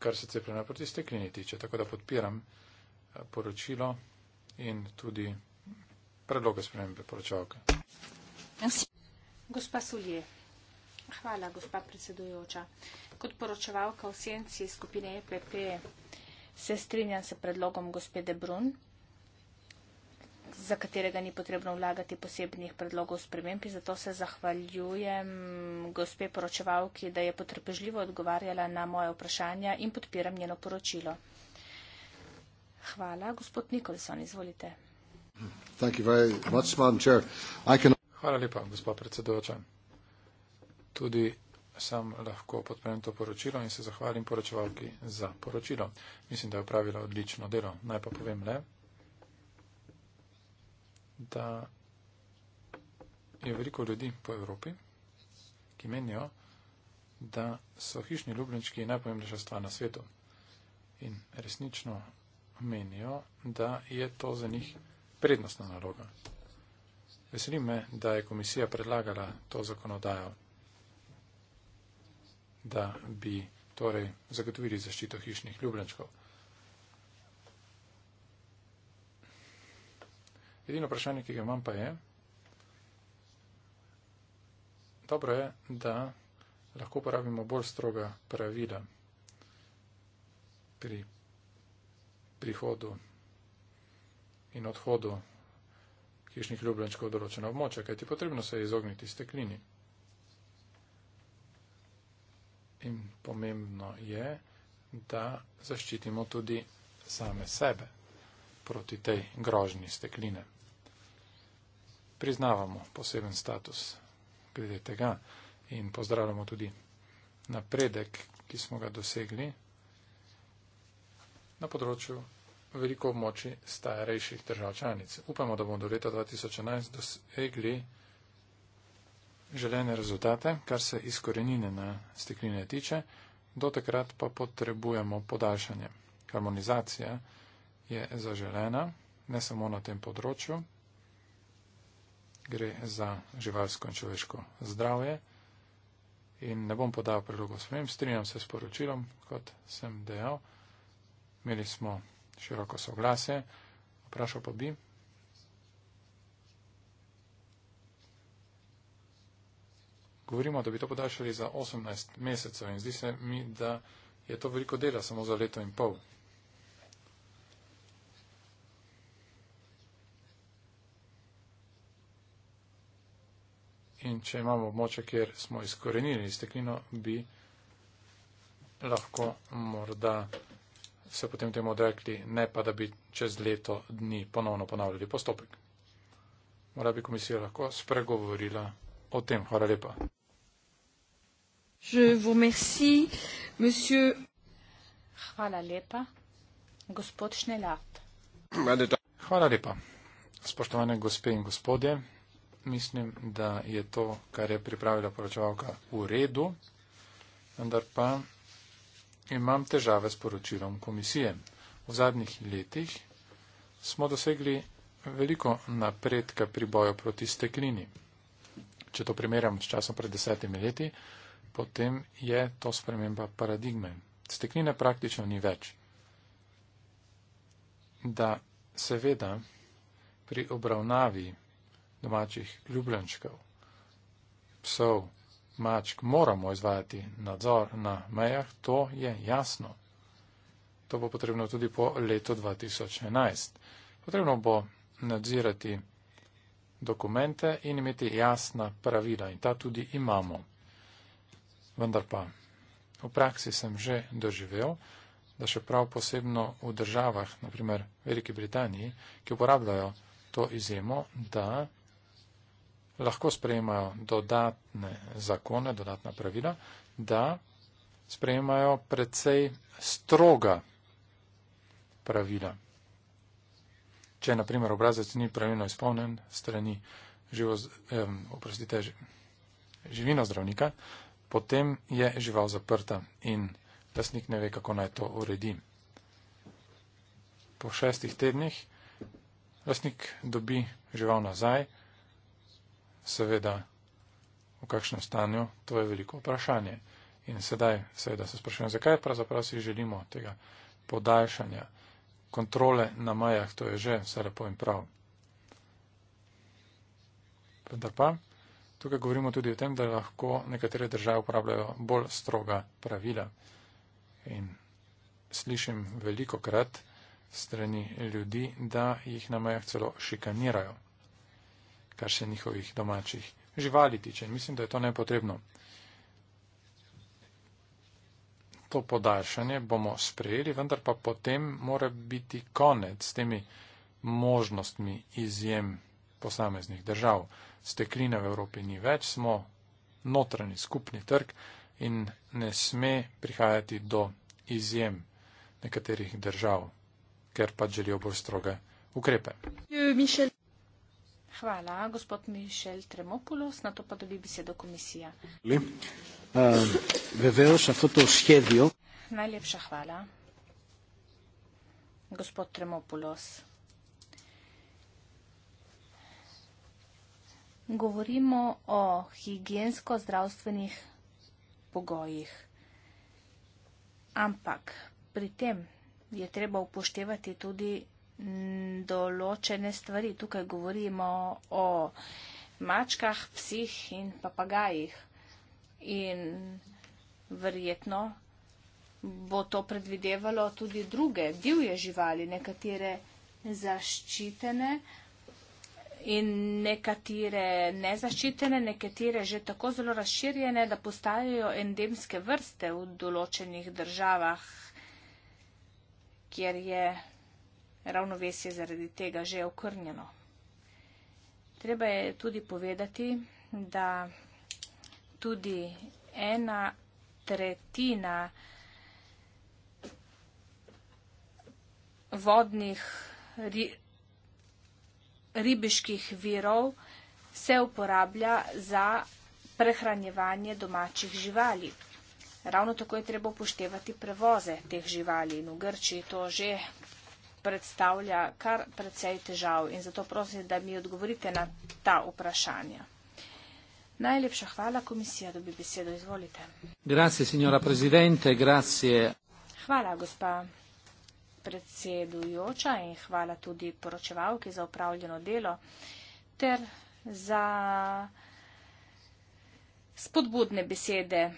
kar se cepljenja proti steklini tiče. Tako da podpiram eh, poročilo in tudi predloge spremembe poročavke. Gospa Sulje. Hvala, gospa predsedujoča. Kot poročevalka v senci skupine EPP se strinjam s predlogom gospe Debrun za katerega ni potrebno vlagati posebnih predlogov spremembi. Zato se zahvaljujem gospe poročevalki, da je potrpežljivo odgovarjala na moje vprašanja in podpiram njeno poročilo. Hvala. Gospod Nikolson, izvolite. Hvala lepa, gospod predsedovča. Tudi sam lahko podprem to poročilo in se zahvalim poročevalki za poročilo. Mislim, da je upravila odlično delo. Naj pa povem le, da je veliko ljudi po Evropi, ki menijo, da so hišni ljubljenčki najpomembnejša stvar na svetu. In resnično menijo, da je to za njih prednostna naloga. Veselim me, da je komisija predlagala to zakonodajo, da bi torej zagotovili zaščito hišnih ljubljenčkov. Edino vprašanje, ki ga imam, pa je, dobro je, da lahko uporabimo bolj stroga pravila pri prihodu in odhodu hišnih ljubljenčkov v določeno območje, kajti potrebno se je izogniti steklini. In pomembno je, da zaščitimo tudi same sebe proti tej grožni stekline priznavamo poseben status glede tega in pozdravljamo tudi napredek, ki smo ga dosegli na področju veliko moči starejših držav članic. Upamo, da bomo do leta 2011 dosegli želene rezultate, kar se izkorenine na stekline tiče, do takrat pa potrebujemo podaljšanje. Harmonizacija je zaželena, ne samo na tem področju, gre za živalsko in človeško zdravje. In ne bom podal predlogov spremem, strinjam se s poročilom, kot sem dejal. Imeli smo široko soglase, vprašal pa bi. Govorimo, da bi to podaljšali za 18 mesecev in zdi se mi, da je to veliko dela samo za leto in pol. in če imamo območje, kjer smo izkorenili steklino, bi lahko morda se potem temu odrekli, ne pa da bi čez leto dni ponovno ponavljali postopek. Morda bi komisija lahko spregovorila o tem. Hvala lepa. Merci, monsieur... Hvala lepa. Gospod Šnelat. Hvala lepa. Spoštovane gospe in gospodje mislim, da je to, kar je pripravila poročevalka, v redu, vendar pa imam težave s poročilom komisije. V zadnjih letih smo dosegli veliko napredka pri boju proti steklini. Če to primerjam s časom pred desetimi leti, potem je to sprememba paradigme. Steklina praktično ni več. Da seveda pri obravnavi domačih ljubljenčkov. Psov, mačk moramo izvajati nadzor na mejah, to je jasno. To bo potrebno tudi po letu 2011. Potrebno bo nadzirati dokumente in imeti jasna pravila in ta tudi imamo. Vendar pa, v praksi sem že doživel, da še prav posebno v državah, naprimer Veliki Britaniji, ki uporabljajo to izjemo, da lahko sprejemajo dodatne zakone, dodatna pravila, da sprejemajo precej stroga pravila. Če naprimer obrazec ni pravilno izpolnen strani živo, eh, oprostite, živino zdravnika, potem je žival zaprta in lasnik ne ve, kako naj to uredi. Po šestih tednih lasnik dobi žival nazaj, seveda v kakšnem stanju, to je veliko vprašanje. In sedaj seveda se sprašujem, zakaj pravzaprav si želimo tega podaljšanja kontrole na majah, to je že vse lepo in prav. Vendar pa, tukaj govorimo tudi o tem, da lahko nekatere države uporabljajo bolj stroga pravila. In slišim veliko krat strani ljudi, da jih na majah celo šikanirajo kar se njihovih domačih živali tiče. Mislim, da je to nepotrebno. To podaljšanje bomo sprejeli, vendar pa potem mora biti konec s temi možnostmi izjem posameznih držav. Steklina v Evropi ni več, smo notranji skupni trg in ne sme prihajati do izjem nekaterih držav, ker pa želijo bolj stroge ukrepe. Michel. Hvala, gospod Mišel Tremopoulos. Na to pa dobi besedo komisija. Eh, Najlepša hvala. Gospod Tremopoulos. Govorimo o higijensko-zdravstvenih pogojih. Ampak pri tem je treba upoštevati tudi določene stvari. Tukaj govorimo o mačkah, psih in papagajih. In verjetno bo to predvidevalo tudi druge divje živali, nekatere zaščitene in nekatere nezaščitene, nekatere že tako zelo razširjene, da postajajo endemske vrste v določenih državah, kjer je ravnovesje zaradi tega že okrnjeno. Treba je tudi povedati, da tudi ena tretjina vodnih ri, ribiških virov se uporablja za prehranjevanje domačih živali. Ravno tako je treba upoštevati prevoze teh živali in v Grčiji to že predstavlja kar precej težav in zato prosim, da mi odgovorite na ta vprašanja. Najlepša hvala, komisija dobi besedo, izvolite. Grazie, signora prezidente, grazie. Hvala, gospa predsedujoča in hvala tudi poročevalki za upravljeno delo ter za spodbudne besede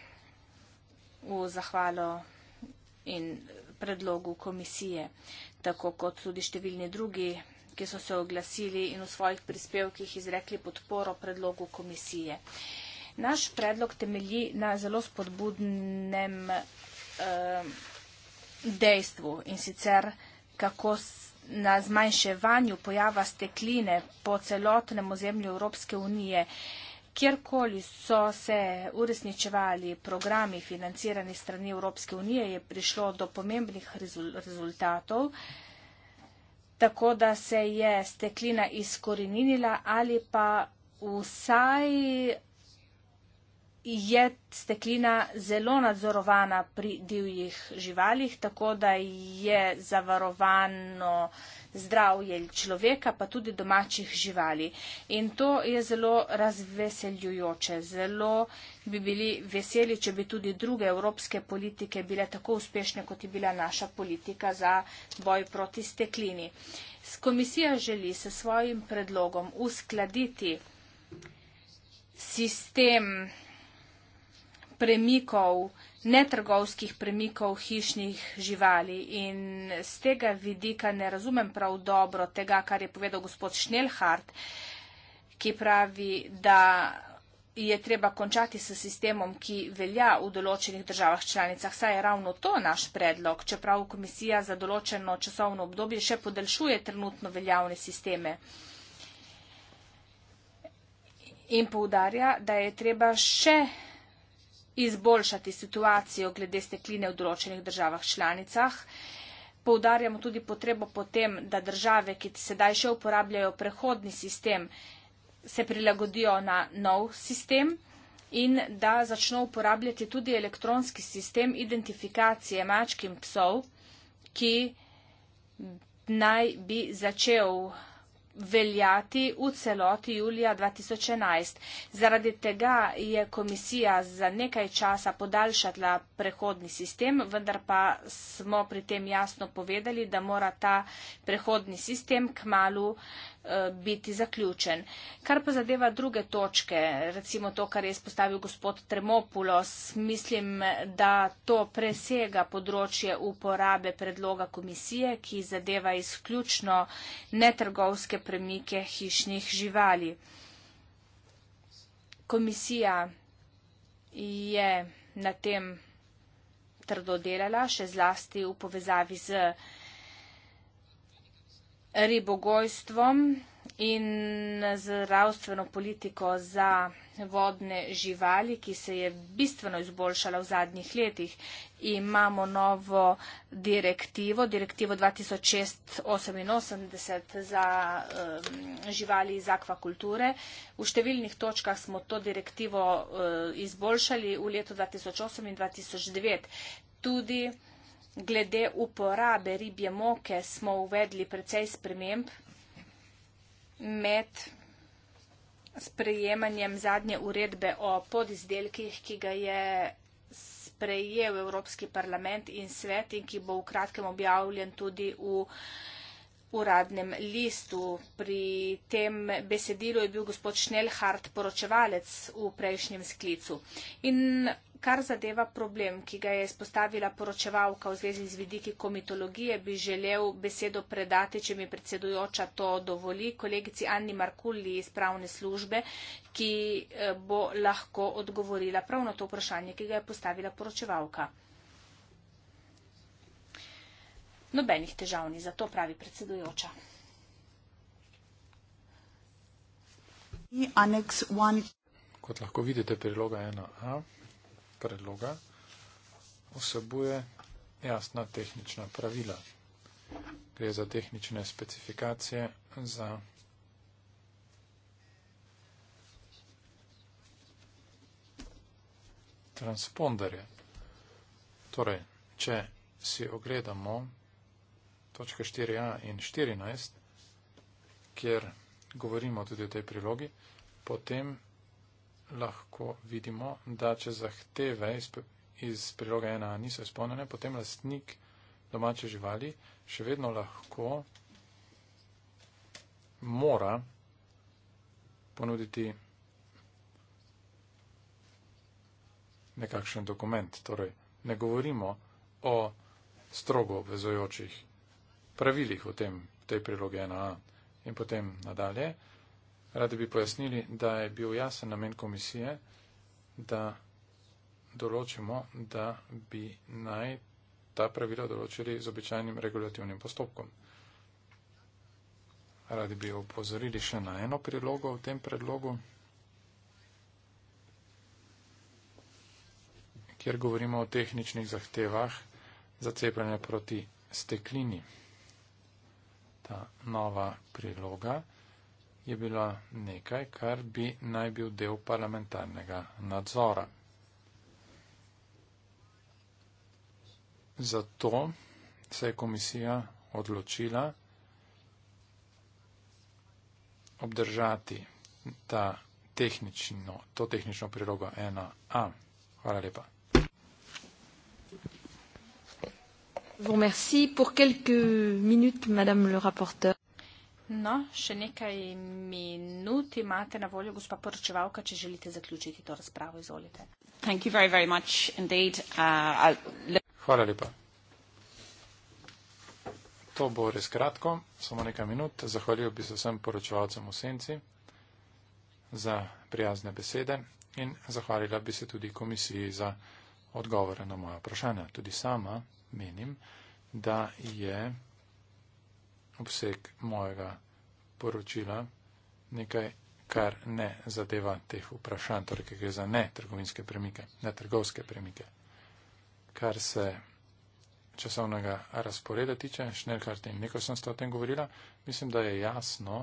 v zahvalo in predlogu komisije tako kot tudi številni drugi, ki so se oglasili in v svojih prispevkih izrekli podporo predlogu komisije. Naš predlog temelji na zelo spodbudnem eh, dejstvu in sicer kako na zmanjševanju pojava stekline po celotnem ozemlju Evropske unije eh, Kjerkoli so se uresničevali programi financirani strani Evropske unije, je prišlo do pomembnih rezultatov, tako da se je steklina izkoreninila ali pa vsaj je steklina zelo nadzorovana pri divjih živalih, tako da je zavarovano zdravje človeka, pa tudi domačih živali. In to je zelo razveseljujoče. Zelo bi bili veseli, če bi tudi druge evropske politike bile tako uspešne, kot je bila naša politika za boj proti steklini. Komisija želi se svojim predlogom uskladiti sistem premikov, netrgovskih premikov hišnih živali. In z tega vidika ne razumem prav dobro tega, kar je povedal gospod Šnelhart, ki pravi, da je treba končati s sistemom, ki velja v določenih državah članicah. Saj je ravno to naš predlog, čeprav komisija za določeno časovno obdobje še podaljšuje trenutno veljavne sisteme. In poudarja, da je treba še izboljšati situacijo glede stekline v določenih državah članicah. Poudarjamo tudi potrebo potem, da države, ki sedaj še uporabljajo prehodni sistem, se prilagodijo na nov sistem in da začno uporabljati tudi elektronski sistem identifikacije mačk in psov, ki naj bi začel veljati v celoti julija 2011. Zaradi tega je komisija za nekaj časa podaljšala prehodni sistem, vendar pa smo pri tem jasno povedali, da mora ta prehodni sistem k malu uh, Eh, biti zaključen. Kar pa zadeva druge točke, recimo to, kar je izpostavil gospod Tremopulos, mislim, da to presega področje uporabe predloga komisije, ki zadeva izključno netrgovske premike hišnih živali. Komisija je na tem trdo delala, še zlasti v povezavi z ribogojstvom in zdravstveno politiko za vodne živali, ki se je bistveno izboljšala v zadnjih letih. Imamo novo direktivo, direktivo 2688 za um, živali iz akvakulture. V številnih točkah smo to direktivo uh, izboljšali v letu 2008 in 2009. Tudi glede uporabe ribje moke smo uvedli precej sprememb med sprejemanjem zadnje uredbe o podizdelkih, ki ga je sprejel Evropski parlament in svet in ki bo v kratkem objavljen tudi v uradnem listu. Pri tem besedilu je bil gospod Schnellhardt poročevalec v prejšnjem sklicu. In kar zadeva problem, ki ga je izpostavila poročevalka v zvezi z vidiki komitologije, bi želel besedo predati, če mi predsedujoča to dovoli, kolegici Anni Markulli iz pravne službe, ki eh, bo lahko odgovorila prav na to vprašanje, ki ga je postavila poročevalka. Nobenih težav ni, zato pravi predsedujoča. Kot lahko vidite, priloga 1a predloga vsebuje jasna tehnična pravila. Gre za tehnične specifikacije za transponderje. Torej, če si ogledamo točke 4a in 14, kjer govorimo tudi o tej prilogi, potem lahko vidimo, da če zahteve iz, iz priloga 1a niso izpolnjene, potem lastnik domače živali še vedno lahko mora ponuditi nekakšen dokument. Torej, ne govorimo o strogo obvezojočih pravilih o tem, tej priloge 1a in potem nadalje. Radi bi pojasnili, da je bil jasen namen komisije, da določimo, da bi naj ta pravila določili z običajnim regulativnim postopkom. Radi bi opozorili še na eno prilogo v tem predlogu, kjer govorimo o tehničnih zahtevah za cepljenje proti steklini. Ta nova priloga je bilo nekaj, kar bi naj bil del parlamentarnega nadzora. Zato se je komisija odločila obdržati ta tehnično, to tehnično prilogo 1a. Hvala lepa. Vous remercie pour quelques minutes, Madame le rapporteur. No, še nekaj minut imate na voljo, gospa poročevalka, če želite zaključiti to razpravo, izvolite. Very, very uh, Hvala lepa. To bo res kratko, samo nekaj minut. Zahvalil bi se vsem poročevalcem v Senci za prijazne besede in zahvalila bi se tudi komisiji za odgovore na moja vprašanja. Tudi sama menim, da je obseg mojega poročila, nekaj, kar ne zadeva teh vprašanj, torej, ki gre za ne trgovinske premike, ne trgovske premike. Kar se časovnega razporeda tiče, šnelkarte in nekaj sem s tem govorila, mislim, da je jasno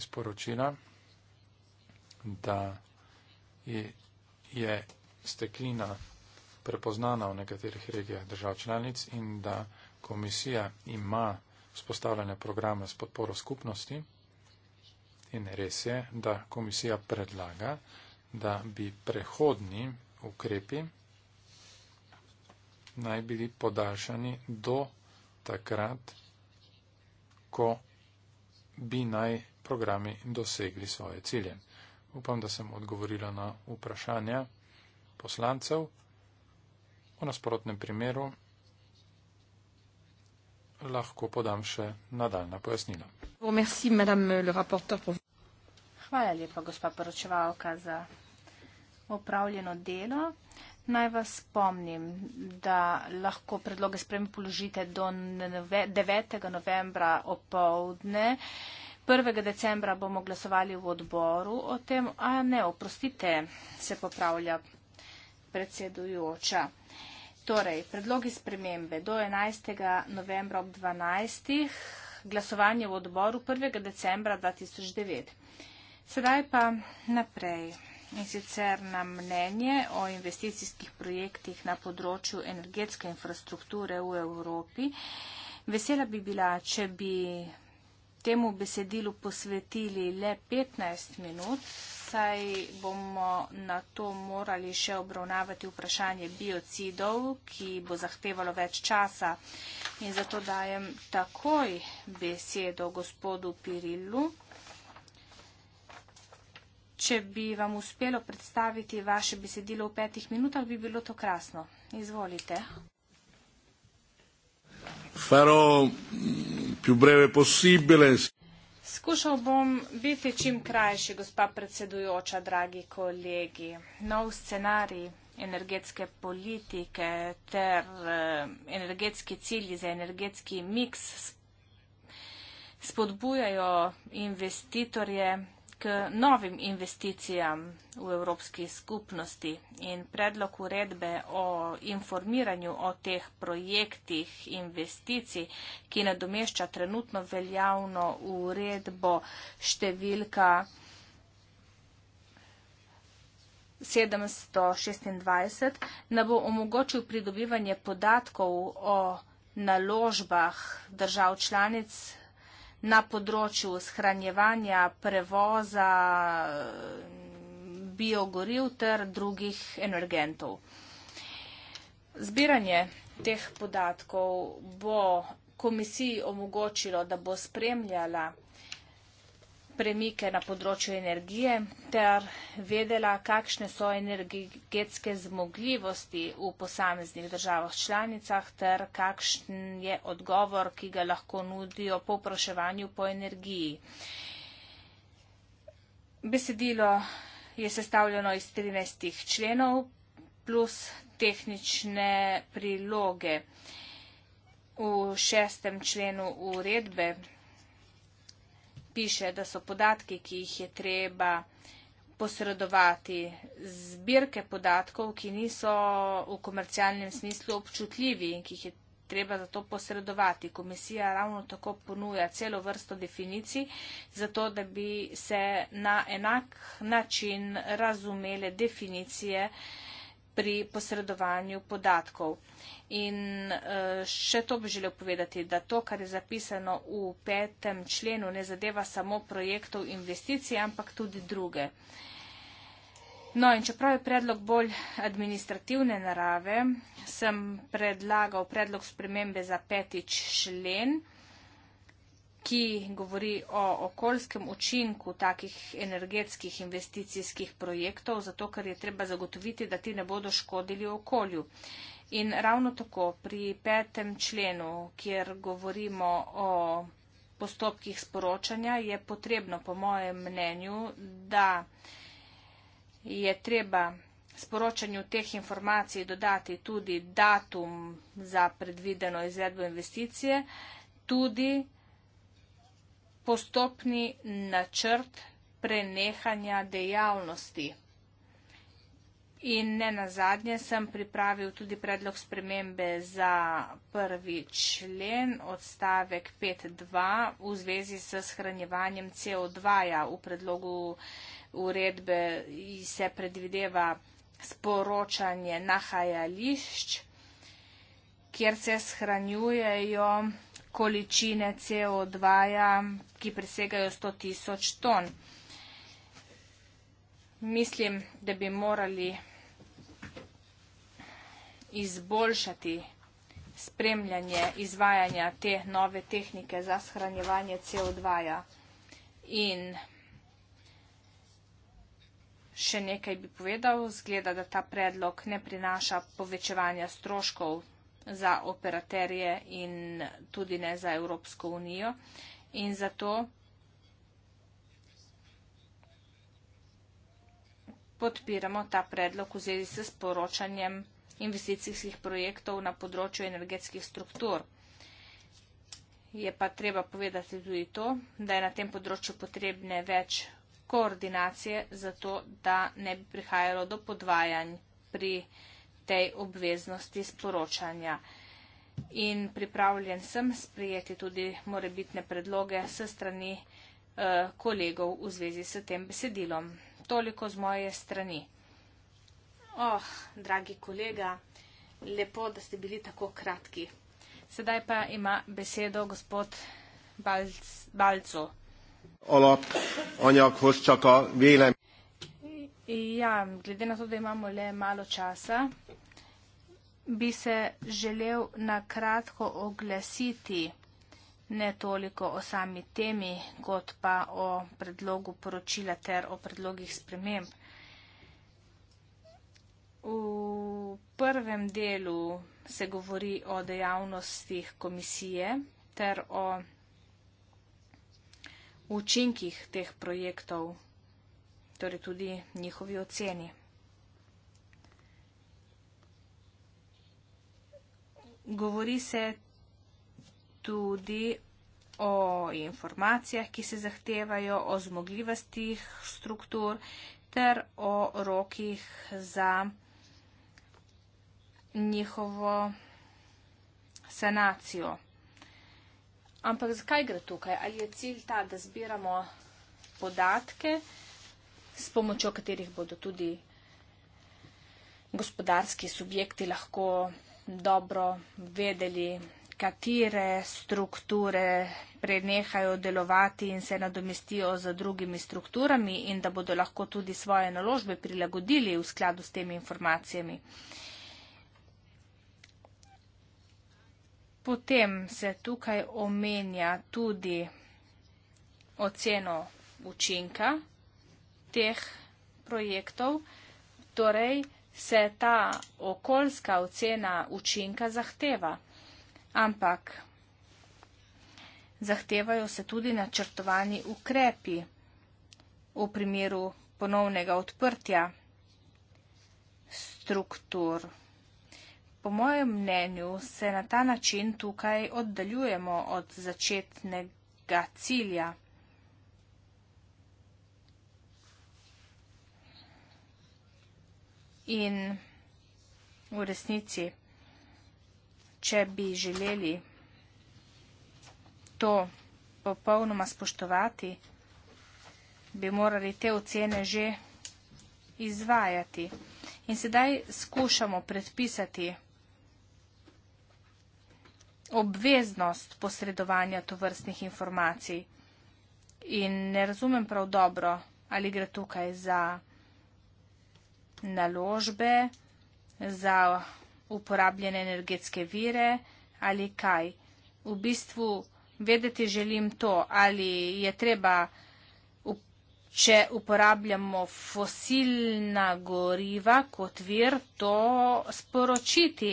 iz poročila, da je steklina prepoznana v nekaterih regijah držav članic in da komisija ima vzpostavljanja programa s podporo skupnosti. In res je, da komisija predlaga, da bi prehodni ukrepi naj bili podaljšani do takrat, ko bi naj programi dosegli svoje cilje. Upam, da sem odgovorila na vprašanja poslancev. V nasprotnem primeru lahko podam še nadaljna pojasnila. Hvala lepa, gospa poročevalka, za upravljeno delo. Naj vas spomnim, da lahko predloge spremi položite do 9. novembra opovdne. 1. decembra bomo glasovali v odboru o tem, a ne, oprostite, se popravlja predsedujoča. Torej, predlogi spremembe do 11. novembra ob 12. glasovanje v odboru 1. decembra 2009. Sedaj pa naprej in sicer na mnenje o investicijskih projektih na področju energetske infrastrukture v Evropi. Vesela bi bila, če bi temu besedilu posvetili le 15 minut, saj bomo na to morali še obravnavati vprašanje biocidov, ki bo zahtevalo več časa. In zato dajem takoj besedo gospodu Pirillu. Če bi vam uspelo predstaviti vaše besedilo v petih minutah, bi bilo to krasno. Izvolite. Farò più breve possibile. Poskušal bom biti čim krajši, gospa predsedujoča, dragi kolegi. Nov scenarij energetske politike ter eh, energetski cilji za energetski miks spodbujajo investitorje novim investicijam v Evropski skupnosti in predlog uredbe o informiranju o teh projektih investicij, ki ne domešča trenutno veljavno uredbo številka 726, ne bo omogočil pridobivanje podatkov o naložbah držav članic na področju shranjevanja, prevoza biogoriv ter drugih energentov. Zbiranje teh podatkov bo komisiji omogočilo, da bo spremljala premike na področju energije ter vedela, kakšne so energetske zmogljivosti v posameznih državah članicah ter kakšen je odgovor, ki ga lahko nudijo po vpraševanju po energiji. Besedilo je sestavljeno iz 13 členov plus tehnične priloge. V šestem členu uredbe piše, da so podatki, ki jih je treba posredovati, zbirke podatkov, ki niso v komercialnem smislu občutljivi in ki jih je treba za to posredovati. Komisija ravno tako ponuja celo vrsto definicij, zato da bi se na enak način razumele definicije eh, pri posredovanju podatkov. In eh, še to bi želel povedati, da to, kar je zapisano v petem členu, ne zadeva samo projektov investicij, ampak tudi druge. No in čeprav je predlog bolj administrativne narave, sem predlagal predlog spremembe za petič člen ki govori o okoljskem učinku takih energetskih investicijskih projektov, zato ker je treba zagotoviti, da ti ne bodo škodili okolju. In ravno tako pri petem členu, kjer govorimo o postopkih sporočanja, je potrebno, po mojem mnenju, da je treba sporočanju teh informacij dodati tudi datum za predvideno izvedbo investicije, tudi postopni načrt prenehanja dejavnosti. In ne nazadnje sem pripravil tudi predlog spremembe za prvi člen odstavek 5.2 v zvezi s shranjevanjem CO2. -ja. V predlogu uredbe se predvideva sporočanje nahajališč, kjer se shranjujejo količine CO2, -ja, ki presegajo 100 tisoč ton. Mislim, da bi morali izboljšati spremljanje izvajanja te nove tehnike za shranjevanje CO2 -ja. in še nekaj bi povedal, zgleda, da ta predlog ne prinaša povečevanja stroškov za operaterje in tudi ne za Evropsko unijo. In zato podpiramo ta predlog v zvezi s sporočanjem investicijskih projektov na področju energetskih struktur. Je pa treba povedati tudi to, da je na tem področju potrebne več koordinacije, zato da ne bi prihajalo do podvajanj pri investicijskih projektov tej obveznosti sporočanja. In pripravljen sem sprejeti tudi morebitne predloge s strani eh, kolegov v zvezi s tem besedilom. Toliko z moje strani. Oh, dragi kolega, lepo, da ste bili tako kratki. Sedaj pa ima besedo gospod Balco. Olap, onjak, hoščaka, vele. Ja, glede na to, da imamo le malo časa bi se želel na kratko oglasiti ne toliko o sami temi, kot pa o predlogu poročila ter o predlogih sprememb. V prvem delu se govori o dejavnostih komisije ter o učinkih teh projektov, torej tudi njihovi oceni. Govori se tudi o informacijah, ki se zahtevajo, o zmogljivostih struktur ter o rokih za njihovo sanacijo. Ampak zakaj gre tukaj? Ali je cilj ta, da zbiramo podatke, s pomočjo katerih bodo tudi gospodarski subjekti lahko dobro vedeli, katere strukture prenehajo delovati in se nadomestijo z drugimi strukturami in da bodo lahko tudi svoje naložbe prilagodili v skladu s temi informacijami. Potem se tukaj omenja tudi oceno učinka teh projektov, torej se ta okoljska ocena učinka zahteva, ampak zahtevajo se tudi načrtovani ukrepi v primeru ponovnega odprtja struktur. Po mojem mnenju se na ta način tukaj oddaljujemo od začetnega cilja. In v resnici, če bi želeli to popolnoma spoštovati, bi morali te ocene že izvajati. In sedaj skušamo predpisati obveznost posredovanja tovrstnih informacij. In ne razumem prav dobro, ali gre tukaj za naložbe, za uporabljene energetske vire ali kaj. V bistvu vedeti želim to, ali je treba, če uporabljamo fosilna goriva kot vir, to sporočiti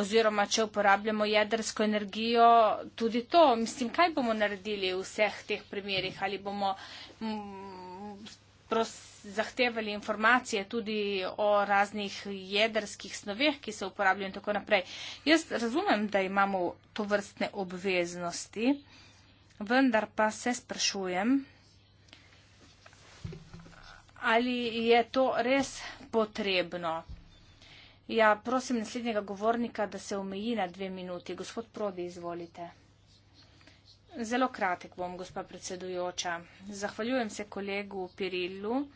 oziroma če uporabljamo jedrsko energijo, tudi to. Mislim, kaj bomo naredili v vseh teh primerih, ali bomo. M- zahtevali informacije tudi o raznih jedrskih snoveh, ki se uporabljajo in tako naprej. Jaz razumem, da imamo to vrstne obveznosti, vendar pa se sprašujem, ali je to res potrebno. Ja, prosim naslednjega govornika, da se omeji na dve minuti. Gospod Prodi, izvolite. Zelo kratek bom, gospa predsedujoča. Zahvaljujem se kolegu Pirillu.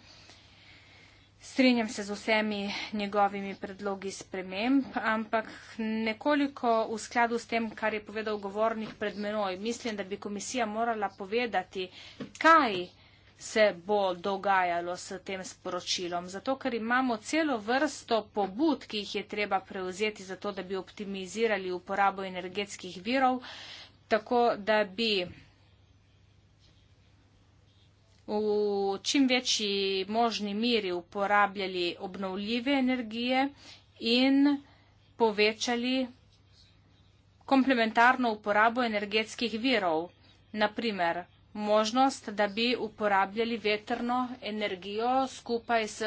Strinjam se z vsemi njegovimi predlogi sprememb, ampak nekoliko v skladu s tem, kar je povedal govornik pred menoj, mislim, da bi komisija morala povedati, kaj se bo dogajalo s tem sporočilom. Zato, ker imamo celo vrsto pobud, ki jih je treba prevzeti, zato, da bi optimizirali uporabo energetskih virov, tako da bi v čim večji možni miri uporabljali obnovljive energije in povečali komplementarno uporabo energetskih virov. Naprimer, možnost, da bi uporabljali veterno energijo skupaj s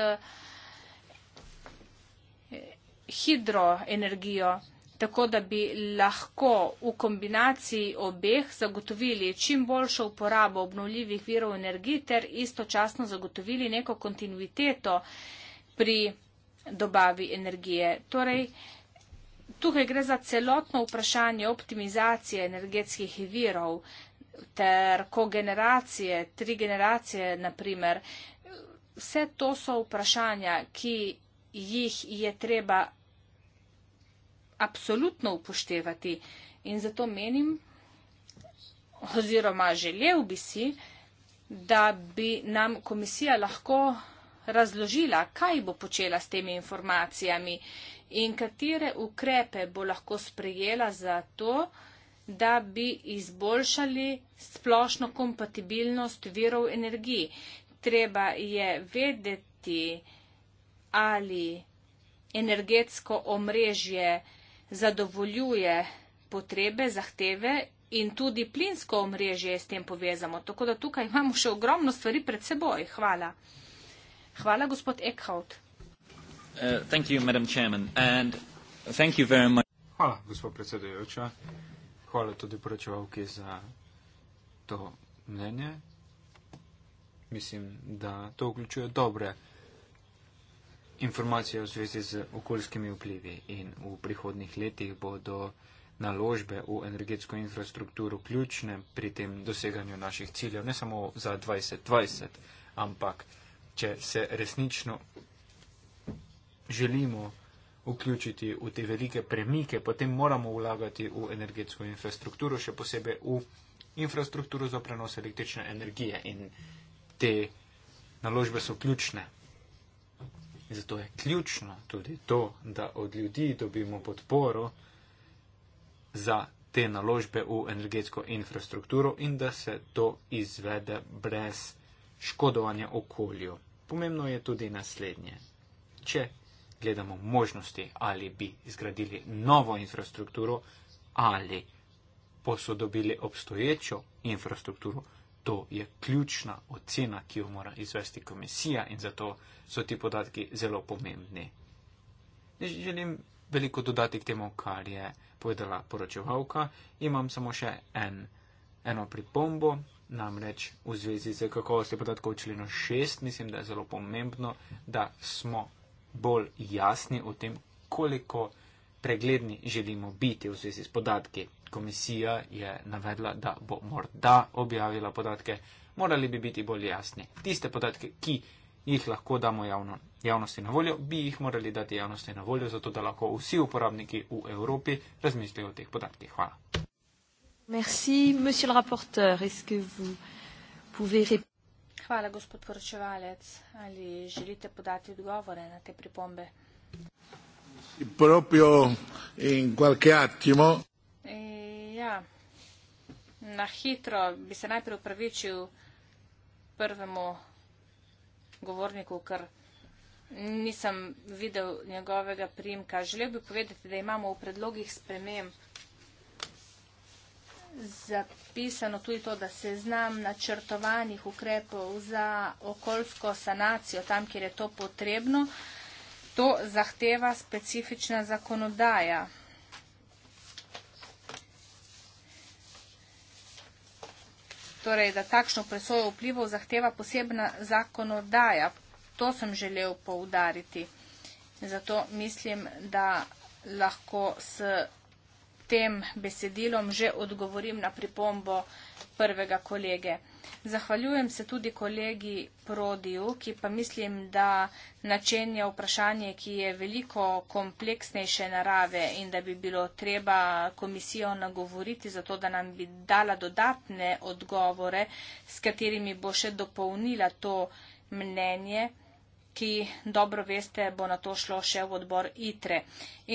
hidroenergijo tako da bi lahko v kombinaciji obeh zagotovili čim boljšo uporabo obnovljivih virov energij ter istočasno zagotovili neko kontinuiteto pri dobavi energije. Torej, tukaj gre za celotno vprašanje optimizacije energetskih virov ter kogeneracije, tri generacije naprimer. Vse to so vprašanja, ki jih je treba absolutno upoštevati. In zato menim, oziroma želel bi si, da bi nam komisija lahko razložila, kaj bo počela s temi informacijami in katere ukrepe bo lahko sprejela za to, da bi izboljšali splošno kompatibilnost virov energiji. Treba je vedeti, ali energetsko omrežje zadovoljuje potrebe, zahteve in tudi plinsko omrežje s tem povezamo. Tako da tukaj imamo še ogromno stvari pred seboj. Hvala. Hvala, gospod Eckhout. Uh, Hvala, gospod predsedujoča. Hvala tudi poročevalki za to mnenje. Mislim, da to vključuje dobre informacije v zvezi z okoljskimi vplivi in v prihodnih letih bodo naložbe v energetsko infrastrukturo ključne pri tem doseganju naših ciljev, ne samo za 2020, ampak če se resnično želimo vključiti v te velike premike, potem moramo vlagati v energetsko infrastrukturo, še posebej v infrastrukturo za prenos električne energije in te naložbe so ključne. In zato je ključno tudi to, da od ljudi dobimo podporo za te naložbe v energetsko infrastrukturo in da se to izvede brez škodovanja okolju. Pomembno je tudi naslednje. Če gledamo možnosti, ali bi zgradili novo infrastrukturo ali posodobili obstoječo infrastrukturo, To je ključna ocena, ki jo mora izvesti komisija in zato so ti podatki zelo pomembni. Želim veliko dodati k temu, kar je povedala poročevalka. Imam samo še en, eno pripombo, namreč v zvezi z kakovosti podatkov členu 6 mislim, da je zelo pomembno, da smo bolj jasni o tem, koliko pregledni želimo biti v zvezi s podatki komisija je navedla, da bo morda objavila podatke, morali bi biti bolj jasni. Tiste podatke, ki jih lahko damo javno, javnosti na voljo, bi jih morali dati javnosti na voljo, zato da lahko vsi uporabniki v Evropi razmislijo o teh podatkih. Hvala. Merci, Hvala, gospod poročevalec. Ali želite podati odgovore na te pripombe? Proprio in qualche attimo. Ja, na hitro bi se najprej upravičil prvemu govorniku, ker nisem videl njegovega primka. Želel bi povedati, da imamo v predlogih sprememb zapisano tudi to, da se znam načrtovanih ukrepov za okoljsko sanacijo tam, kjer je to potrebno. To zahteva specifična zakonodaja. torej, da takšno presojo vplivov zahteva posebna zakonodaja. To sem želel poudariti. Zato mislim, da lahko s tem besedilom že odgovorim na pripombo prvega kolege. Zahvaljujem se tudi kolegi Prodiju, ki pa mislim, da načenja vprašanje, ki je veliko kompleksnejše narave in da bi bilo treba komisijo nagovoriti za to, da nam bi dala dodatne odgovore, s katerimi bo še dopolnila to mnenje ki dobro veste, bo na to šlo še v odbor ITRE.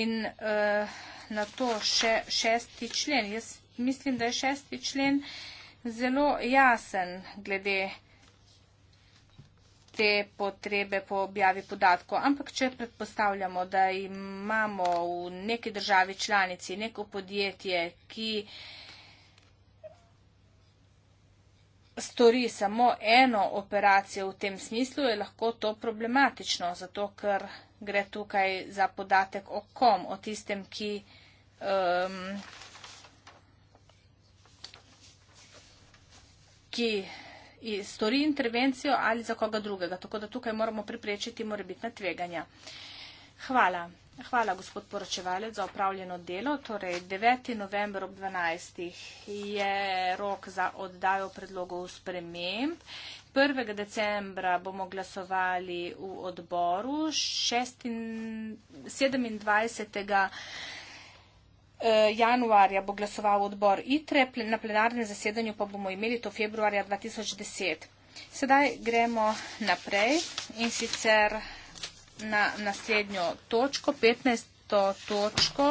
In uh, eh, na to še šesti člen. Jaz mislim, da je šesti člen uh, zelo jasen glede te potrebe po objavi podatkov. Ampak, če predpostavljamo, da imamo v neki državi članici neko podjetje, ki stori samo eno operacijo v tem smislu, je lahko to problematično, zato ker gre tukaj za podatek o kom, o tistem, ki um, ki stori intervencijo ali za koga drugega. Tako da tukaj moramo priprečiti morebitna tveganja. Hvala. Hvala, gospod poročevalec, za opravljeno delo. Torej, 9. november ob 12. je rok za oddajo predlogov sprememb. 1. decembra bomo glasovali v odboru. 26, 27. Eh, januarja bo glasoval odbor ITRE, na plenarnem zasedanju pa bomo imeli to februarja 2010. Sedaj gremo naprej in sicer na naslednjo točko, 15. točko,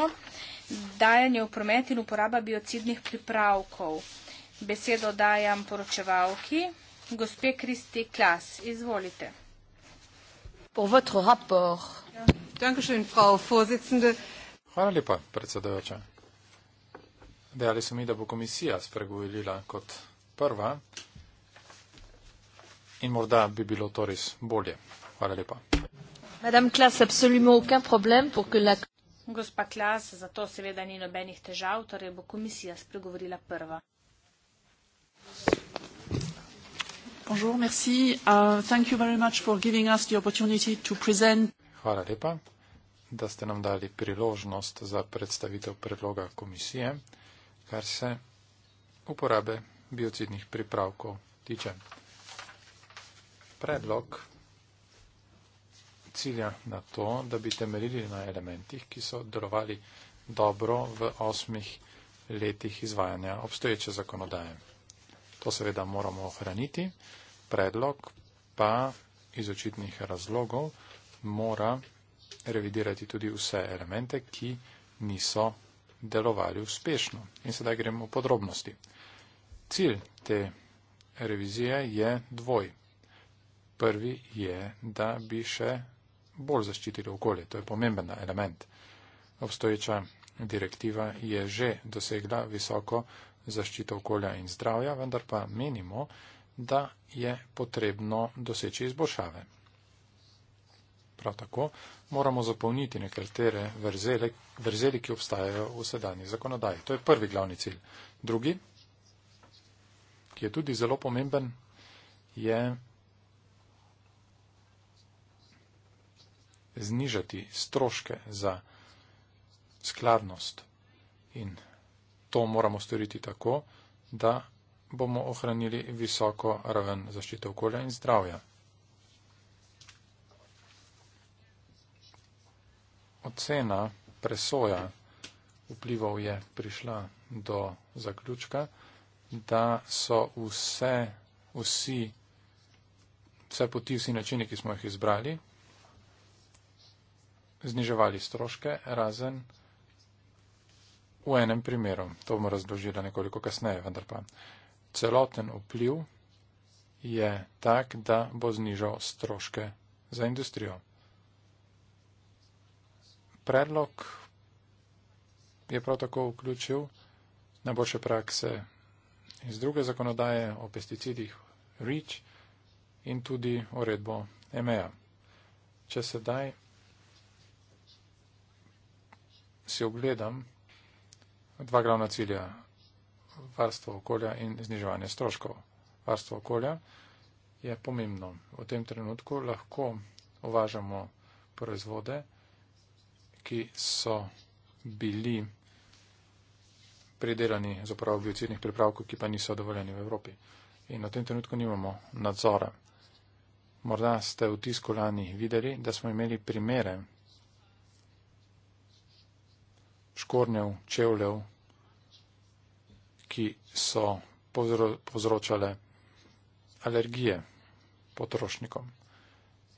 dajanje v promet in uporaba biocidnih pripravkov. Besedo dajam poročevalki, gospe Kristi Klas, izvolite. Po vašem poročilu. Ja. Dankeschön, Frau Vorsitzende. Hvala lepa, predsedajoča. Dejali so mi, da bo komisija spregovorila kot prva in morda bi bilo to res bolje. Hvala lepa. Gospa Klas, zato seveda ni nobenih težav, torej bo komisija spregovorila prva. Bonjour, merci. Uh, thank you very much for giving us the opportunity to present. Hvala lepa da ste nam dali priložnost za predstavitev predloga komisije, kar se uporabe biocidnih pripravkov tiče. Predlog cilja na to, da bi temeljili na elementih, ki so delovali dobro v osmih letih izvajanja obstoječe zakonodaje. To seveda moramo ohraniti, predlog pa iz očitnih razlogov mora revidirati tudi vse elemente, ki niso delovali uspešno. In sedaj gremo v podrobnosti. Cilj te revizije je dvoj. Prvi je, da bi še bolj zaščitili okolje. To je pomemben element. Obstoječa direktiva je že dosegla visoko zaščito okolja in zdravja, vendar pa menimo, da je potrebno doseči izboljšave prav tako, moramo zapolniti nekatere verzeli, ki obstajajo v sedanji zakonodaji. To je prvi glavni cilj. Drugi, ki je tudi zelo pomemben, je znižati stroške za skladnost. In to moramo storiti tako, da bomo ohranili visoko raven zaščite okolja in zdravja. ocena, presoja vplivov je prišla do zaključka, da so vse, vsi, vse poti, vsi načini, ki smo jih izbrali, zniževali stroške, razen v enem primeru. To bomo razložili nekoliko kasneje, vendar pa. Celoten vpliv je tak, da bo znižal stroške za industrijo predlog je prav tako vključil najboljše prakse iz druge zakonodaje o pesticidih REACH in tudi uredbo EMEA. Če sedaj si ogledam dva glavna cilja, varstvo okolja in zniževanje stroškov. Varstvo okolja je pomembno. V tem trenutku lahko uvažamo proizvode, ki so bili pridelani z uporabo biocidnih pripravkov, ki pa niso dovoljeni v Evropi. In na tem trenutku nimamo nadzora. Morda ste v tisku lani videli, da smo imeli primere škornjev, čevljev, ki so povzročale alergije potrošnikom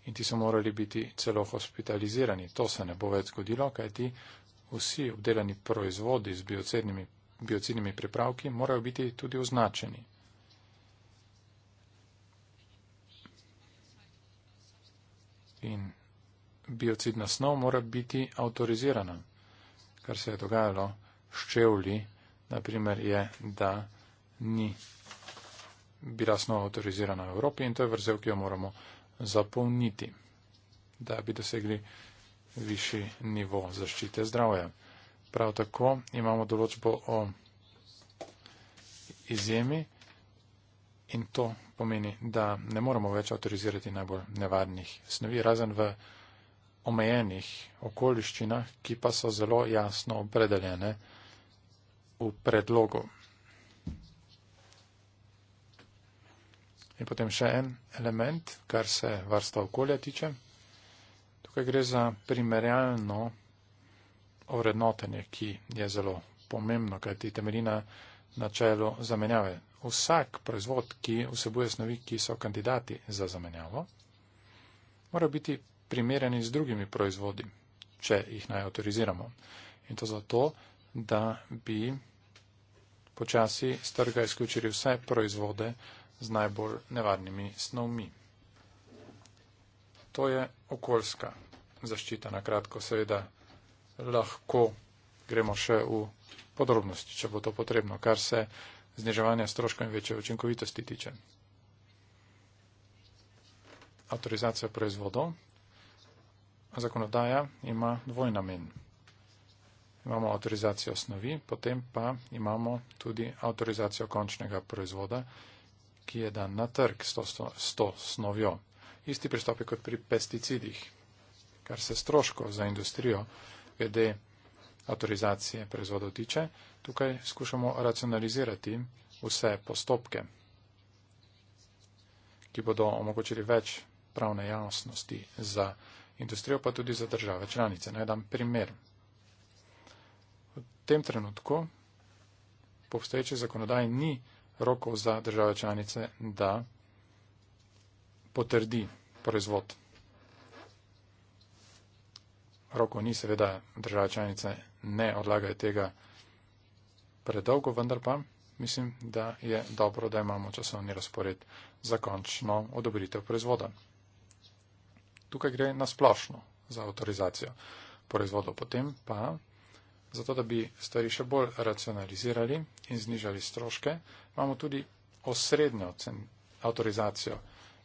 in ti so morali biti celo hospitalizirani. To se ne bo več zgodilo, kajti vsi obdelani proizvodi z biocidnimi, biocidnimi pripravki morajo biti tudi označeni. In biocidna snov mora biti avtorizirana. Kar se je dogajalo s čevlji, naprimer, je, da ni bila snov avtorizirana v Evropi in to je vrzel, ki jo moramo zapolniti, da bi dosegli višji nivo zaščite zdravja. Prav tako imamo določbo o izjemi in to pomeni, da ne moramo več avtorizirati najbolj nevarnih snovi, razen v omejenih okoliščinah, ki pa so zelo jasno opredeljene v predlogu. In potem še en element, kar se varstva okolja tiče. Tukaj gre za primerjalno ovrednotenje, ki je zelo pomembno, kajti temelji na načelu zamenjave. Vsak proizvod, ki vsebuje snovi, ki so kandidati za zamenjavo, mora biti primerjeni z drugimi proizvodi, če jih naj autoriziramo. In to zato, da bi počasi strga izključili vse proizvode, z najbolj nevarnimi snovmi. To je okoljska zaščita. Na kratko seveda lahko gremo še v podrobnosti, če bo to potrebno, kar se zniževanja stroškov in večje učinkovitosti tiče. Autorizacija proizvodov. Zakonodaja ima dvoj namen. Imamo avtorizacijo snovi, potem pa imamo tudi avtorizacijo končnega proizvoda, ki je dan na trg s to, s to snovjo. Isti pristop je kot pri pesticidih, kar se stroško za industrijo glede avtorizacije proizvodov tiče, tukaj skušamo racionalizirati vse postopke, ki bodo omogočili več pravne jasnosti za industrijo, pa tudi za države članice. Naj dam primer. V tem trenutku po obstoječi zakonodaji ni rokov za države članice, da potrdi proizvod. Rokov ni seveda države članice, ne odlagajo tega predolgo, vendar pa mislim, da je dobro, da imamo časovni razpored za končno odobritev proizvoda. Tukaj gre na splošno za avtorizacijo proizvodov, potem pa Zato, da bi stvari še bolj racionalizirali in znižali stroške, imamo tudi osrednjo avtorizacijo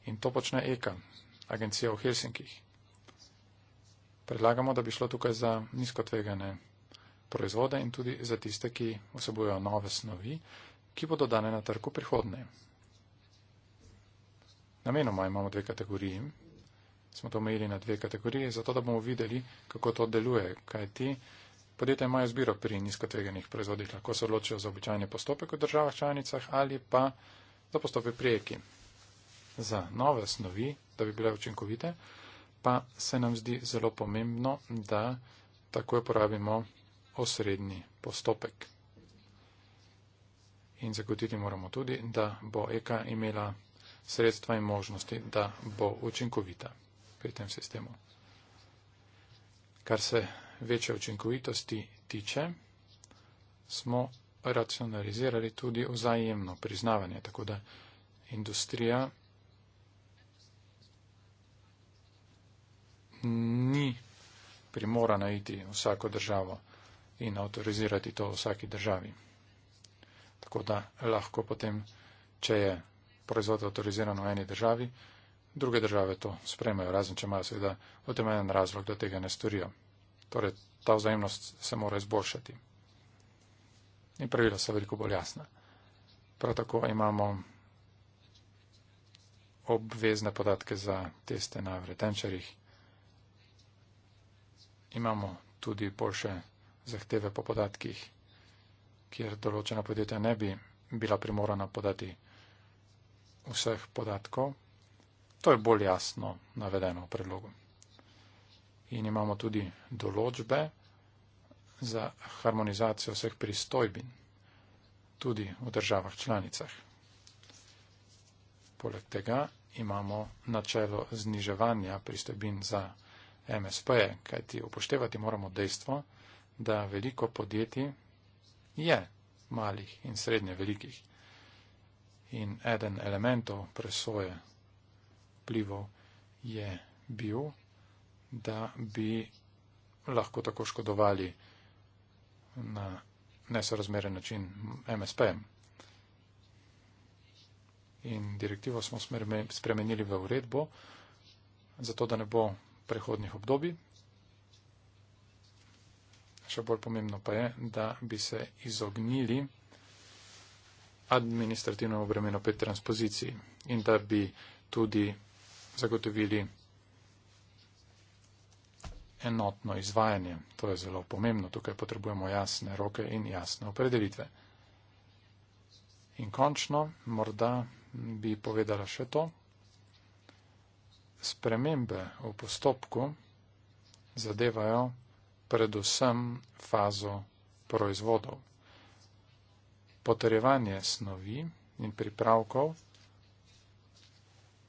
in to počne EKA, agencija v Helsinkih. Predlagamo, da bi šlo tukaj za nizkotvegane proizvode in tudi za tiste, ki vsebujejo nove snovi, ki bodo dane na trgu prihodne. Namenoma imamo dve kategoriji. Smo to omejili na dve kategoriji, zato da bomo videli, kako to deluje, kaj ti. Podjetja imajo zbiro pri nizkotveganih proizvodih, lahko se odločijo za običajni postopek v državah članicah ali pa za postopke pri EKI. Za nove snovi, da bi bile učinkovite, pa se nam zdi zelo pomembno, da takoj porabimo osrednji postopek. In zagotiti moramo tudi, da bo EKA imela sredstva in možnosti, da bo učinkovita pri tem sistemu. Kar se večje učinkovitosti tiče, smo racionalizirali tudi vzajemno priznavanje, tako da industrija ni primorana iti vsako državo in autorizirati to vsaki državi. Tako da lahko potem, če je proizvod autoriziran v eni državi, druge države to spremajo, razen če imajo seveda utemeljen razlog, da tega ne storijo. Torej, ta vzajemnost se mora izboljšati. In pravila so veliko bolj jasna. Prav tako imamo obvezne podatke za teste na vretenčarjih. Imamo tudi boljše zahteve po podatkih, kjer določena podjetja ne bi bila primorana podati vseh podatkov. To je bolj jasno navedeno v predlogu in imamo tudi določbe za harmonizacijo vseh pristojbin, tudi v državah članicah. Poleg tega imamo načelo zniževanja pristojbin za MSP-je, kajti upoštevati moramo dejstvo, da veliko podjetij je malih in srednje velikih. In eden elementov presoje vplivov je bil da bi lahko tako škodovali na nesorazmeren način MSP. In direktivo smo spremenili v uredbo, zato da ne bo prehodnih obdobij. Še bolj pomembno pa je, da bi se izognili administrativno obremeno pri transpoziciji in da bi tudi zagotovili enotno izvajanje. To je zelo pomembno. Tukaj potrebujemo jasne roke in jasne opredelitve. In končno, morda bi povedala še to. Spremembe v postopku zadevajo predvsem fazo proizvodov. Potrjevanje snovi in pripravkov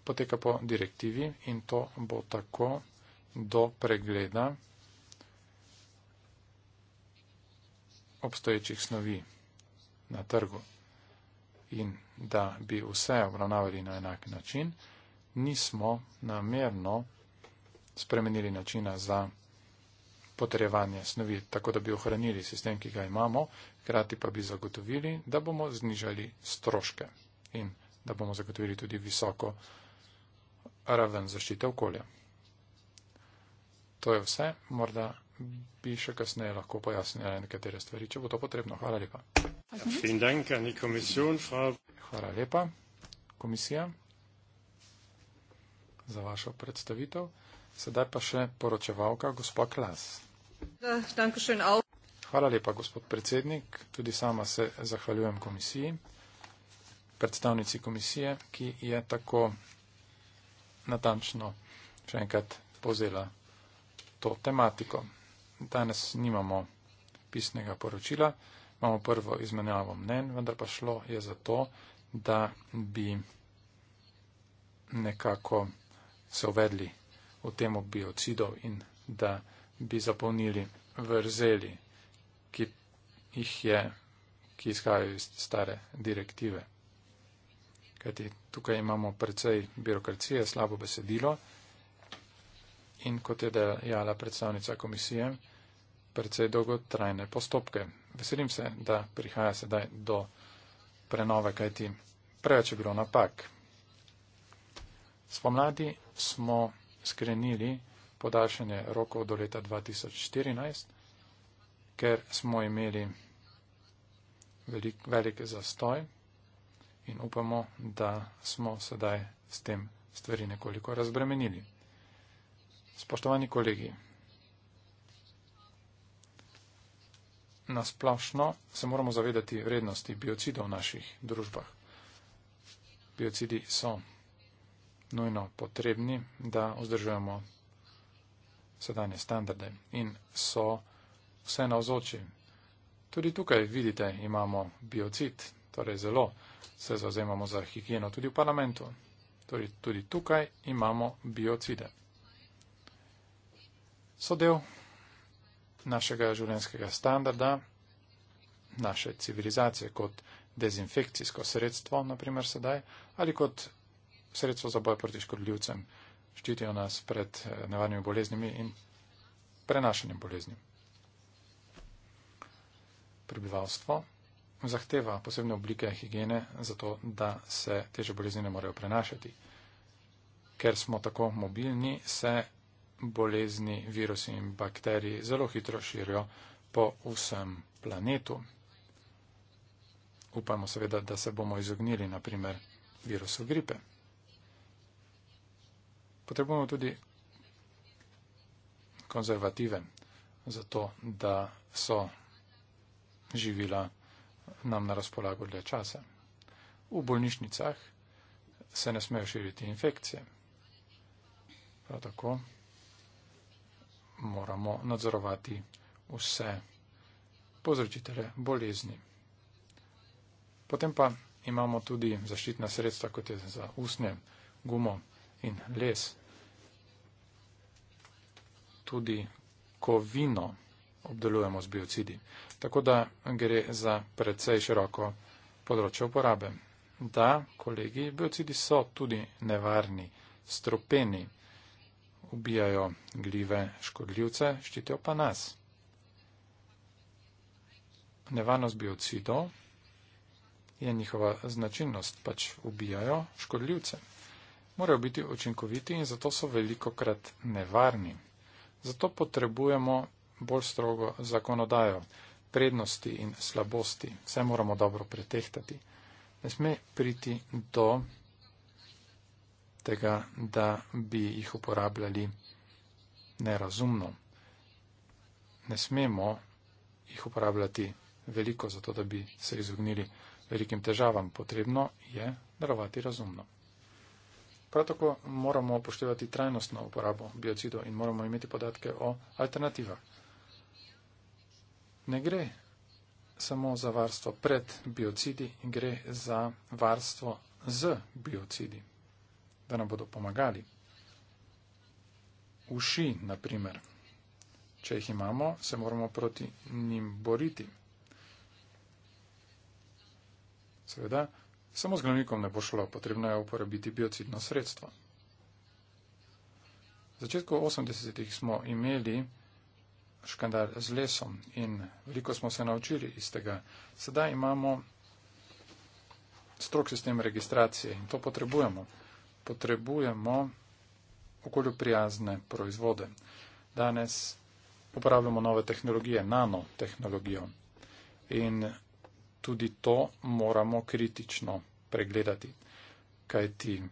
poteka po direktivi in to bo tako do pregleda obstoječih snovi na trgu in da bi vse obravnavali na enak način, nismo namerno spremenili načina za potrebovanje snovi, tako da bi ohranili sistem, ki ga imamo, hkrati pa bi zagotovili, da bomo znižali stroške in da bomo zagotovili tudi visoko raven zaščite okolja. To je vse. Morda bi še kasneje lahko pojasnila nekatere stvari, če bo to potrebno. Hvala lepa. Ja, Hvala lepa, komisija, za vašo predstavitev. Sedaj pa še poročevalka, gospa Klas. Ja, Hvala lepa, gospod predsednik. Tudi sama se zahvaljujem komisiji, predstavnici komisije, ki je tako natančno še enkrat povzela to tematiko. Danes nimamo pisnega poročila, imamo prvo izmenjavo mnen, vendar pa šlo je za to, da bi nekako se uvedli v temo biocidov in da bi zapolnili vrzeli, ki jih je, ki izhajajo iz stare direktive. Kajti tukaj imamo precej birokracije, slabo besedilo in kot je dejala predstavnica komisije, precej dolgotrajne postopke. Veselim se, da prihaja sedaj do prenove, kajti preveč je bilo napak. Spomladi smo skrenili podaljšanje rokov do leta 2014, ker smo imeli velik, velik zastoj in upamo, da smo sedaj s tem stvari nekoliko razbremenili. Spoštovani kolegi, nasplošno se moramo zavedati vrednosti biocidov v naših družbah. Biocidi so nujno potrebni, da vzdržujemo sedanje standarde in so vse na ozoči. Tudi tukaj vidite, imamo biocid, torej zelo se zauzemamo za higieno tudi v parlamentu. Torej tudi tukaj imamo biocide so del našega življenjskega standarda, naše civilizacije kot dezinfekcijsko sredstvo, naprimer sedaj, ali kot sredstvo za boj proti škodljivcem, ščitijo nas pred eh, nevarnimi boleznimi in prenašanjem bolezni. Prebivalstvo zahteva posebne oblike higiene, zato da se teže bolezni ne morejo prenašati. Ker smo tako mobilni, se bolezni, virusi in bakteriji zelo hitro širijo po vsem planetu. Upamo seveda, da se bomo izognili na primer virusu gripe. Potrebujemo tudi konzervative za to, da so živila nam na razpolago dlje časa. V bolnišnicah se ne smejo širiti infekcije. Prav tako moramo nadzorovati vse povzročitele bolezni. Potem pa imamo tudi zaščitna sredstva, kot je za usne, gumo in les. Tudi kovino obdelujemo z biocidi. Tako da gre za precej široko področje uporabe. Da, kolegi, biocidi so tudi nevarni, stropeni ubijajo glive škodljivce, ščitijo pa nas. Nevarnost biocidov je njihova značilnost, pač ubijajo škodljivce. Morajo biti učinkoviti in zato so velikokrat nevarni. Zato potrebujemo bolj strogo zakonodajo, prednosti in slabosti. Vse moramo dobro pretehtati. Ne sme priti do tega, da bi jih uporabljali nerazumno. Ne smemo jih uporabljati veliko, zato da bi se izognili velikim težavam. Potrebno je darovati razumno. Prav tako moramo upoštevati trajnostno uporabo biocidov in moramo imeti podatke o alternativah. Ne gre samo za varstvo pred biocidi, gre za varstvo z biocidi da nam bodo pomagali. Uši, na primer. Če jih imamo, se moramo proti njim boriti. Seveda, samo z glavnikom ne bo šlo, potrebno je uporabiti biocidno sredstvo. V začetku 80-ih smo imeli škandal z lesom in veliko smo se naučili iz tega. Sedaj imamo strok sistem registracije in to potrebujemo potrebujemo okolju prijazne proizvode. Danes uporabljamo nove tehnologije, nanotehnologijo. In tudi to moramo kritično pregledati, kajti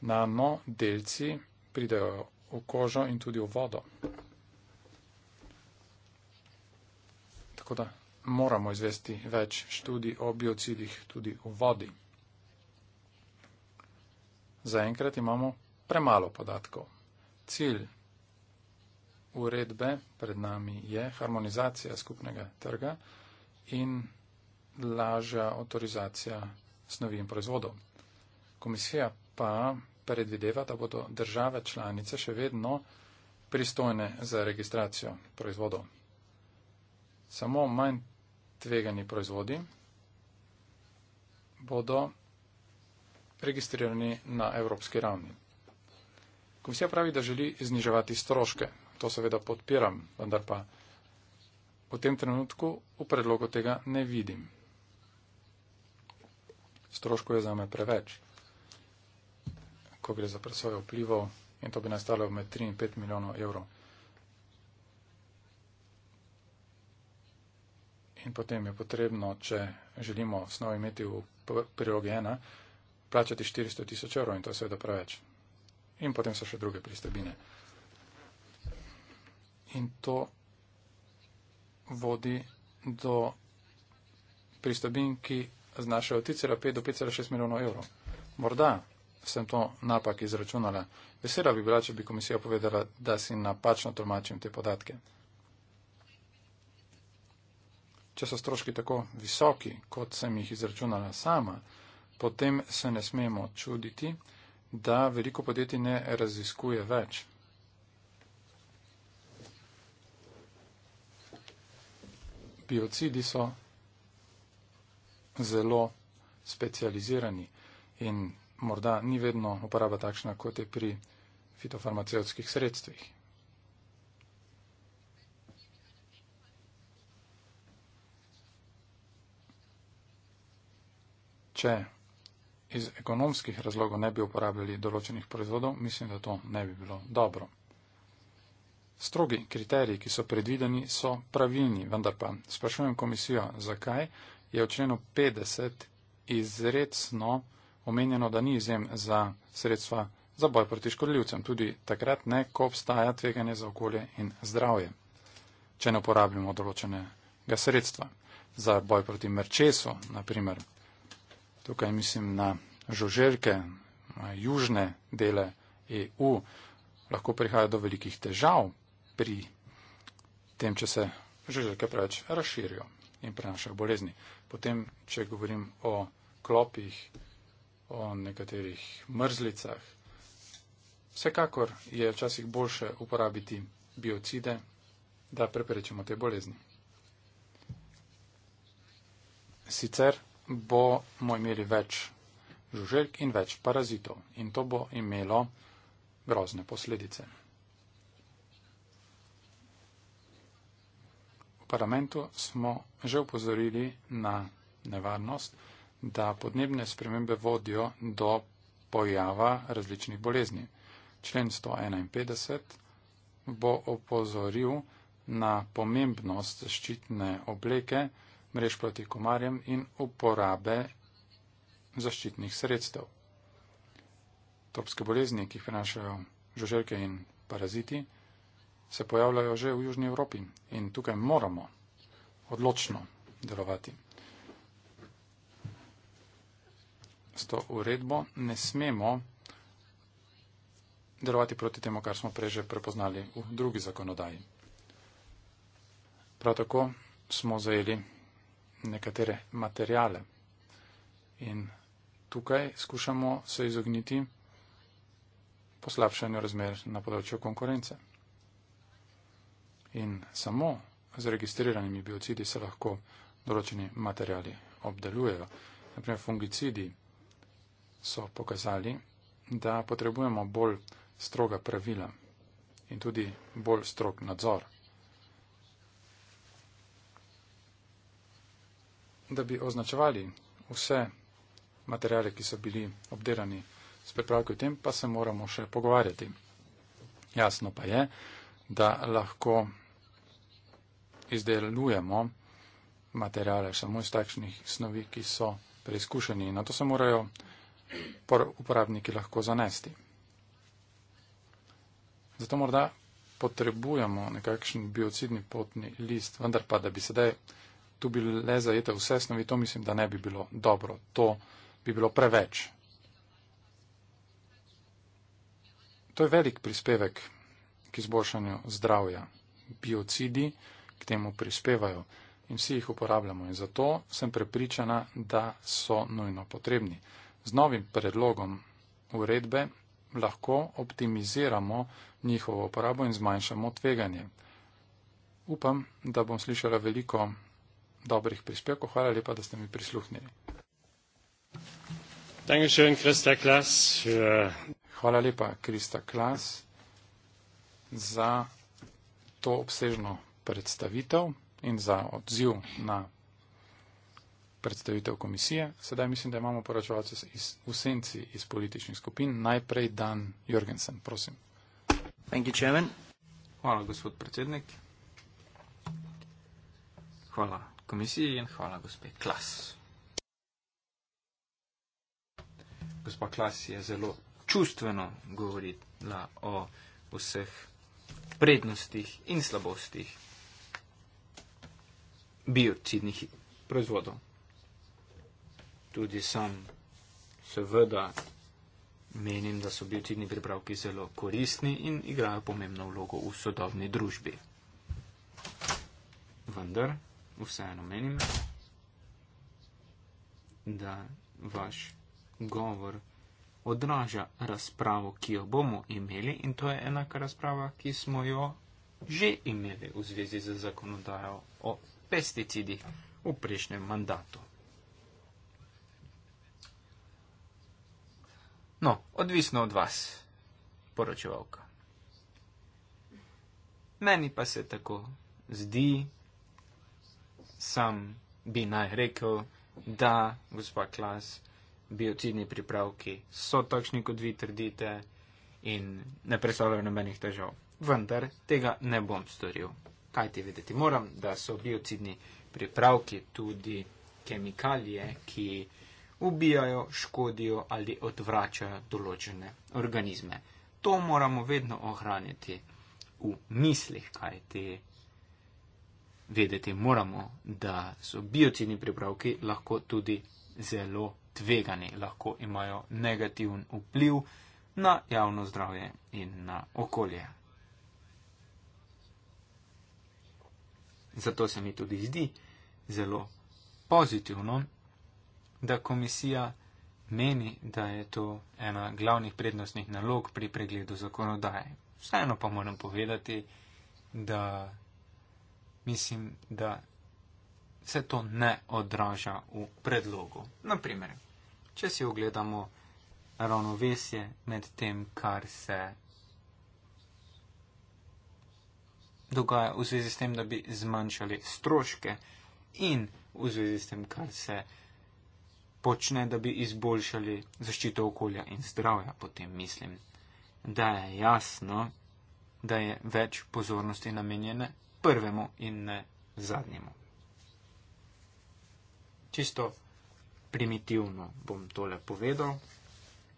nanodelci pridejo v kožo in tudi v vodo. Tako da moramo izvesti več študij o biocidih tudi v vodi. Zaenkrat imamo premalo podatkov. Cilj uredbe pred nami je harmonizacija skupnega trga in lažja autorizacija snovi in proizvodov. Komisija pa predvideva, da bodo države članice še vedno pristojne za registracijo proizvodov. Samo manj tvegani proizvodi bodo registrirani na evropski ravni. Komisija pravi, da želi izniževati stroške. To seveda podpiram, vendar pa v tem trenutku v predlogu tega ne vidim. Stroško je za me preveč, ko gre za presojo vplivov in to bi nastalo med 3 in 5 milijonov evrov. In potem je potrebno, če želimo snov imeti v prilogi 1, plačati 400 tisoč evrov in to je seveda preveč. In potem so še druge pristebine. In to vodi do pristebin, ki znašajo 3,5 do 5,6 milijonov evrov. Morda sem to napak izračunala. Vesela bi bila, če bi komisija povedala, da si napačno tolmačim te podatke. Če so stroški tako visoki, kot sem jih izračunala sama, potem se ne smemo čuditi, da veliko podjetij ne raziskuje več. Biocidi so zelo specializirani in morda ni vedno uporaba takšna, kot je pri fitofarmacevskih sredstvih. Če iz ekonomskih razlogov ne bi uporabljali določenih proizvodov, mislim, da to ne bi bilo dobro. Strogi kriteriji, ki so predvideni, so pravilni, vendar pa sprašujem komisijo, zakaj je v členu 50 izredno omenjeno, da ni izjem za sredstva za boj proti škodljivcem, tudi takrat ne, ko obstaja tveganje za okolje in zdravje, če ne uporabljamo določenega sredstva za boj proti mrčesu, naprimer. Tukaj mislim na žoželjke, južne dele EU, lahko prihaja do velikih težav pri tem, če se žoželjke preveč razširijo in prenašajo bolezni. Potem, če govorim o klopih, o nekaterih mrzlicah, vsekakor je včasih boljše uporabiti biocide, da preprečimo te bolezni. Sicer bomo imeli več žuželjk in več parazitov. In to bo imelo grozne posledice. V parlamentu smo že upozorili na nevarnost, da podnebne spremembe vodijo do pojava različnih bolezni. Člen 151 bo opozoril na pomembnost zaščitne obleke, mrež proti komarjem in uporabe zaščitnih sredstev. Topske bolezni, ki jih prenašajo žuželke in paraziti, se pojavljajo že v Južni Evropi in tukaj moramo odločno delovati. S to uredbo ne smemo delovati proti temu, kar smo prej že prepoznali v drugi zakonodaji. Prav tako smo zajeli nekatere materijale. In tukaj skušamo se izogniti poslabšanju razmer na področju konkurence. In samo z registriranimi biocidi se lahko določeni materijali obdelujejo. Naprimer, fungicidi so pokazali, da potrebujemo bolj stroga pravila in tudi bolj strog nadzor. da bi označevali vse materijale, ki so bili obdelani s pripravki v tem, pa se moramo še pogovarjati. Jasno pa je, da lahko izdelujemo materijale samo iz takšnih snovi, ki so preizkušeni in na to se morajo uporabniki lahko zanesti. Zato morda potrebujemo nekakšen biocidni potni list, vendar pa, da bi sedaj tu bile zajete vse snovi, to mislim, da ne bi bilo dobro. To bi bilo preveč. To je velik prispevek k izboljšanju zdravja. Biocidi k temu prispevajo in vsi jih uporabljamo in zato sem prepričana, da so nujno potrebni. Z novim predlogom uredbe lahko optimiziramo njihovo uporabo in zmanjšamo tveganje. Upam, da bom slišala veliko dobrih prispevkov. Hvala lepa, da ste mi prisluhnili. Dankeschön, Christa Klaas. Hvala lepa, Krista Klas, za to obsežno predstavitev in za odziv na predstavitev komisije. Sedaj mislim, da imamo poročevalce iz usenci iz političnih skupin. Najprej Dan Jorgensen, prosim. Hvala, gospod predsednik. Hvala komisiji in hvala gospe Klas. Gospa Klas je zelo čustveno govorila o vseh prednostih in slabostih biocidnih proizvodov. Tudi sam seveda menim, da so biocidni pripravki zelo koristni in igrajo pomembno vlogo v sodobni družbi. Vendar vseeno menim, da vaš govor odraža razpravo, ki jo bomo imeli in to je enaka razprava, ki smo jo že imeli v zvezi z zakonodajo o pesticidih v prejšnjem mandatu. No, odvisno od vas, poročevalka. Meni pa se tako zdi, sam bi naj rekel, da, gospa Klas, biocidni pripravki so takšni, kot vi trdite in ne predstavljajo nobenih težav. Vendar tega ne bom storil. Kaj ti vedeti moram, da so biocidni pripravki tudi kemikalije, ki ubijajo, škodijo ali odvračajo določene organizme. To moramo vedno ohranjati v mislih, kaj ti vedeti vedeti moramo, da so biocidni pripravki lahko tudi zelo tvegani, lahko imajo negativen vpliv na javno zdravje in na okolje. Zato se mi tudi zdi zelo pozitivno, da komisija meni, da je to ena glavnih prednostnih nalog pri pregledu zakonodaje. Vseeno pa moram povedati, da mislim, da se to ne odraža v predlogu. Naprimer, če si ogledamo ravnovesje med tem, kar se dogaja v zvezi s tem, da bi zmanjšali stroške in v zvezi s tem, kar se počne, da bi izboljšali zaščito okolja in zdravja, potem mislim, da je jasno, da je več pozornosti namenjene prvemu in ne zadnjemu. Čisto primitivno bom tole povedal.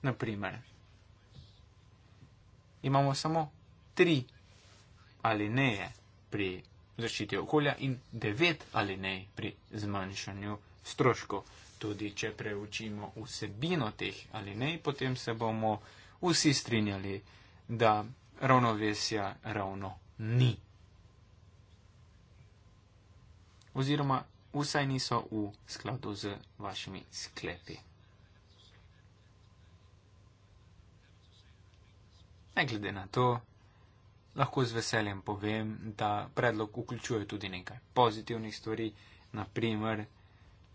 Naprimer, imamo samo tri alineje pri zaščiti okolja in devet alinej pri zmanjšanju stroškov. Tudi če preučimo vsebino teh alinej, potem se bomo vsi strinjali, da ravnovesja ravno ni oziroma vsaj niso v skladu z vašimi sklepi. Ne glede na to, lahko z veseljem povem, da predlog vključuje tudi nekaj pozitivnih stvari, naprimer,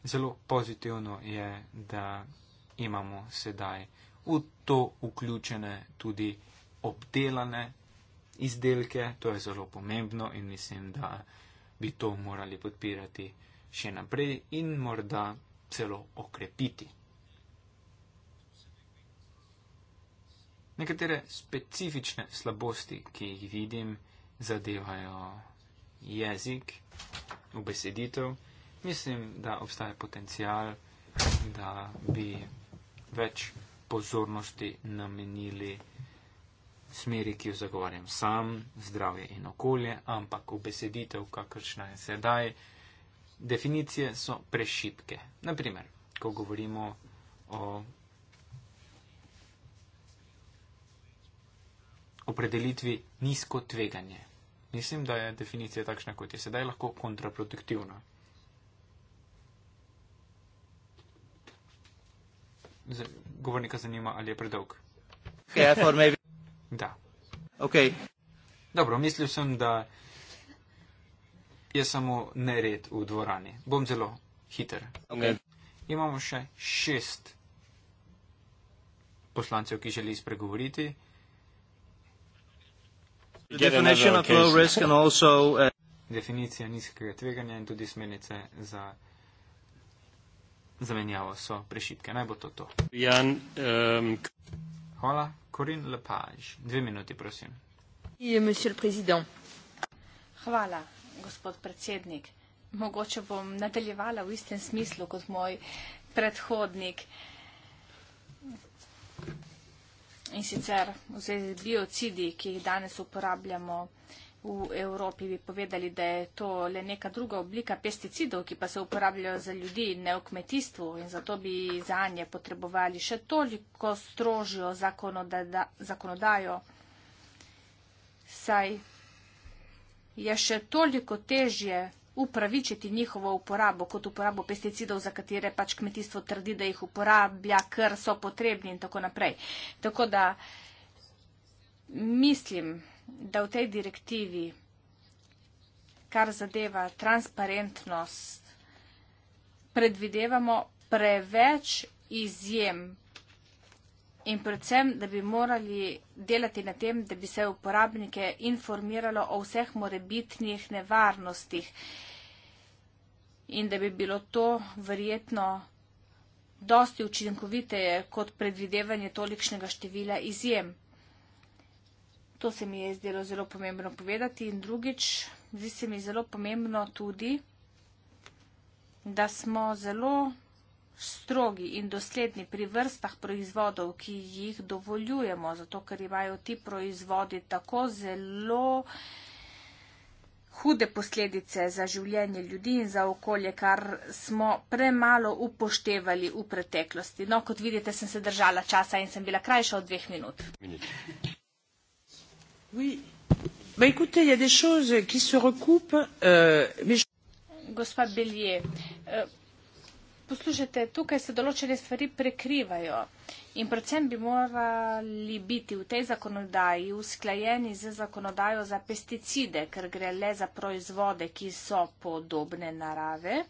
zelo pozitivno je, da imamo sedaj v to vključene tudi obdelane izdelke, to je zelo pomembno in mislim, da bi to morali podpirati še naprej in morda celo okrepiti. Nekatere specifične slabosti, ki jih vidim, zadevajo jezik, ubeseditev. Mislim, da obstaja potencial, da bi več pozornosti namenili smeri, ki jo zagovarjam sam, zdravje in okolje, ampak obeseditev, kakršna je sedaj, definicije so prešipke. Naprimer, ko govorimo o opredelitvi nizko tveganje. Mislim, da je definicija takšna, kot je sedaj, lahko kontraproduktivna. Govornika zanima, ali je predolg. Ja, okay, Da. Ok. Dobro, mislil sem, da je samo nered v dvorani. Bom zelo hiter. Okay. Imamo še šest poslancev, ki želi spregovoriti. Also, uh... Definicija nizkega tveganja in tudi smernice za zamenjavo so prešitke. Naj bo to to. Jan, um... Hvala. Corinne Lepage, dve minuti, prosim. Hvala, gospod predsednik. Mogoče bom nadaljevala v istem smislu kot moj predhodnik. In sicer v zvezi z biocidi, ki jih danes uporabljamo. Uh, V Evropi bi povedali, da je to le neka druga oblika pesticidov, ki pa se uporabljajo za ljudi, ne v kmetijstvu in zato bi za nje potrebovali še toliko strožjo zakonodajo, saj je še toliko težje upravičiti njihovo uporabo kot uporabo pesticidov, za katere pač kmetijstvo trdi, da jih uporablja, ker so potrebni in tako naprej. Tako da mislim, da da v tej direktivi, kar zadeva transparentnost, predvidevamo preveč izjem in predvsem, da bi morali delati na tem, da bi se uporabnike informiralo o vseh morebitnih nevarnostih in da bi bilo to verjetno dosti učinkoviteje kot predvidevanje tolikšnega števila izjem. To se mi je zdelo zelo pomembno povedati in drugič, zdi se mi zelo pomembno tudi, da smo zelo strogi in dosledni pri vrstah proizvodov, ki jih dovoljujemo, zato ker imajo ti proizvodi tako zelo hude posledice za življenje ljudi in za okolje, kar smo premalo upoštevali v preteklosti. No, kot vidite, sem se držala časa in sem bila krajša od dveh minut. minut. Euh, gospa belje eh, poslušajte tukaj se določene stvari prekrivajo in predvsem bi morali biti v tej zakonodaji usklajeni z zakonodajo za pesticide ker gre le za proizvode ki so podobne narave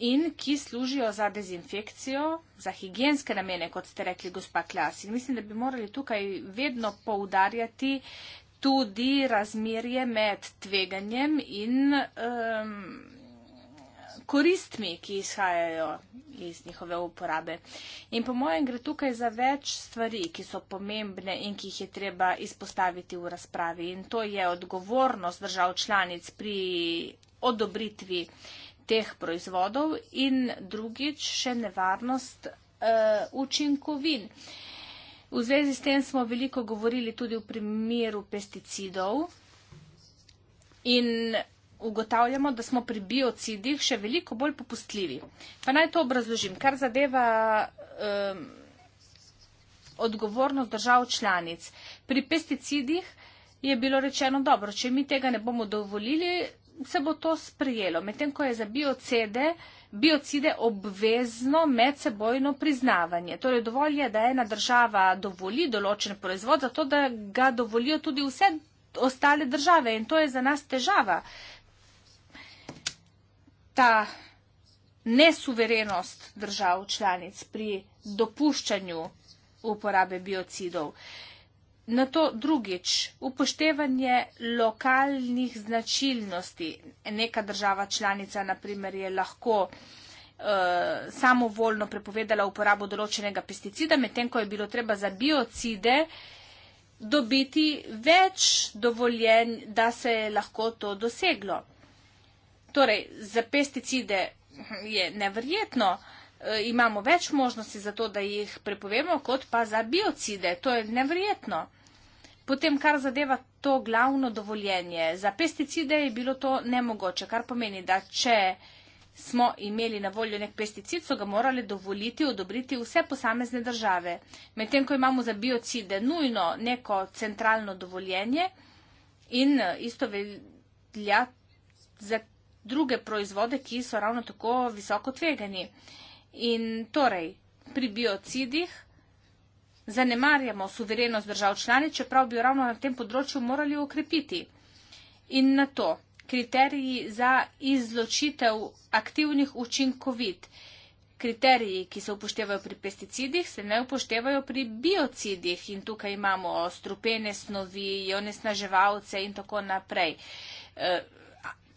in ki služijo za dezinfekcijo, za higijenske namene, kot ste rekli, gospa Klasi. Mislim, da bi morali tukaj vedno poudarjati tudi razmerje med tveganjem in um, koristmi, ki izhajajo iz njihove uporabe. In po mojem gre tukaj za več stvari, ki so pomembne in ki jih je treba izpostaviti v razpravi. In to je odgovornost držav članic pri odobritvi uh, teh proizvodov in drugič še nevarnost uh, učinkovin. V zvezi s tem smo veliko govorili tudi v primeru pesticidov in ugotavljamo, da smo pri biocidih še veliko bolj popustljivi. Pa naj to obrazložim. Kar zadeva um, odgovornost držav članic. Pri pesticidih je bilo rečeno dobro, če mi tega ne bomo dovolili, se bo to sprejelo, medtem ko je za biocede, biocide obvezno medsebojno priznavanje. Torej dovolj je, da ena država dovoli določen proizvod, zato da ga dovolijo tudi vse ostale države in to je za nas težava. Ta nesuverenost držav članic pri dopuščanju uporabe biocidov. Uh, Na to drugič, upoštevanje lokalnih značilnosti. Neka država članica, naprimer, je lahko eh, samovoljno prepovedala uporabo določenega pesticida, medtem ko je bilo treba za biocide dobiti več dovoljenj, da se je lahko to doseglo. Torej, za pesticide je neverjetno, eh, imamo več možnosti za to, da jih prepovemo, kot pa za biocide. To je neverjetno. Potem, kar zadeva to glavno dovoljenje, za pesticide je bilo to nemogoče, kar pomeni, da če smo imeli na voljo nek pesticid, so ga morali dovoliti, odobriti vse posamezne države. Medtem, ko imamo za biocide nujno neko centralno dovoljenje in eh, isto velja za druge proizvode, ki so ravno tako visoko tvegani. In torej, pri biocidih zanemarjamo suverenost držav članic, čeprav bi jo ravno na tem področju morali ukrepiti. In na to kriteriji za izločitev aktivnih učinkovit. Kriteriji, ki se upoštevajo pri pesticidih, se ne upoštevajo pri biocidih in tukaj imamo strupene snovi, onesnaževalce in tako naprej. Eh,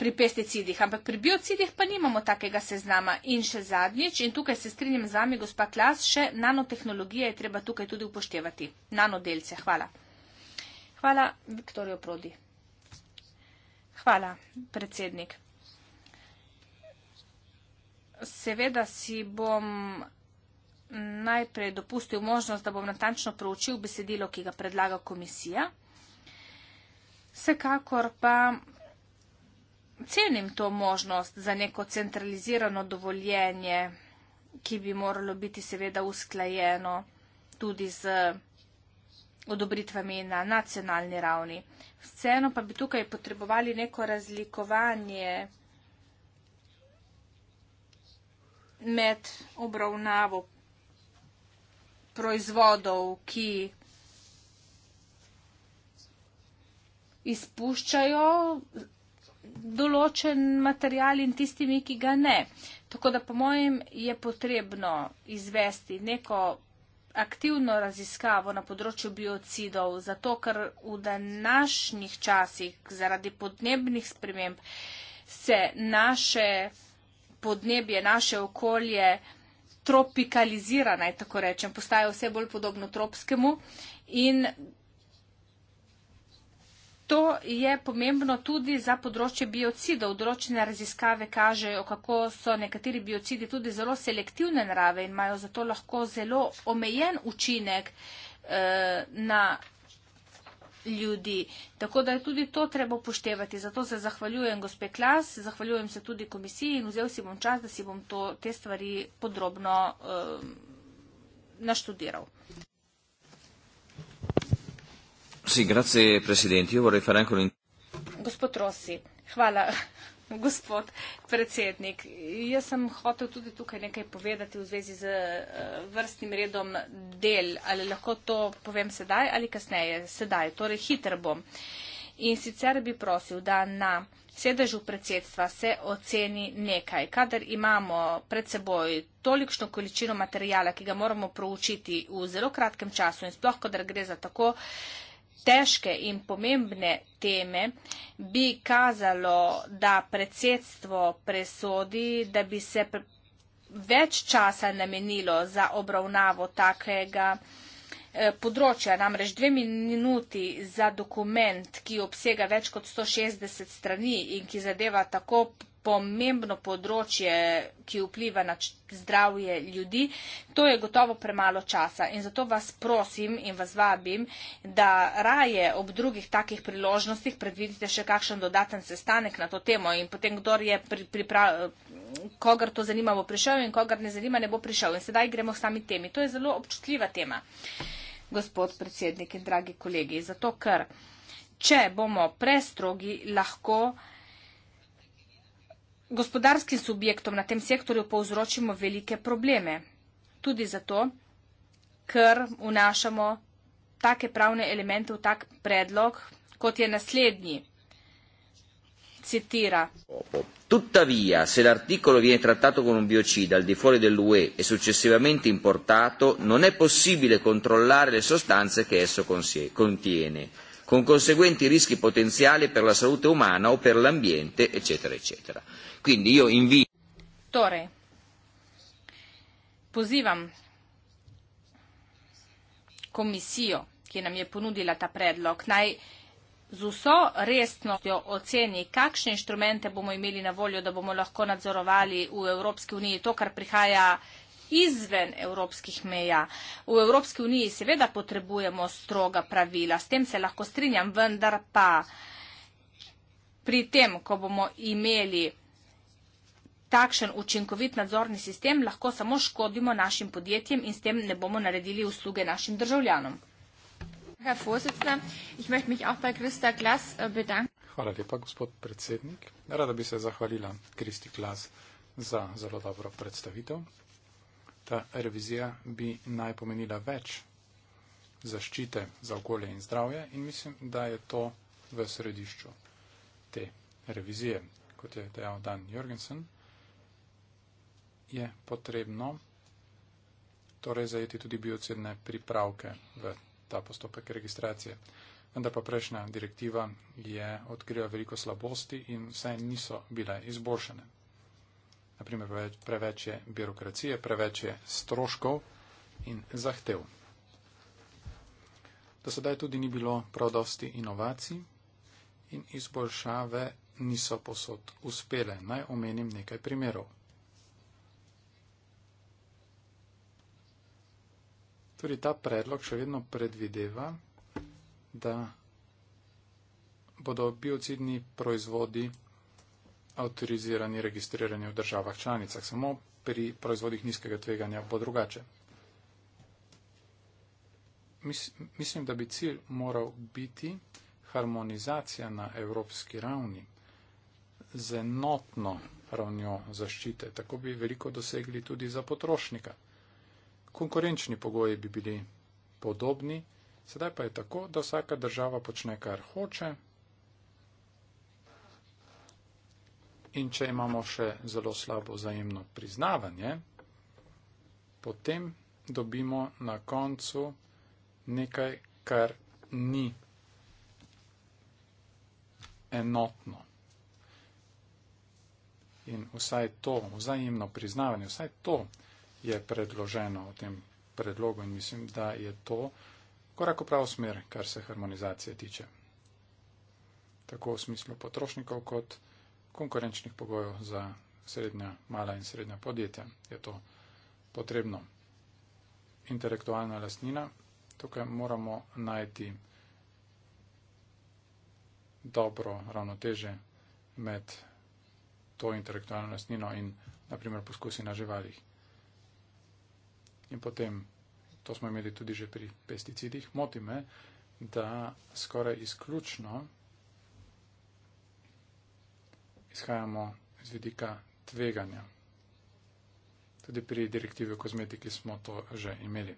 pri pesticidih, ampak pri biocidih pa nimamo takega seznama. In še zadnjič, in tukaj se strinjam z vami, gospa Klas, še nanotehnologije je treba tukaj tudi upoštevati. Nanodelce, hvala. Hvala, Viktorijo Prodi. Hvala, predsednik. Seveda si bom najprej dopustil možnost, da bom natančno proučil besedilo, ki ga predlaga komisija. Vsekakor pa cenim to možnost za neko centralizirano dovoljenje, ki bi moralo biti seveda usklajeno tudi z odobritvami na nacionalni ravni. Vseeno pa bi tukaj potrebovali neko razlikovanje med obravnavo proizvodov, ki izpuščajo določen material in tistimi, ki ga ne. Tako da po mojem je potrebno izvesti neko aktivno raziskavo na področju biocidov, zato ker v današnjih časih zaradi podnebnih sprememb se naše podnebje, naše okolje tropikalizira, naj tako rečem, postaje vse bolj podobno tropskemu in To je pomembno tudi za področje biocidov. Odročne raziskave kažejo, kako so nekateri biocidi tudi zelo selektivne narave in imajo zato lahko zelo omejen učinek eh, na ljudi. Tako da je tudi to treba upoštevati. Zato se zahvaljujem gospe Klas, zahvaljujem se tudi komisiji in vzel si bom čas, da si bom to, te stvari podrobno eh, naštudiral. Sì, grazie Presidente. Io vorrei fare anche un... Gospod Rossi, hvala. Gospod predsednik, jaz sem hotel tudi tukaj nekaj povedati v zvezi z eh, vrstnim redom del. Ali lahko to povem sedaj ali kasneje? Sedaj, torej hiter bom. In sicer bi prosil, da na sedežu predsedstva se oceni nekaj. Kadar imamo pred seboj tolikšno količino materijala, ki ga moramo proučiti v zelo kratkem času in sploh, kadar gre za tako uh, težke in pomembne teme, bi kazalo, da predsedstvo presodi, da bi se več časa namenilo za obravnavo takega eh, področja. Namreč dve minuti za dokument, ki obsega več kot 160 strani in ki zadeva tako pomembno področje, ki vpliva na zdravje ljudi, to je gotovo premalo časa. In zato vas prosim in vas vabim, da raje ob drugih takih priložnostih predvidite še kakšen dodaten sestanek na to temo in potem, kdo je pripravljen, kogar to zanima, bo prišel in kogar ne zanima, ne bo prišel. In sedaj gremo k sami temi. To je zelo občutljiva tema, gospod predsednik in dragi kolegi. Zato, ker če bomo prestrogi, lahko gospodarskim subjektom na tem sektorju povzročimo velike probleme. Tudi zato, ker vnašamo take pravne elemente v tak predlog, kot je naslednji. Citira. Tuttavia, se l'articolo viene trattato con un biocida al di fuori dell'UE e successivamente importato, non è possibile controllare le sostanze che esso contiene con conseguenti rischi potenziali per la salute umana o per l'ambiente, eccetera, eccetera. Quindi io invito. Tore, pozivam komisijo, ki nam je ponudila ta predlog, naj z vso resnostjo oceni, kakšne inštrumente bomo imeli na voljo, da bomo lahko nadzorovali v Evropski uniji to, kar prihaja izven evropskih meja. V Evropski uniji seveda potrebujemo stroga pravila, s tem se lahko strinjam, vendar pa pri tem, ko bomo imeli takšen učinkovit nadzorni sistem, lahko samo škodimo našim podjetjem in s tem ne bomo naredili usluge našim državljanom. Äh, Hvala lepa, gospod predsednik. Rada bi se zahvalila Kristi Klas za zelo dobro predstavitev. Ta revizija bi naj pomenila več zaščite za okolje in zdravje in mislim, da je to v središču te revizije. Kot je dejal Dan Jorgensen, je potrebno torej zajeti tudi biocidne pripravke v ta postopek registracije. Vendar pa prejšnja direktiva je odkrila veliko slabosti in vse niso bile izboljšene naprimer preveč, preveč je birokracije, preveč je stroškov in zahtev. Do sedaj tudi ni bilo prav dosti inovacij in izboljšave niso posod uspele. Naj omenim nekaj primerov. Tudi ta predlog še vedno predvideva, da bodo biocidni proizvodi avtorizirani, registrirani v državah članicah. Samo pri proizvodih nizkega tveganja bo drugače. Mis, mislim, da bi cilj moral biti harmonizacija na evropski ravni z enotno ravnjo zaščite. Tako bi veliko dosegli tudi za potrošnika. Konkurenčni pogoji bi bili podobni, sedaj pa je tako, da vsaka država počne, kar hoče, in če imamo še zelo slabo zajemno priznavanje, potem dobimo na koncu nekaj, kar ni enotno. In vsaj to vzajemno priznavanje, vsaj to je predloženo v tem predlogu in mislim, da je to korak v pravo smer, kar se harmonizacije tiče. Tako v smislu potrošnikov kot konkurenčnih pogojev za srednja, mala in srednja podjetja. Je to potrebno. Intelektualna lasnina. Tukaj moramo najti dobro ravnoteže med to intelektualno lasnino in naprimer poskusi na živalih. In potem, to smo imeli tudi že pri pesticidih, moti me, da skoraj izključno izhajamo z vidika tveganja. Tudi pri direktivi o kozmetiki smo to že imeli.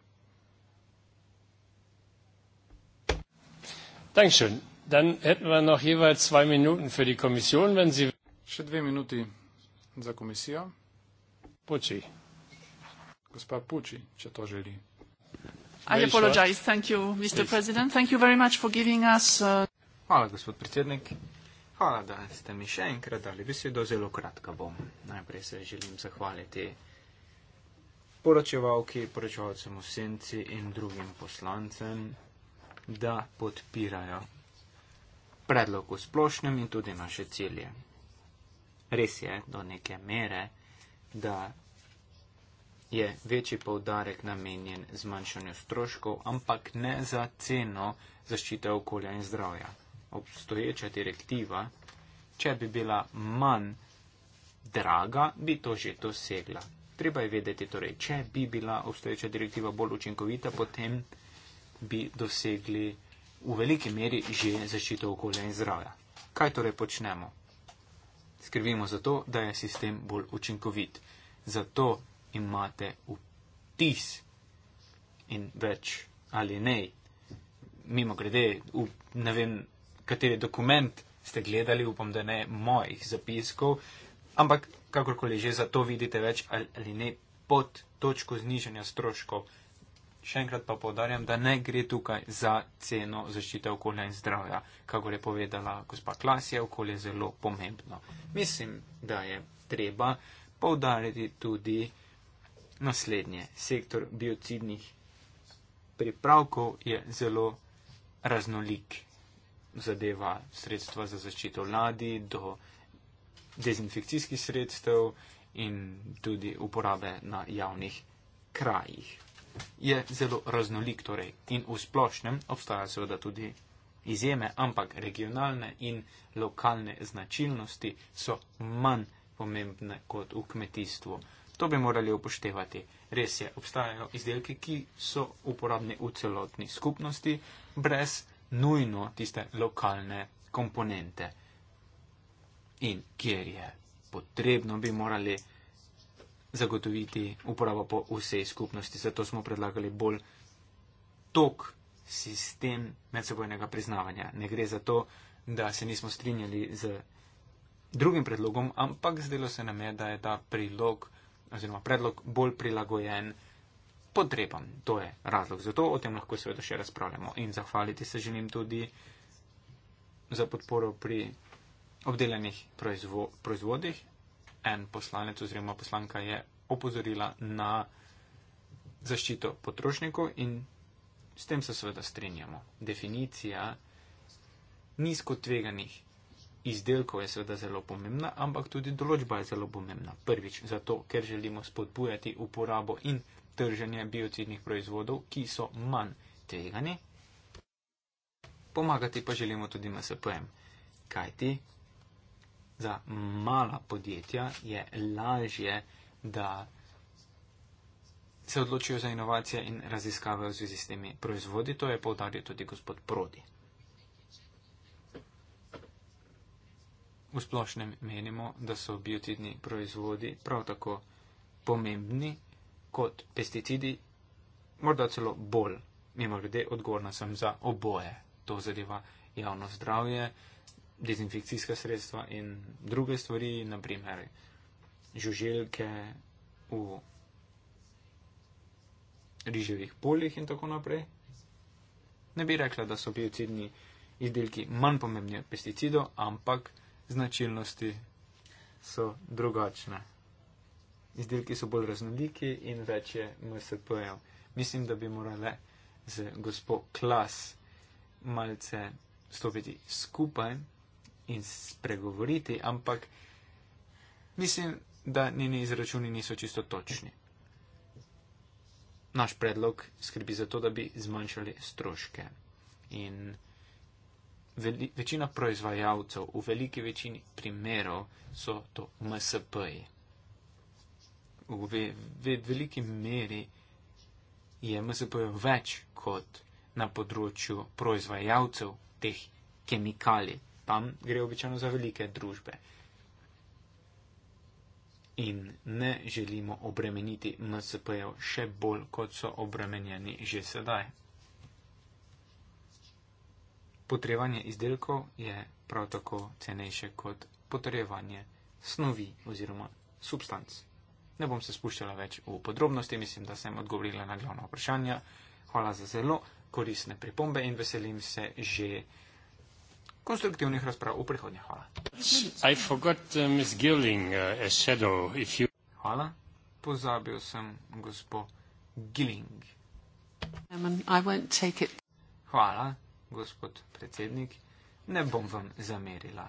Še dve minuti za komisijo. Puči. Gospa Puči, če to želi. Uh, Hvala, gospod predsednik. Hvala, da ste mi še enkrat dali besedo. Zelo kratka bom. Najprej se želim zahvaliti poročevalki, poročevalcem v Senci in drugim poslancem, da podpirajo predlog v splošnem in tudi naše cilje. Res je do neke mere, da je večji povdarek namenjen zmanjšanju stroškov, ampak ne za ceno zaščite okolja in zdravja obstoječa direktiva, če bi bila manj draga, bi to že dosegla. Treba je vedeti, torej, če bi bila obstoječa direktiva bolj učinkovita, potem bi dosegli v veliki meri že zaščito okolja in zdravja. Kaj torej počnemo? Skrbimo za to, da je sistem bolj učinkovit. Zato imate vtis in več ali nej. Mimo grede, v, ne vem, kateri dokument ste gledali, upam, da ne mojih zapiskov, ampak kakorkoli že za to vidite več ali ne pod točko znižanja stroškov. Še enkrat pa povdarjam, da ne gre tukaj za ceno zaščite okolja in zdravja, kako je povedala gospa Klasija, okolje je zelo pomembno. Mislim, da je treba povdariti tudi naslednje. Sektor biocidnih pripravkov je zelo raznolik zadeva sredstva za zaščito vladi, do dezinfekcijskih sredstev in tudi uporabe na javnih krajih. Je zelo raznolik torej in v splošnem obstajajo seveda tudi izjeme, ampak regionalne in lokalne značilnosti so manj pomembne kot v kmetijstvu. To bi morali upoštevati. Res je, obstajajo izdelke, ki so uporabni v celotni skupnosti, brez nujno tiste lokalne komponente. In kjer je potrebno, bi morali zagotoviti uporabo po vsej skupnosti. Zato smo predlagali bolj tok sistem medsebojnega priznavanja. Ne gre za to, da se nismo strinjali z drugim predlogom, ampak zdelo se nam je, da je ta prilog oziroma predlog bolj prilagojen potrebam. To je razlog za to, o tem lahko seveda še razpravljamo. In zahvaliti se želim tudi za podporo pri obdelanih proizvo proizvodih. En poslanec oziroma poslanka je opozorila na zaščito potrošnikov in s tem se seveda strinjamo. Definicija nizko tveganih izdelkov je seveda zelo pomembna, ampak tudi določba je zelo pomembna. Prvič, zato, ker želimo spodbujati uporabo in trženje biocidnih proizvodov, ki so manj tvegani. Pomagati pa želimo tudi MSP-jem, kajti za mala podjetja je lažje, da se odločijo za inovacije in raziskave v zvezi s temi proizvodi. To je povdaril tudi gospod Prodi. V splošnem menimo, da so biocidni proizvodi prav tako pomembni kot pesticidi, morda celo bolj. Mimo grede, odgovorna sem za oboje. To zadeva javno zdravje, dezinfekcijska sredstva in druge stvari, naprimer žuželke v riževih poljih in tako naprej. Ne bi rekla, da so biocidni izdelki manj pomembni od pesticidov, ampak značilnosti so drugačne izdelki so bolj raznoliki in več je MSP-jev. Mislim, da bi morale z gospod Klas malce stopiti skupaj in spregovoriti, ampak mislim, da njeni izračuni niso čisto točni. Naš predlog skrbi za to, da bi zmanjšali stroške. In veli, večina proizvajalcev, v veliki večini primerov, so to MSP-ji v ve, ve, veliki meri je MSP več kot na področju proizvajalcev teh kemikalij. Tam gre običajno za velike družbe. In ne želimo obremeniti MSP-jev še bolj, kot so obremenjeni že sedaj. Potrevanje izdelkov je prav tako cenejše kot potrevanje snovi oziroma substanc. Ne bom se spuščala več v podrobnosti, mislim, da sem odgovorila na glavna vprašanja. Hvala za zelo koristne pripombe in veselim se že konstruktivnih razprav v prihodnje. Hvala. Forgot, uh, Gilling, uh, shadow, you... Hvala. Pozabil sem gospo Gilling. Hvala, gospod predsednik. Ne bom vam zamerila.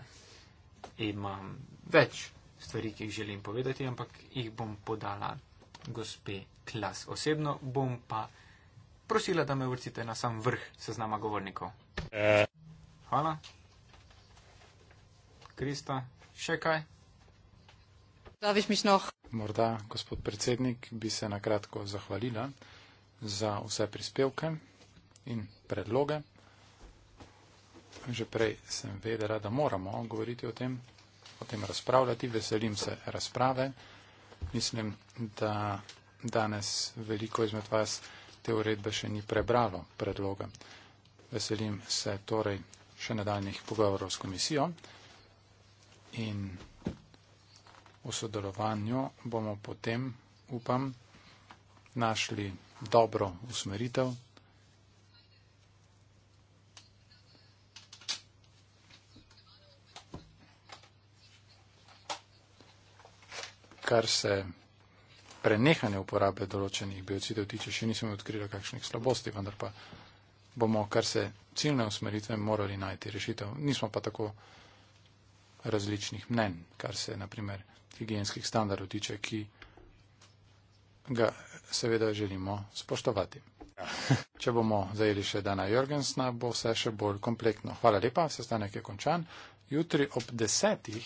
Imam več stvari, ki jih želim povedati, ampak jih bom podala gospe klas. Osebno bom pa prosila, da me vrcite na sam vrh seznama govornikov. Hvala. Krista, še kaj? Da, viš miš noh. Morda, gospod predsednik, bi se na kratko zahvalila za vse prispevke in predloge. Že prej sem vedela, da moramo govoriti o tem, o tem razpravljati. Veselim se razprave. Mislim, da danes veliko izmed vas te uredbe še ni prebralo predloga. Veselim se torej še nadaljnih pogovorov s komisijo in v sodelovanju bomo potem, upam, našli dobro usmeritev. kar se prenehanje uporabe določenih biocidov tiče, še nismo odkrili kakšnih slabosti, vendar pa bomo, kar se ciljne usmeritve, morali najti rešitev. Nismo pa tako različnih mnen, kar se naprimer higijenskih standardov tiče, ki ga seveda želimo spoštovati. Ja. Če bomo zajeli še Dana Jorgensna, bo vse še bolj kompletno. Hvala lepa, sestanek je končan. Jutri ob desetih.